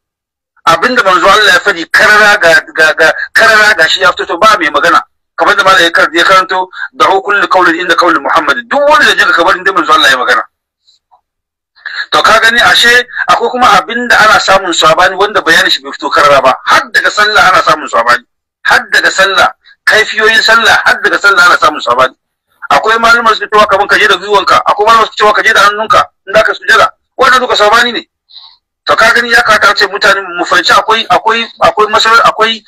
abin da manzo Allah ya faɗi karara ga ga karara ga shi ya fito ba mai magana kamar da malai ya karanto da hukulli kaulin inda kaulin Muhammad duk wanda da jira kabarin da manzo Allah ya magana to ka gani ashe akwai kuma abin da ana samun sabani wanda bayanin shi bai fito karara ba har daga sallah ana samun sabani har daga sallah kaifiyoyin sallah har daga sallah ana samun sabani akwai malumar su cewa kaman kaje da gwiwanka akwai malumar su cewa kaje da hannunka in da ka sujada wannan duka sabani ne to ka gani ya kata ce mutane mu fanci akwai akwai akwai masar akwai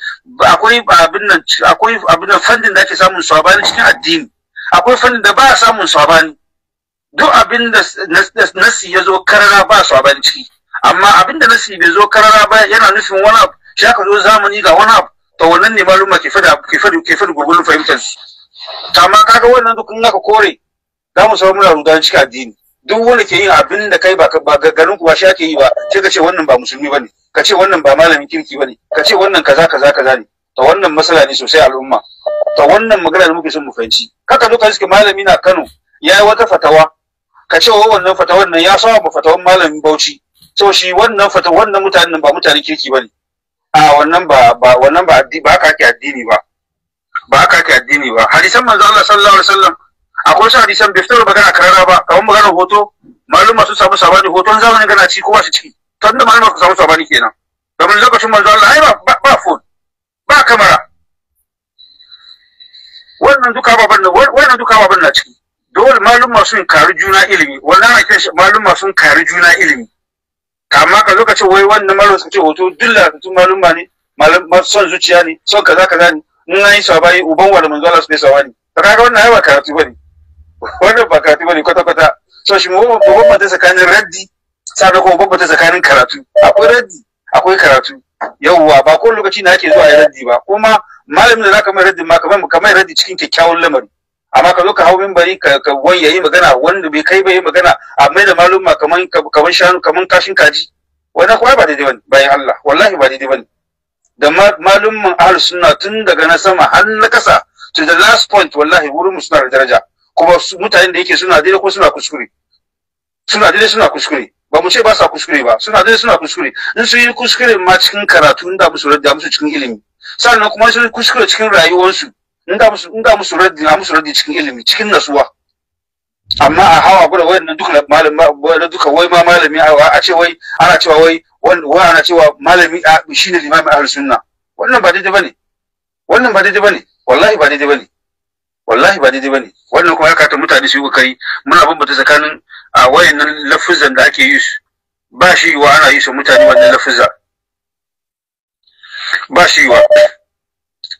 akwai abin nan akwai abin nan fandin da ake samun sabani cikin addini akwai fandin da ba samun sabani duk abin da nasi ya zo karara ba sabani ciki amma abin da nasi bai zo karara ba yana nufin wani abu shi aka zo zamani ga wani abu to wannan ne maluma ke fada ke fada ke fada gurgurun fahimtar su ma kaga wannan duk in aka kore za mu samu muna rudan cikin addini duk wanda ke yin abin da kai ba garin ku ba shi ake yi ba sai ka ce wannan ba musulmi bane ka ce wannan ba malamin kirki bane ka ce wannan kaza kaza kaza ne to wannan matsala ne sosai a al'umma to wannan magana da muke son mu fahimci kaka zo ka iske malami na Kano ya yi wata fatawa ka ce wa wannan fatawar nan ya saba ma fatawan malamin Bauchi so shi wannan fata wannan mutanen ba mutanen kirki bane a wannan ba ba wannan ba addini ba ka ki addini ba ba ka ki addini ba hadisan manzo Allah sallallahu alaihi wasallam akwai su hadisan bai fitar magana karara ba kamar magana hoto malum masu samu sabani hoton zamanin gana ci kowa su ciki tun da malum masu samu sabani kenan kamar lokacin manzo Allah ai ba ba phone ba kamera wannan duka baban na wannan duka baban na ciki dole malum masu kari juna ilimi wannan ake malum masu kari juna ilimi amma ka zo ka ce wai wannan malama suka ce hoto duk lalatattun maluma ne masu son zuciya ne son kaza kaza ne mun an yi sawa bayi uban wa da manzo Allah su bai sawa ne to kaga wannan ai ba karatu bane wannan ba karatu bane kwata kwata so shi mu babban ta tsakanin raddi sannan kuma babban ta tsakanin karatu akwai raddi akwai karatu yawwa ba kowane lokaci na ake zuwa ya raddi ba kuma malamin da zaka mai raddi ma kamar kamar raddi cikin kyakkyawan lamari amma ka zo ka hau mimbari ka ka wani yayi magana wanda bai kai bai magana a mai da maluma kaman kaman shanu kaman kashin kaji wannan kuma ba daidai bane bayan Allah wallahi ba daidai bane da malumman ahlus sunna tun daga na sama har na kasa to the last point wallahi wurin suna da daraja kuma mutanen da yake suna daidai ko suna kuskure suna daidai suna kuskure ba mu ce ba sa kuskure ba suna daidai suna kuskure in sun yi kuskure ma cikin karatu da musu radda musu cikin ilimi sannan kuma sun kuskure cikin rayuwarsu in ga musu in musu raddi na musu raddi cikin ilimi cikin nasuwa amma a hawa gura wayannan duka malam wayannan duka wai ma malami a ce wai ana cewa wai wai ana cewa malami a shine limamin ahlus sunna wannan ba daidai bane wannan ba daidai bane wallahi ba daidai bane wallahi ba daidai bane wannan kuma ya kata mutane su yi muna bambanta tsakanin a wayannan lafuzan da ake yi ba shi wa ana yi su mutane wannan lafuzan ba shi wa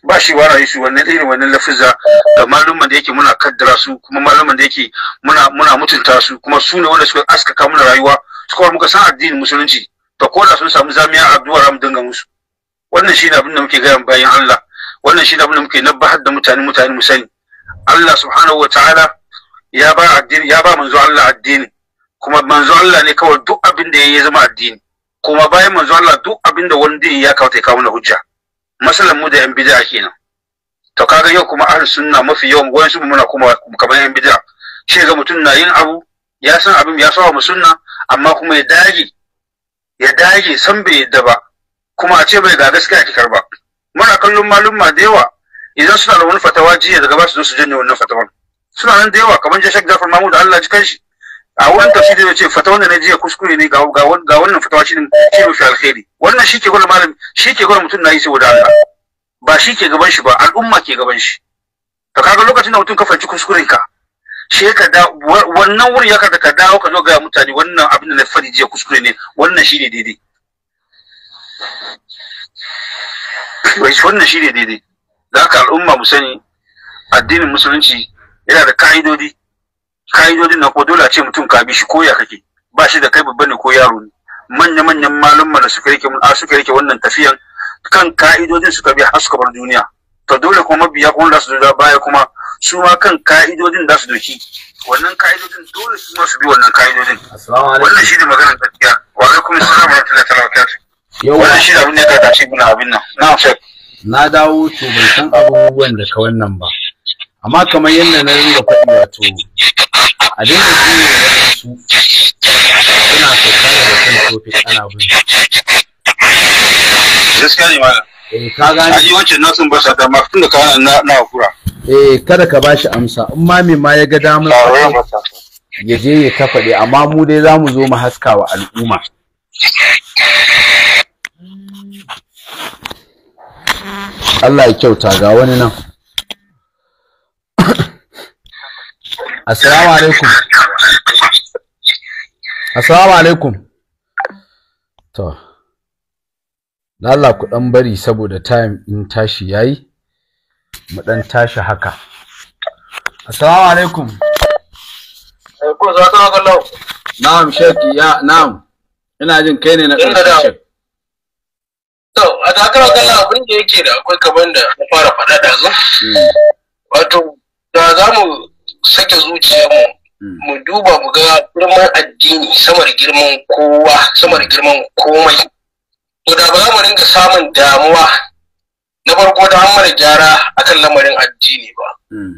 ba shi wa rayu wannan irin wannan lafiza da malaman da yake muna kaddara su kuma malaman da yake muna muna mutunta su kuma su ne wanda suka askaka muna rayuwa kuma muka san addinin musulunci to ko da sun samu zamiya addu'a ram dinga musu wannan shine abin da muke gaya bayan Allah wannan shine abin da muke nabbahar da mutane mutane mu sani Allah subhanahu wa ta'ala ya ba addini ya ba manzo Allah addini kuma manzo Allah ne kawai duk abin da ya zama addini kuma bayan manzo Allah duk abin da wani ya kawo ta kawo na hujja masalan mu da yan bid'a kenan to kaga yau kuma ahlus sunna mafi yawan wayan su muna kuma kamar yan bid'a shi ga mutum na yin abu ya san abin ya sawa sunna amma kuma ya dage ya dage san bai yadda ba kuma a ce bai ga gaskiya kikar ba muna kallon malumma da yawa idan suna da wani fatawa jiya daga ba su zo su janye wannan fatawan suna nan da yawa kamar jashak jafar da Allah ji kanshi a wannan tafsiri ya ce fata wanda na jiya kuskure ne ga wannan fatawa shi ne mafi alheri. wannan shi ke gwada malam shi ke gwada mutum na yi saboda Allah ba shi ke gaban shi ba al'umma ke gaban shi to kaga lokacin da mutum ka fanci kuskuren ka shi ka da wannan wurin ya ka dawo ka zo ga mutane wannan abin da na faɗi jiya kuskure ne wannan shi ne daidai wannan shi ne daidai da haka al'umma mu sani addinin musulunci yana da ka'idodi ka'idodin na ko dole a ce mutum ka bi shi ko ya kake ba shi da kai babba ne ko yaro ne manya-manyan malumma da suka rike mun suka rike wannan tafiyan kan ka'idodin suka bi har suka bar duniya to dole kuma mabiya kuma za su zo baya kuma su ma kan ka'idodin za su doki wannan ka'idodin dole su ma su bi wannan ka'idodin wannan shi ne maganar tafiya wa alaikum assalam wa rahmatullahi wa barakatuh wannan shi da abin da ya karkace guna abin nan na shek na dawo to ban san abubuwan da ka wannan ba amma kamar yadda na rinka faɗi wato a dinga jini da wasu suna kokari da kan topic ana bin gaskiya ne malam eh ka gane aji wancan nasun ba sa da ma tunda ka na na kura. eh kada ka bashi amsa in ma me ma ya ga damar ya je ya ta faɗi amma mu dai za mu zo mu haska wa al'umma Allah ya kyauta ga wani nan Assalamu alaikum. Assalamu alaikum. To. Allah ku dan bari saboda time in tashi yayi. Mu dan tashi haka. Assalamu alaikum. ta ga lau. Na'am sheki ya na'am. Ina jin kai ne na ƙarshe. To, a ga lau abin da yake da akwai kaman da na fara faɗa da zo. Hmm. Wato, da za mu sake zuciya hmm. mu duba mu ga girman addini samar girman kowa samar girman komai to da ba za mu ringa samun damuwa na farko da an mana gyara akan lamarin addini ba hmm.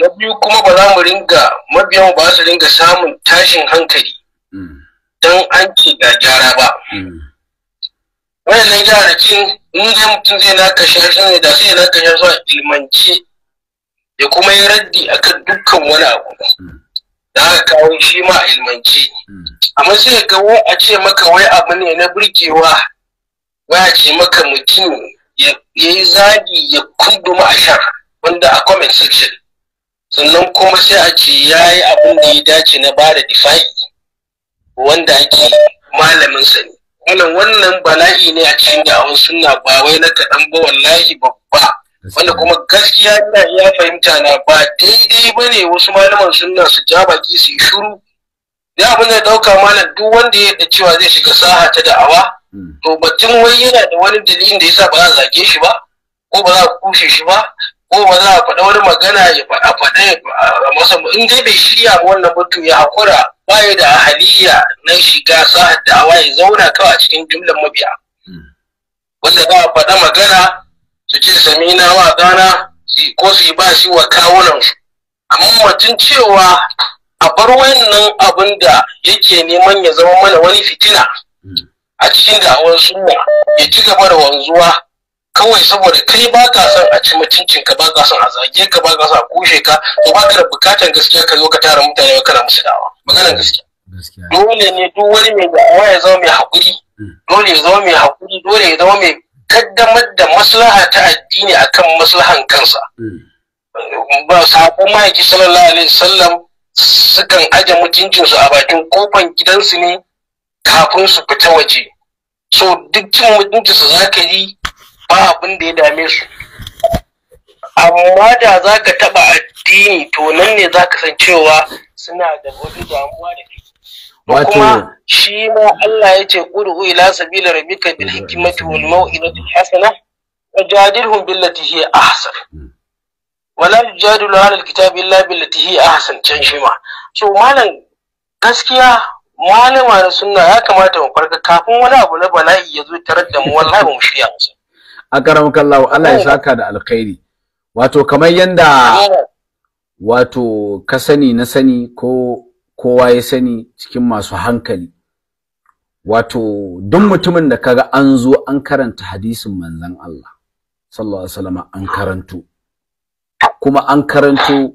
na biyu kuma ba za mu ringa mabiyan ba su ringa samun tashin hankali hmm. don an ce ga gyara ba wannan gyara cin in mutum zai naka shi ne da sai naka su zuwa ilmance ya kuma yi raddi akan dukkan wani abu da aka kawo shi ma ilmanci amma sai ga wai a ce maka wai abu ne na burgewa wai a ce maka mutum ya yi zagi ya kunduma a shan wanda a comment section sannan kuma sai a ce ya yi abin da ya dace na bada difa'i wanda ake malamin sani wannan wannan bala'i ne a cikin da'awun suna ba wai na kaɗan ba wallahi babba wanda kuma gaskiya ina ya fahimta na ba daidai ba ne wasu malaman sunna su ja baki su yi shuru da abin da dauka mana duk wanda ya da cewa zai shiga saha ta da'awa hmm. to batun wai yana da wani dalilin da yasa ba za a zage shi ba ko ba za a kushe shi ba ko ba za a faɗa wani magana ya faɗa faɗa a masa in dai bai shirya ba wannan mutum ya haƙura baya da haliya na shiga sahar da'awa ya zauna kawai a cikin jumlar mabiya hmm. wanda za a faɗa magana su ce samina wa gana ko su yi ba yi wa kawunansu amma mutum cewa a bar wannan abin da yake neman ya zama mana wani fitina hmm. a cikin awon suna, ya ci gaba da wanzuwa kawai saboda kai ba ka son a ci mutuncin ka ba ka son a zage ka ba ka son a kushe ka to ba ka da bukatan gaskiya ka zo ka tara mutane ba kana musu dawa maganar gaskiya dole ne duk wani mai da'awa ya zama mai haƙuri hmm. dole ya zama mai haƙuri dole ya zama mai kaddamar da maslaha ta addini akan maslahan kansa hmm. ba sahabban mahaifi sallallahu alaihi wasallam sukan aje mutuncinsu a bakin kofan gidansu ne kafin su fita waje so duk cin mutuncinsu za ka yi ba abin da ya dame su amma da za ka taɓa addini to nan ne za ka san cewa suna da wani damuwa da kuma shi ma Allah ya ce ud'u ila sabila rabbika bil hikmati wal mau'izati hasana wajadilhum billati hiya ahsan hmm. wala tujadilu ala alkitabi illa billati hiya ahsan can shi ma so malam gaskiya malama na sunna ya kamata mu farka kafin wani abu na bala'i ya zo tarar da mu wallahi ba mu shirya musu akaramka Allah Allah ya saka da alkhairi wato kamar yanda wato ka sani na sani ko kowa ya sani cikin masu hankali wato duk mutumin da kaga an zo an karanta hadisin manzon Allah sallallahu alaihi wasallam an karanto kuma an karanto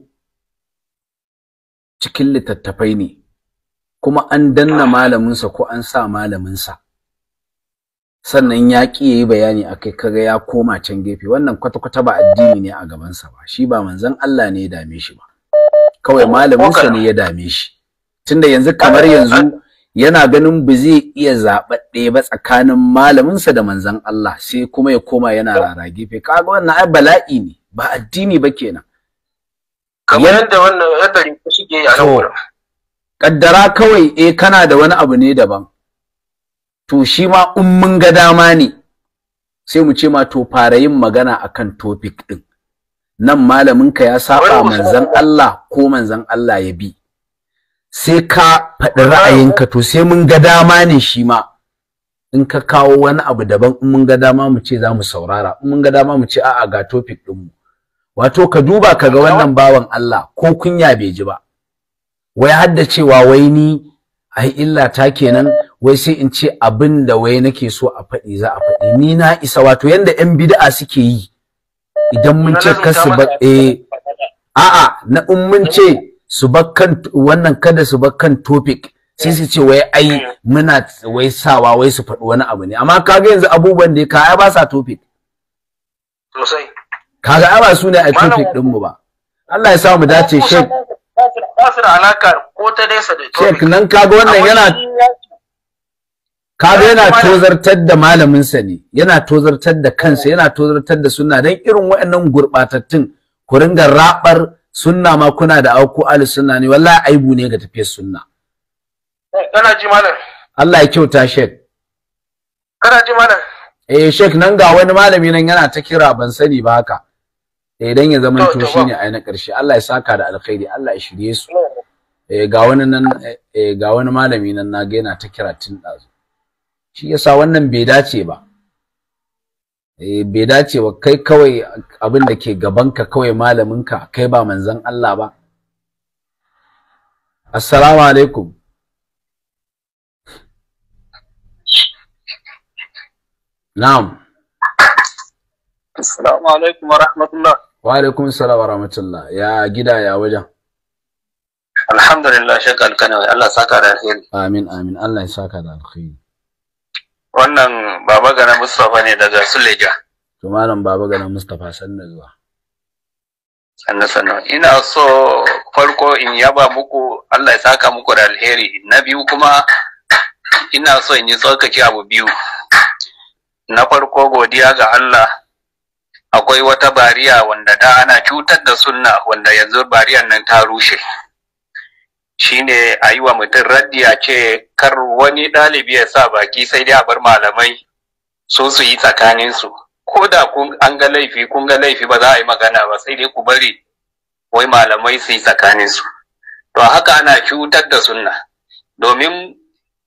cikin littattafai ne kuma an danna malaminsa ko an sa malaminsa sannan ya ƙi yayi bayani akai kaga ya koma can gefe wannan kwata-kwata ba addini ne a gabansa ba shi ba manzon Allah ne ya dame shi ba kawai malaminsa ne ya dame shi tunda yanzu kamar yanzu yana ganin ba zai iya zaɓaɗɗe ba tsakanin malaminsa da manzon Allah sai kuma ya koma yana rara gefe kaga wannan ai bala'i ne ba addini ba kenan kamar yadda wannan hadari shige a kaddara kawai eh kana da wani abu ne daban to shi ma in mun ga dama ne sai mu ce ma to fara yin magana akan topic din nan malaminka ya saba manzon Allah ko manzon Allah ya bi sai ka faɗi ra'ayinka to sai mun ga dama ne shi ma in ka kawo wani abu daban in mun ga dama mu ce za mu saurara in mun ga dama mu ce a'a ga topic ɗinmu wato ka duba ka ga wannan bawan Allah ko kunya bai ji ba wai har da cewa wai ni ai illa ta kenan wai sai in ce abin da wai nake so a faɗi za a faɗi ni na isa wato yanda yan bid'a suke yi idan mun ce kasu ba eh a'a na in mun ce su bakkan wannan kada su bakkan topic sai su ce wai ai muna wai sawa wai su faɗi wani abu ne amma kaga yanzu abubuwan da kaya ba sa topic sosai kaga ai ba su ne a topic din mu ba Allah ya sa mu dace shek ba su da alaka ko ta nesa da topic shek nan kaga wannan yana kaga yana tozartar da malaminsa ne yana tozartar da kansa yana tozartar da suna don irin waɗannan gurɓatattun ku ringa raɓar sunna ma kuna da auku ahli sunna ne wallahi aibu ne ga tafiyar sunna eh, kana ji malam Allah ya kyauta shek kana ji malam eh shek nan ga wani malami nan yana ta kira ban sani ba haka eh dan ya zama to shine ai na karshe Allah ya saka da alkhairi Allah ya shirye su eh ga wani nan eh ga wani malami nan na ga yana ta kira tun dazu shi yasa wannan bai dace ba Eh, bai dace wa kai kawai abin da ke gabanka kawai malaminka kai ba manzan Allah ba assalamu alaikum na'am assalamu alaikum wa rahmatullah wa alaikum assalam wa rahmatullah ya gida ya wajen alhamdulillah shakka alkanawi Allah saka da alheri amin amin Allah ya saka da alheri wannan baba gana mustapha ne daga suleja to malam baba gana mustapha sanna zuwa sanna sanna ina so farko in yaba muku allah ya saka muku da alheri na biyu kuma ina so in yi tsarkake abu biyu na farko godiya ga allah akwai wata bariya wanda da ana cutar da sunna wanda yanzu bariyan nan ta rushe shine a yi wa mutum raddi a ce kar wani ɗalibi ya sa baki sai dai a bar malamai so su yi tsakaninsu ko da an ga laifi kun ga laifi ba za a yi magana ba sai dai ku bari wai malamai su yi tsakaninsu to haka ana cutar da sunna domin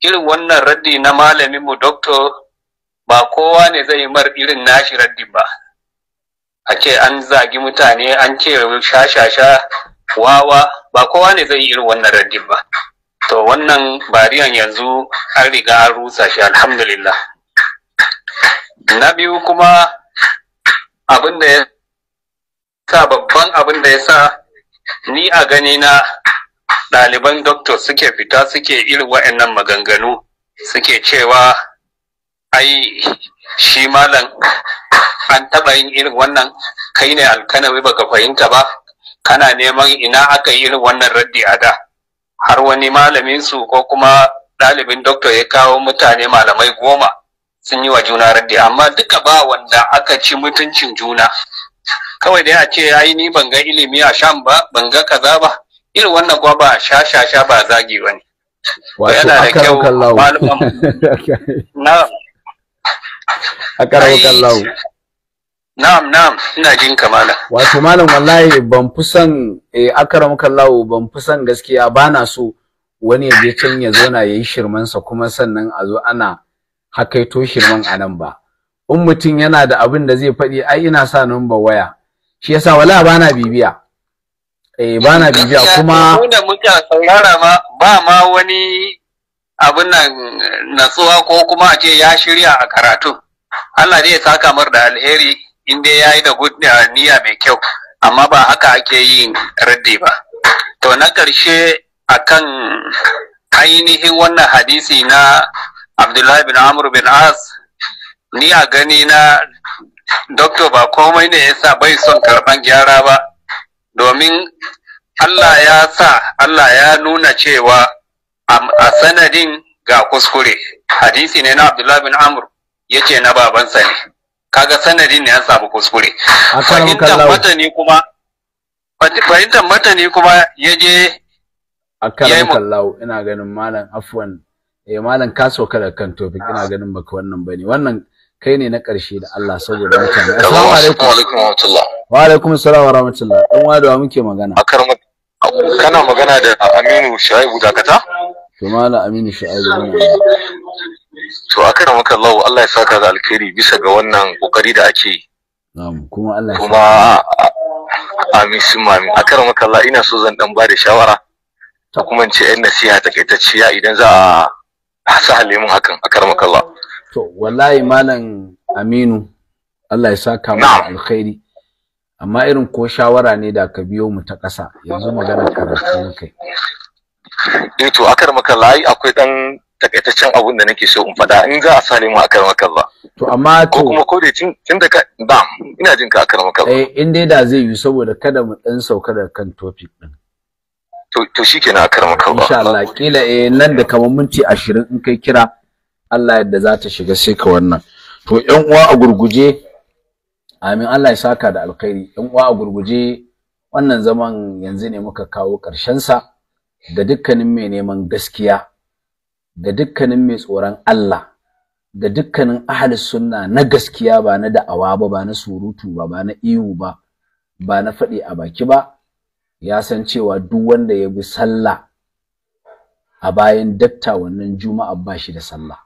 irin wannan raddi na malamin mu, doktor ba kowa ne zai yi mar irin nashi raddi ba a ce an zagi mutane an ce shashasha wawa ba kowa ne zai yi irin wannan radin ba to wannan bariyan yanzu an riga an rusa shi alhamdulillah na biyu kuma abin da ya sa babban abin da ya sa ni a gani na ɗaliban doktor suke fita suke irin wa'annan maganganu suke cewa ai shi malam an taɓa yin irin wannan kai ne alkanawi baka fahimta ba kana neman ina aka yi irin wannan raddi a da har wani malamin su ko kuma ɗalibin doktor ya kawo mutane malamai goma sun yi wa juna raddi amma duka ba wanda aka ci mutuncin juna kawai da ya ce ya yi ni ban ga ilimi a sham ba ban ga kaza ba irin wannan kuwa ba sha sha sha ba zagi ba ne yana da kyau Na'am na'am ina jin kamala. Wato malam wallahi ban fi son eh akaram kallahu ban fi son gaskiya bana so wani ya je can ya zauna yayi shirman sa kuma sannan a zo ana hakaito shirman anan ba. In mutum yana da abin da zai faɗi ai ina sa number waya. Shi yasa wala bana bibiya. Eh bana bibiya kuma da muke saurara ma ba ma wani abin nan natsuwa ko kuma a ce ya shirya a karatu. Allah zai saka mar da alheri in dai yi da niyya mai kyau amma ba haka ake yin raddi ba to na ƙarshe a kan ainihin wannan hadisi na abdullahi bin Amur bin as ni a gani na doktor ba komai ne ya sa bai son karban gyara ba domin allah ya sa allah ya nuna cewa a sanadin ga kuskure hadisi ne na abdullahi bin Amur ya ce na babansa ne kaga sanadin ne an samu kuskure fahimtar matani kuma fahimtar matani kuma ya je a karan kallawo ina ganin malam afwan eh malam ka sauka da kan topic ina ganin baka wannan bane wannan kai ne na ƙarshe da Allah saboda mutane assalamu alaikum wa rahmatullah wa alaikum assalam wa rahmatullah dan wadawa muke magana kana magana da Aminu Shaibu Dakata to mala aminu shu'aibu ne to aka da muka wa Allah ya saka da alkhairi bisa ga wannan kokari da ake yi kuma Allah kuma amin su amin aka da muka ina so zan dan ba da shawara ta kuma ce yan nasiha takaitacciya idan za a sa lemun hakan a da kalla. to wallahi malam aminu Allah ya saka mu alkhairi amma irin ko shawara ne da ka biyo mu ta ƙasa yanzu magana karatu kai eh to akar makalla ai akwai dan takaitaccen abun da nake so in fada in za a sale mu akar ba to amma to ko kuma ko da tun da ba ina jin ka akar makalla eh in dai da zai yi saboda kada mu dan sauka da kan topic din to to shikenan akar ba insha Allah kila eh nan da kamar minti 20 in kai kira Allah yadda za ta shiga sai ka wannan to yan uwa a gurguje amin Allah ya saka da alkhairi yan uwa a gurguje wannan zaman yanzu ne muka kawo ƙarshen sa da dukkanin mai neman gaskiya da dukkanin mai tsoron Allah da dukkanin ahli sunna na gaskiya ba na da'awa ba ba na surutu ba ba na ihu ba ba na faɗi a baki ba ya san cewa duk wanda ya bi sallah a bayan datta wannan juma'a ba shi da sallah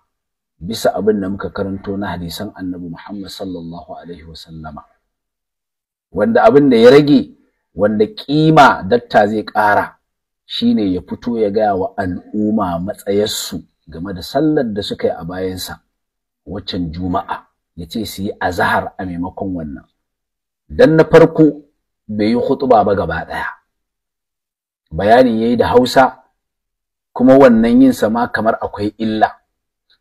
bisa abin da muka karanto na hadisan annabi Muhammad sallallahu alaihi wasallama wanda abin da ya rage wanda kima datta zai ƙara shine ya fito ya gaya wa al'umma matsayarsu game da sallar da suka yi a bayansa waccan juma'a ya ce su yi azahar a maimakon wannan dan na farko bai yi hutuba ba gaba ɗaya bayanin ya yi da hausa kuma wannan yinsa ma kamar akwai illa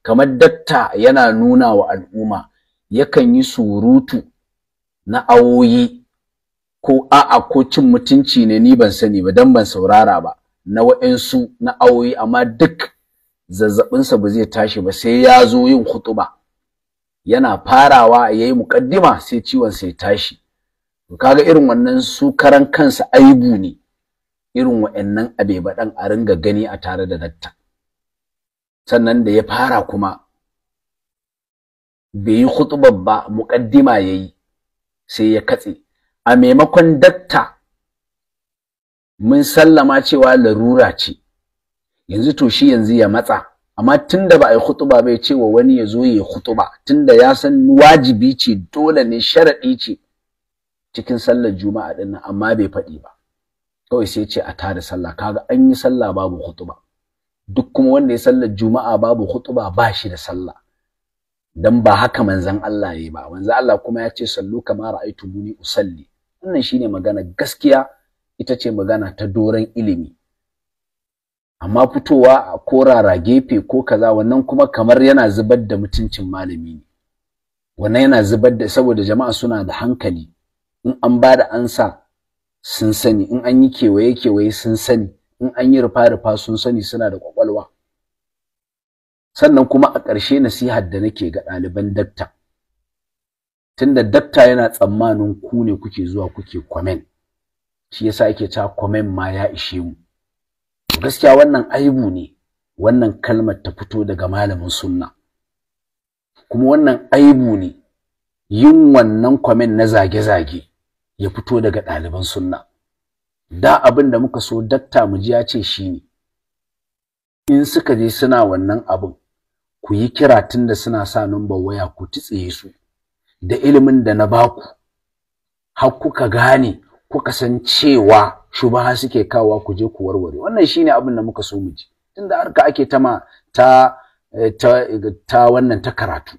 kamar datta yana nuna wa al'umma yakan yi surutu na awoyi ko a'a ko cin mutunci ne ni ban sani ba dan ban saurara ba na waɗansu na awoyi amma duk zazzabinsa ba zai tashi ba sai ya zo yin khutuba yana farawa yayi muƙaddima sai ciwon sai tashi to kaga irin wannan su karan kansa aibu ne irin wa'annan abebaɗan a ringa gani a tare da datta sannan da ya fara kuma bai yi khutubar ba ya yayi sai ya katse a maimakon datta mun sallama cewa larura ce yanzu to shi yanzu ya matsa amma tunda ba a yi khutuba bai ce wa wani ya zo ya yi khutuba tunda ya san wajibi ce dole ne sharaɗi ce cikin sallar juma'a din nan amma bai faɗi ba kawai sai ce a tada sallah kaga an yi sallah babu khutuba duk kuma wanda ya sallar juma'a babu khutuba ba shi da sallah dan ba haka manzon Allah yayi ba manzon Allah kuma ya ce sallu kama ra'aytumuni usalli wannan shine magana gaskiya ita ce magana ta doron ilimi amma fitowa a korara gefe ko kaza wannan kuma kamar yana zubar da mutuncin malami ne wannan yana zubar da saboda jama'a suna da hankali in an ba da ansa sun sani in an yi kewaye kewaye sun sani in an yi rufa rufa sun sani suna da kwakwalwa sannan kuma a ƙarshe nasihar da nake ga ɗaliban dakta tunda dakta yana tsammanin ku ne kuke zuwa kuke kwamen shi yasa yake ta comment ma ya ishe mu gaskiya wannan aibu ne wannan kalmar ta fito daga malamin sunna kuma wannan aibu ne yin wannan comment na zage-zage ya fito daga ɗaliban sunna da abin da muka so dakta mu ji ya ce shi ne in suka je suna wannan abin ku yi kira tun da suna sa number waya ku titsiye su da ilimin da na baku har kuka gane Ku kasancewa cewa shubaha suke kawa ku je ku warware wannan shine abin da muka so mu ji tunda harka ake ta ma eh, ta ta wannan ta karatu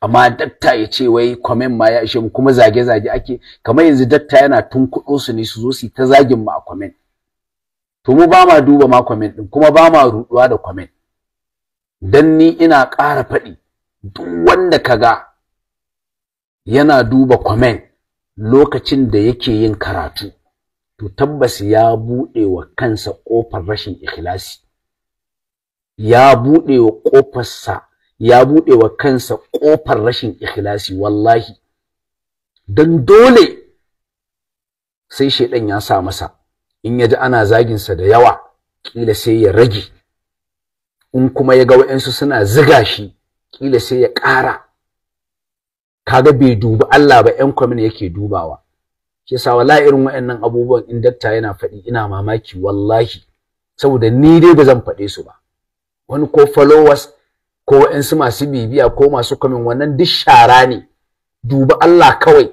amma dakta ya ce wai kwamen ma ya ishe mu kuma zage-zage ake kamar yanzu dakta yana tunkuɗo su ne su zo su ta zagin mu a kwamen to mu ba ma duba ma comment ɗin kuma ba ma ruɗuwa da kwamen dan ni ina ƙara faɗi duk wanda kaga yana duba kwamen lokacin da yake yin karatu to tabbas ya buɗe wa kansa ƙofar rashin ikhlasi ya buɗe wa ƙofarsa ya buɗe wa kansa ƙofar rashin ikhlasi wallahi don dole sai shaidan ya sa masa in ya ji ana zaginsa da yawa ƙila sai ya rage in kuma ya ga wa'yansu suna ziga shi ƙila sai ya ƙara kaga bai dubi Allah ba ƴan kwamin yake dubawa shi yasa wala irin waɗannan abubuwan in dakta yana faɗi ina mamaki wallahi saboda ni dai ba zan faɗe su ba wani ko followers ko waɗansu masu bibiya ko masu kwamin wannan duk shara ne Duba Allah kawai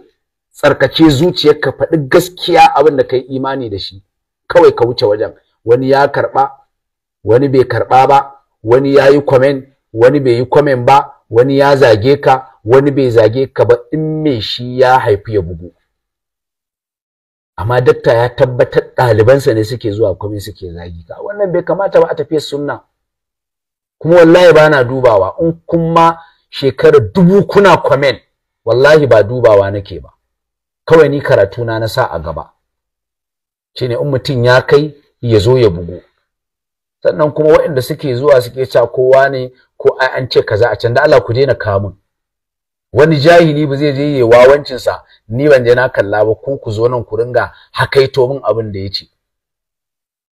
tsarkace zuciyarka faɗi gaskiya abin da kai imani da shi kawai ka wuce wajen wani ya karɓa wani bai karɓa ba wani ya yi kwamen wani bai yi kwamen ba wani ya zage ka wani bai zage ka ba in me shi ya haifi ya bugu amma dakta ya tabbatar ɗalibansa ne suke zuwa kwami suke zagi ka wannan bai kamata ba a tafiyar sunna kuma wallahi ba na dubawa in kuma shekarar dubu kuna kwamen wallahi ba dubawa nake ba kawai ni karatu na na sa a gaba shine in mutum ya kai ya zo ya bugu sannan kuma waɗanda suke zuwa suke cakowa kowa ne ko an ce kaza a can da Allah ku daina kamun wani jahili ba zai je ya wawancin sa ni ban je na kalla ba ko ku zo nan ku ringa hakaito min abin da yace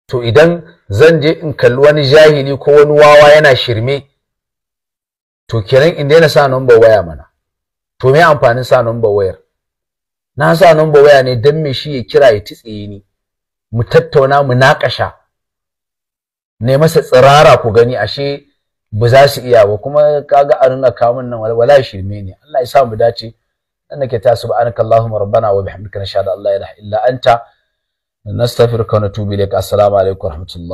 to idan zan je in kalli wani jahili ko wani wawa yana shirme to kenan in daina sa number waya mana to me amfanin sa number wayar na sa number waya ne dan me shi ya kira ya titsiye ni mu tattauna mu naƙasha ne masa tsirara ku gani ashe ba za su iya ba kuma kaga a nuna kamun nan wala shirme ne Allah ya sa mu dace dan nake ta subhanaka allahumma rabbana wa bihamdika nashhadu an la ilaha illa anta nastaghfiruka wa natubu ilaik assalamu alaikum wa rahmatullahi